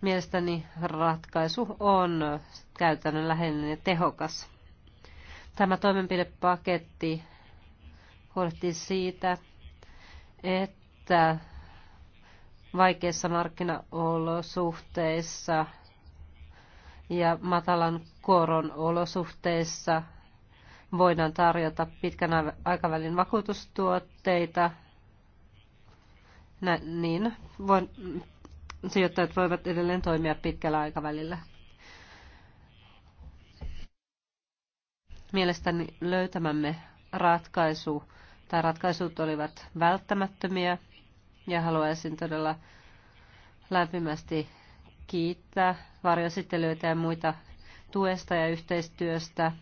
Mielestäni ratkaisu on käytännönläheinen ja tehokas. Tämä toimenpidepaketti huolehtii siitä, että vaikeissa markkinaolosuhteissa – ja matalan kuoron olosuhteissa voidaan tarjota pitkän aikavälin vakuutustuotteita. Nä, niin, voin, sijoittajat voivat edelleen toimia pitkällä aikavälillä. Mielestäni löytämämme ratkaisu tai ratkaisut olivat välttämättömiä ja haluaisin todella lämpimästi kiittää varjoesittelyitä ja muita tuesta ja yhteistyöstä.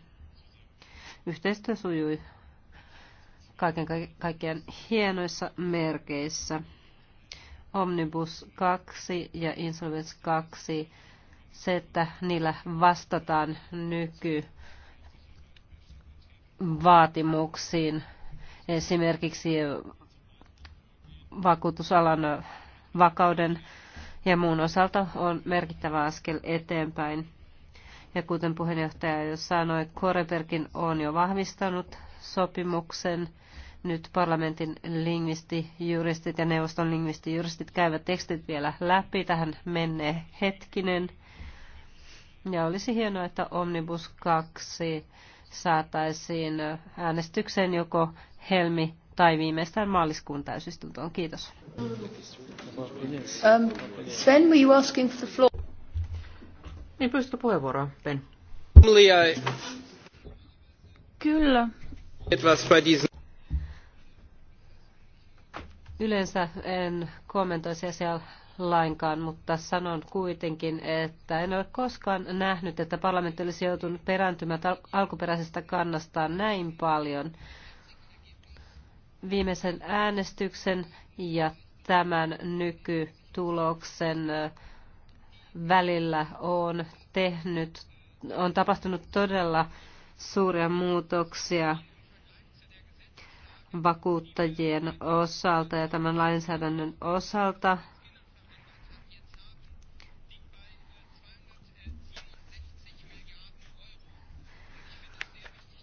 Yhteistyö sujui kaiken kaikkiaan hienoissa merkeissä. Omnibus 2 ja Insolvens 2, se, että niillä vastataan nykyvaatimuksiin, esimerkiksi vakuutusalan vakauden ja muun osalta on merkittävä askel eteenpäin. Ja kuten puheenjohtaja jo sanoi, Koreperkin on jo vahvistanut sopimuksen. Nyt parlamentin lingvistijuristit ja neuvoston lingvistijuristit käyvät tekstit vielä läpi. Tähän menee hetkinen. Ja olisi hienoa, että Omnibus 2 saataisiin äänestykseen joko helmi tai viimeistään maaliskuun täysistuntoon. Kiitos. Um, Sven, were you asking for the floor? Niin, pyysitkö puheenvuoroa, Ben? Kyllä. Yleensä en kommentoisi siellä lainkaan, mutta sanon kuitenkin, että en ole koskaan nähnyt, että parlamentti olisi joutunut perääntymään alkuperäisestä kannastaan näin paljon viimeisen äänestyksen ja tämän nykytuloksen välillä on tehnyt, on tapahtunut todella suuria muutoksia vakuuttajien osalta ja tämän lainsäädännön osalta.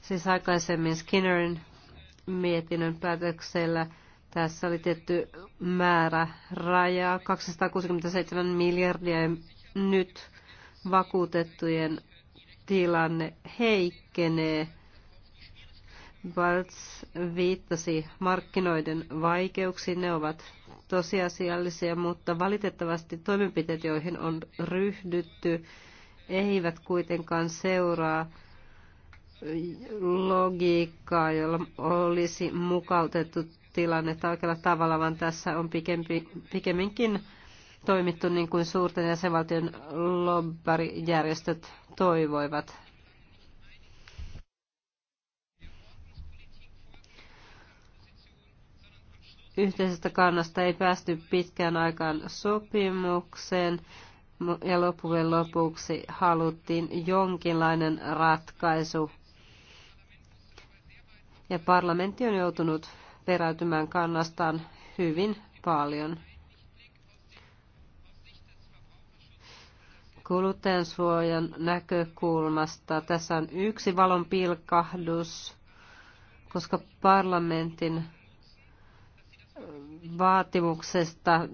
Siis aikaisemmin Skinnerin mietinnön päätöksellä tässä oli tietty määrä rajaa, 267 miljardia ja nyt vakuutettujen tilanne heikkenee. Valts viittasi markkinoiden vaikeuksiin, ne ovat tosiasiallisia, mutta valitettavasti toimenpiteet, joihin on ryhdytty, eivät kuitenkaan seuraa logiikkaa, jolla olisi mukautettu tilannetta oikealla tavalla, vaan tässä on pikempi, pikemminkin toimittu niin kuin suurten jäsenvaltion lobbarijärjestöt toivoivat. Yhteisestä kannasta ei päästy pitkään aikaan sopimukseen ja loppujen lopuksi haluttiin jonkinlainen ratkaisu ja parlamentti on joutunut peräytymään kannastaan hyvin paljon. suojan näkökulmasta tässä on yksi valon pilkahdus, koska parlamentin vaatimuksesta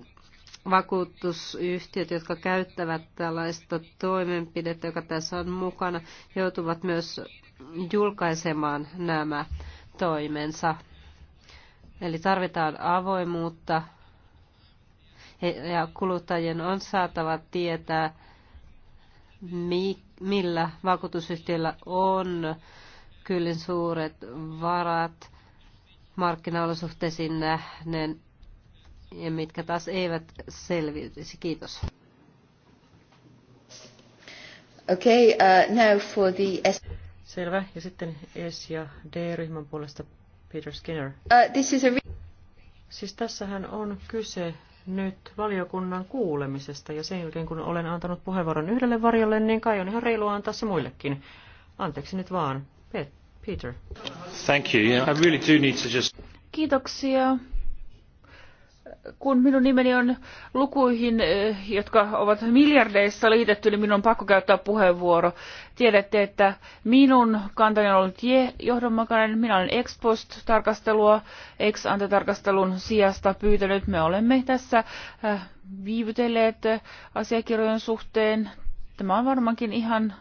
vakuutusyhtiöt, jotka käyttävät tällaista toimenpidettä, joka tässä on mukana, joutuvat myös julkaisemaan nämä toimensa. Eli tarvitaan avoimuutta ja kuluttajien on saatava tietää, millä vakuutusyhtiöllä on kyllin suuret varat markkinaolosuhteisiin nähden ja mitkä taas eivät selviytyisi. Kiitos. Okay, uh, now for the... Selvä. Ja sitten S ja D-ryhmän puolesta Peter Skinner. Uh, this is a re- siis tässähän on kyse nyt valiokunnan kuulemisesta ja sen jälkeen kun olen antanut puheenvuoron yhdelle varjolle, niin kai on ihan reilua antaa se muillekin. Anteeksi nyt vaan. Peter. Thank you. Yeah, I really do need to just... Kiitoksia kun minun nimeni on lukuihin, eh, jotka ovat miljardeissa liitetty, niin minun on pakko käyttää puheenvuoro. Tiedätte, että minun kantani on ollut johdonmukainen. Minä olen ex post-tarkastelua, ex tarkastelun sijasta pyytänyt. Me olemme tässä eh, viivytelleet eh, asiakirjojen suhteen. Tämä on varmaankin ihan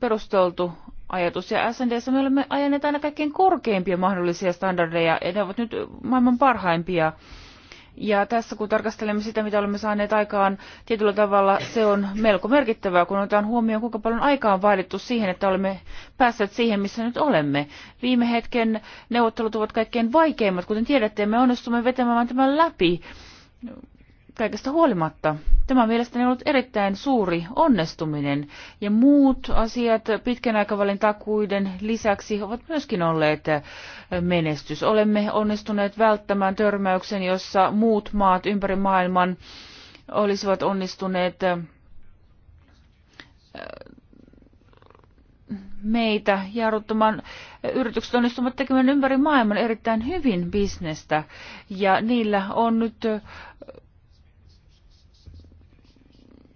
perusteltu ajatus. Ja SNDssä me olemme ajaneet aina kaikkein korkeimpia mahdollisia standardeja, ja ne ovat nyt maailman parhaimpia. Ja tässä kun tarkastelemme sitä, mitä olemme saaneet aikaan, tietyllä tavalla se on melko merkittävää, kun otetaan huomioon, kuinka paljon aikaa on vaadittu siihen, että olemme päässeet siihen, missä nyt olemme. Viime hetken neuvottelut ovat kaikkein vaikeimmat, kuten tiedätte, me onnistumme vetämään tämän läpi kaikesta huolimatta. Tämä on mielestäni ollut erittäin suuri onnistuminen ja muut asiat pitkän aikavälin takuiden lisäksi ovat myöskin olleet äh, menestys. Olemme onnistuneet välttämään törmäyksen, jossa muut maat ympäri maailman olisivat onnistuneet äh, meitä jarruttamaan. Yritykset onnistuvat tekemään ympäri maailman erittäin hyvin bisnestä ja niillä on nyt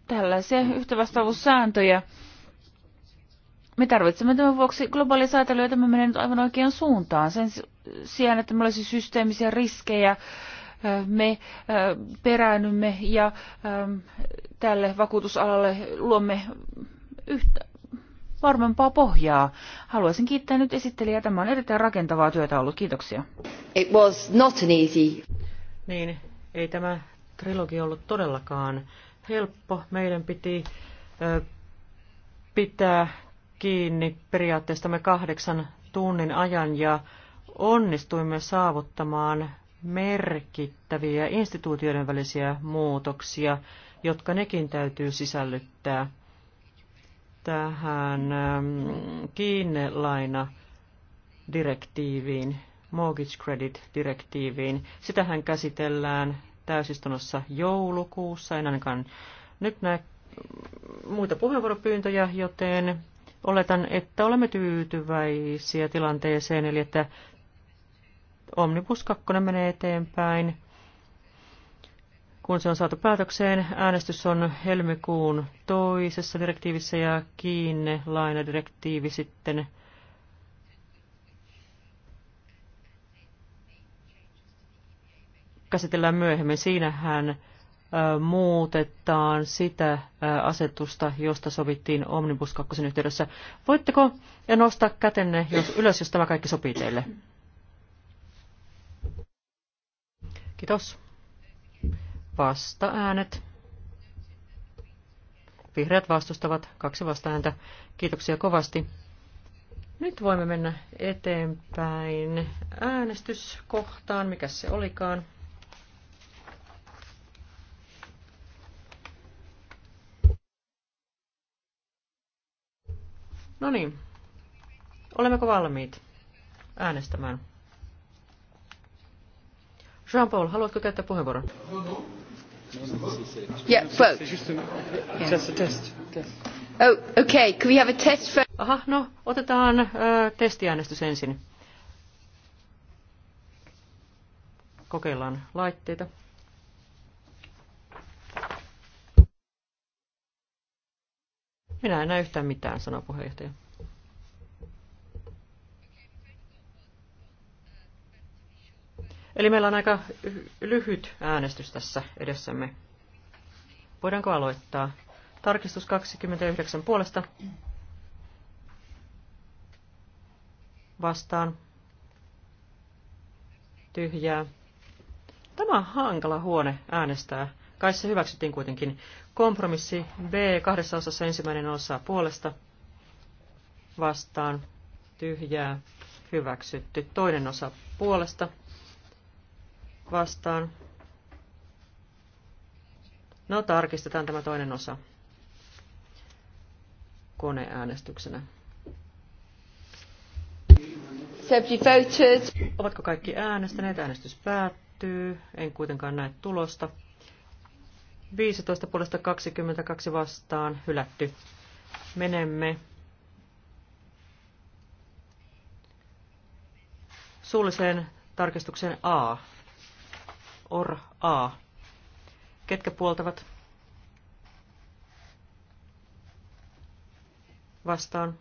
tällaisia yhtävastaavuussääntöjä. Me tarvitsemme tämän vuoksi globaalia säätelyä, ja tämä nyt aivan oikeaan suuntaan. Sen sijaan, että me olisi systeemisiä riskejä, me peräännymme ja tälle vakuutusalalle luomme yhtä varmempaa pohjaa. Haluaisin kiittää nyt esittelijää. Tämä on erittäin rakentavaa työtä ollut. Kiitoksia. It was not an easy. Niin, ei tämä trilogi ollut todellakaan helppo. Meidän piti pitää kiinni me kahdeksan tunnin ajan ja onnistuimme saavuttamaan merkittäviä instituutioiden välisiä muutoksia, jotka nekin täytyy sisällyttää tähän kiinnelaina direktiiviin, mortgage credit direktiiviin. Sitähän käsitellään täysistunnossa joulukuussa. En ainakaan nyt näe muita puheenvuoropyyntöjä, joten oletan, että olemme tyytyväisiä tilanteeseen, eli että Omnibus 2 menee eteenpäin. Kun se on saatu päätökseen, äänestys on helmikuun toisessa direktiivissä ja kiinne lainadirektiivi sitten käsitellään myöhemmin. Siinähän muutetaan sitä asetusta, josta sovittiin Omnibus 2 yhteydessä. Voitteko nostaa kätenne jos, ylös, jos tämä kaikki sopii teille? Kiitos. Vasta-äänet. Vihreät vastustavat. Kaksi vasta-ääntä. Kiitoksia kovasti. Nyt voimme mennä eteenpäin äänestyskohtaan, mikä se olikaan. No niin, olemmeko valmiit äänestämään? Jean-Paul, haluatko käyttää puheenvuoron? Yeah, vote. Yeah. Just a test. Oh, okay. Can we have a test for? Aha, no, otetaan äh, testiäänestys ensin. Kokeillaan laitteita. Minä en näe yhtään mitään, sanoo puheenjohtaja. Eli meillä on aika lyhyt äänestys tässä edessämme. Voidaanko aloittaa? Tarkistus 29 puolesta. Vastaan. Tyhjää. Tämä on hankala huone äänestää kai se hyväksyttiin kuitenkin. Kompromissi B kahdessa osassa ensimmäinen osa puolesta vastaan tyhjää hyväksytty. Toinen osa puolesta vastaan. No tarkistetaan tämä toinen osa koneäänestyksenä. Ovatko kaikki äänestäneet? Äänestys päättyy. En kuitenkaan näe tulosta. 15 puolesta 22 vastaan hylätty. Menemme suulliseen tarkistukseen A. Or A. Ketkä puoltavat? Vastaan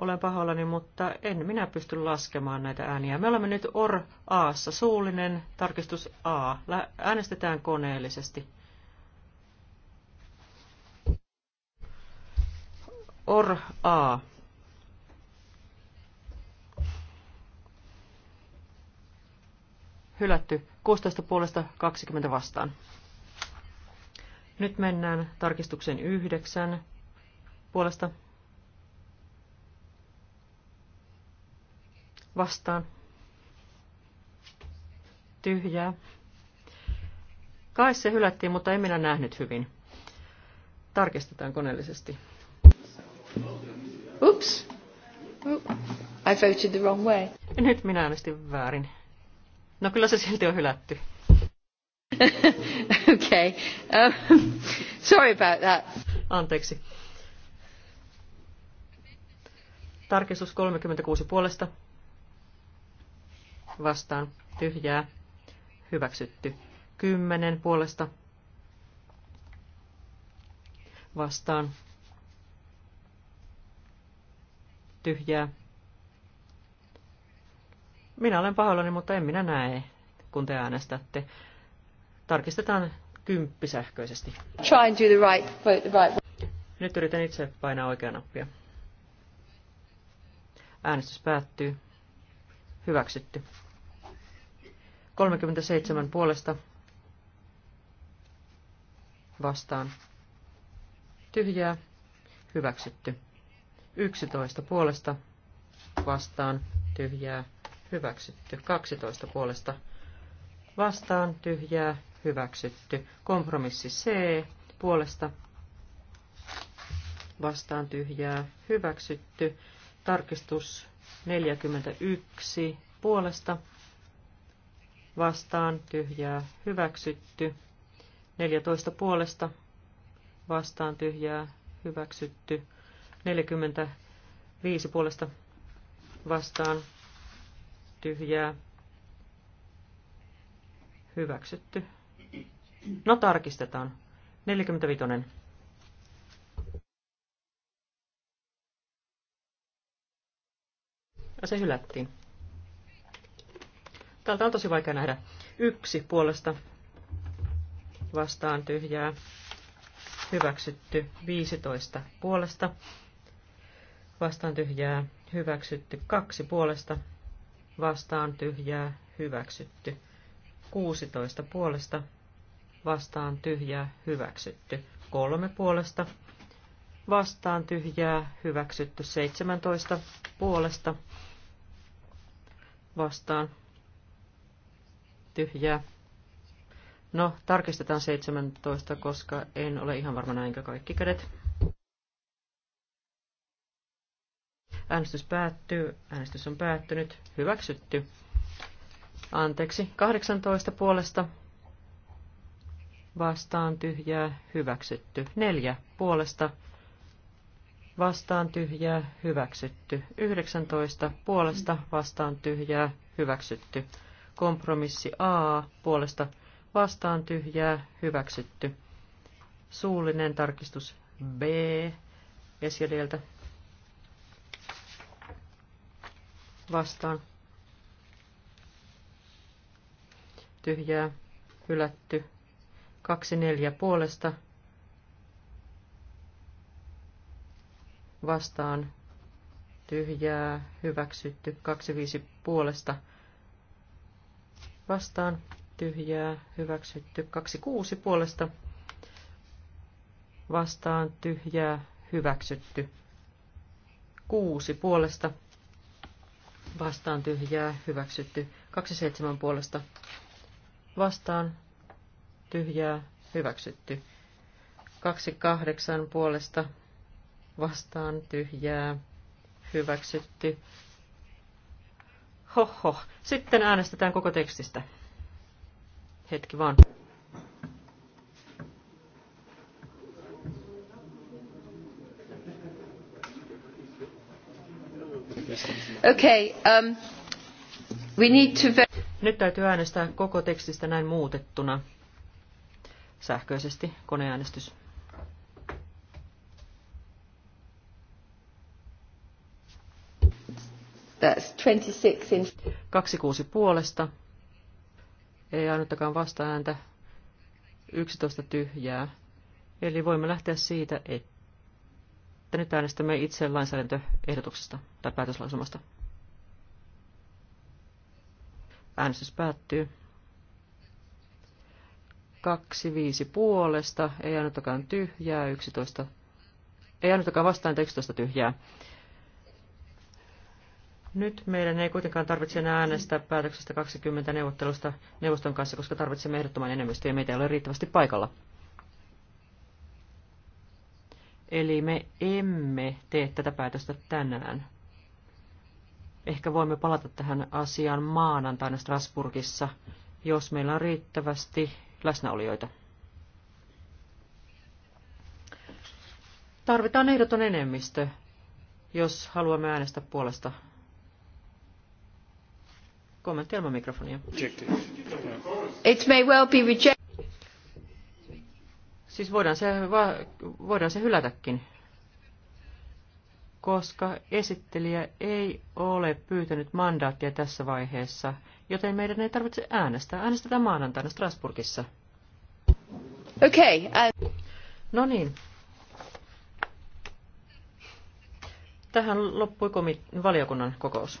olen pahoillani, mutta en minä pysty laskemaan näitä ääniä. Me olemme nyt OR Aassa, suullinen tarkistus A. Äänestetään koneellisesti. OR A. Hylätty 16 puolesta 20 vastaan. Nyt mennään tarkistuksen 9 puolesta vastaan tyhjää. Kai se hylättiin, mutta en minä nähnyt hyvin. Tarkistetaan koneellisesti. Ups. I voted the wrong way. Nyt minä äänestin väärin. No kyllä se silti on hylätty. [LAUGHS] okay. Um, sorry about that. Anteeksi. Tarkistus 36 puolesta vastaan tyhjää hyväksytty. 10 puolesta vastaan tyhjää. Minä olen pahoillani, mutta en minä näe, kun te äänestätte. Tarkistetaan kymppi sähköisesti. Try and do the right, vote the right. Nyt yritän itse painaa oikea nappia. Äänestys päättyy. Hyväksytty. 37 puolesta vastaan. Tyhjää. Hyväksytty. 11 puolesta vastaan. Tyhjää. Hyväksytty. 12 puolesta vastaan. Tyhjää. Hyväksytty. Kompromissi C puolesta vastaan. Tyhjää. Hyväksytty. Tarkistus 41 puolesta vastaan tyhjää hyväksytty. 14 puolesta vastaan tyhjää hyväksytty. 45 puolesta vastaan tyhjää hyväksytty. No tarkistetaan. 45. Ja se hylättiin. Täältä on tosi vaikea nähdä. Yksi puolesta vastaan tyhjää. Hyväksytty 15 puolesta. Vastaan tyhjää. Hyväksytty kaksi puolesta. Vastaan tyhjää. Hyväksytty 16 puolesta. Vastaan tyhjää. Hyväksytty kolme puolesta. Vastaan tyhjää. Hyväksytty 17 puolesta. Vastaan tyhjää. No, tarkistetaan 17, koska en ole ihan varma näinkö kaikki kädet. Äänestys päättyy. Äänestys on päättynyt. Hyväksytty. Anteeksi. 18 puolesta. Vastaan tyhjää. Hyväksytty. 4 puolesta. Vastaan tyhjää. Hyväksytty. 19 puolesta. Vastaan tyhjää. Hyväksytty. Kompromissi A puolesta vastaan tyhjää hyväksytty. Suullinen tarkistus B esideltä vastaan tyhjää hylätty. Kaksi neljä puolesta vastaan tyhjää hyväksytty. Kaksi viisi puolesta vastaan tyhjää hyväksytty. 26 puolesta vastaan tyhjää hyväksytty. 6 puolesta vastaan tyhjää hyväksytty. 27 puolesta vastaan tyhjää hyväksytty. 28 puolesta vastaan tyhjää hyväksytty. Hoho. Sitten äänestetään koko tekstistä. Hetki vaan. Okay, um, we need to... Nyt täytyy äänestää koko tekstistä näin muutettuna sähköisesti koneäänestys. 26 in... 26 puolesta. Ei ainuttakaan vasta ääntä. 11 tyhjää. Eli voimme lähteä siitä, että nyt äänestämme itse lainsäädäntöehdotuksesta tai päätöslausumasta. Äänestys päättyy. 25 puolesta, ei ainuttakaan tyhjää, 11, ei ainuttakaan vastaan, 11 tyhjää. Nyt meidän ei kuitenkaan tarvitse enää äänestää päätöksestä 20 neuvottelusta neuvoston kanssa, koska tarvitsemme ehdottoman enemmistöä ja meitä ei ole riittävästi paikalla. Eli me emme tee tätä päätöstä tänään. Ehkä voimme palata tähän asiaan maanantaina Strasburgissa, jos meillä on riittävästi läsnäolijoita. Tarvitaan ehdoton enemmistö, jos haluamme äänestää puolesta It may well be rejected. Siis voidaan se, va, voidaan se hylätäkin, koska esittelijä ei ole pyytänyt mandaattia tässä vaiheessa, joten meidän ei tarvitse äänestää. Äänestetään maanantaina Strasburgissa. Okei. Okay, uh... No niin. Tähän loppui valiokunnan kokous.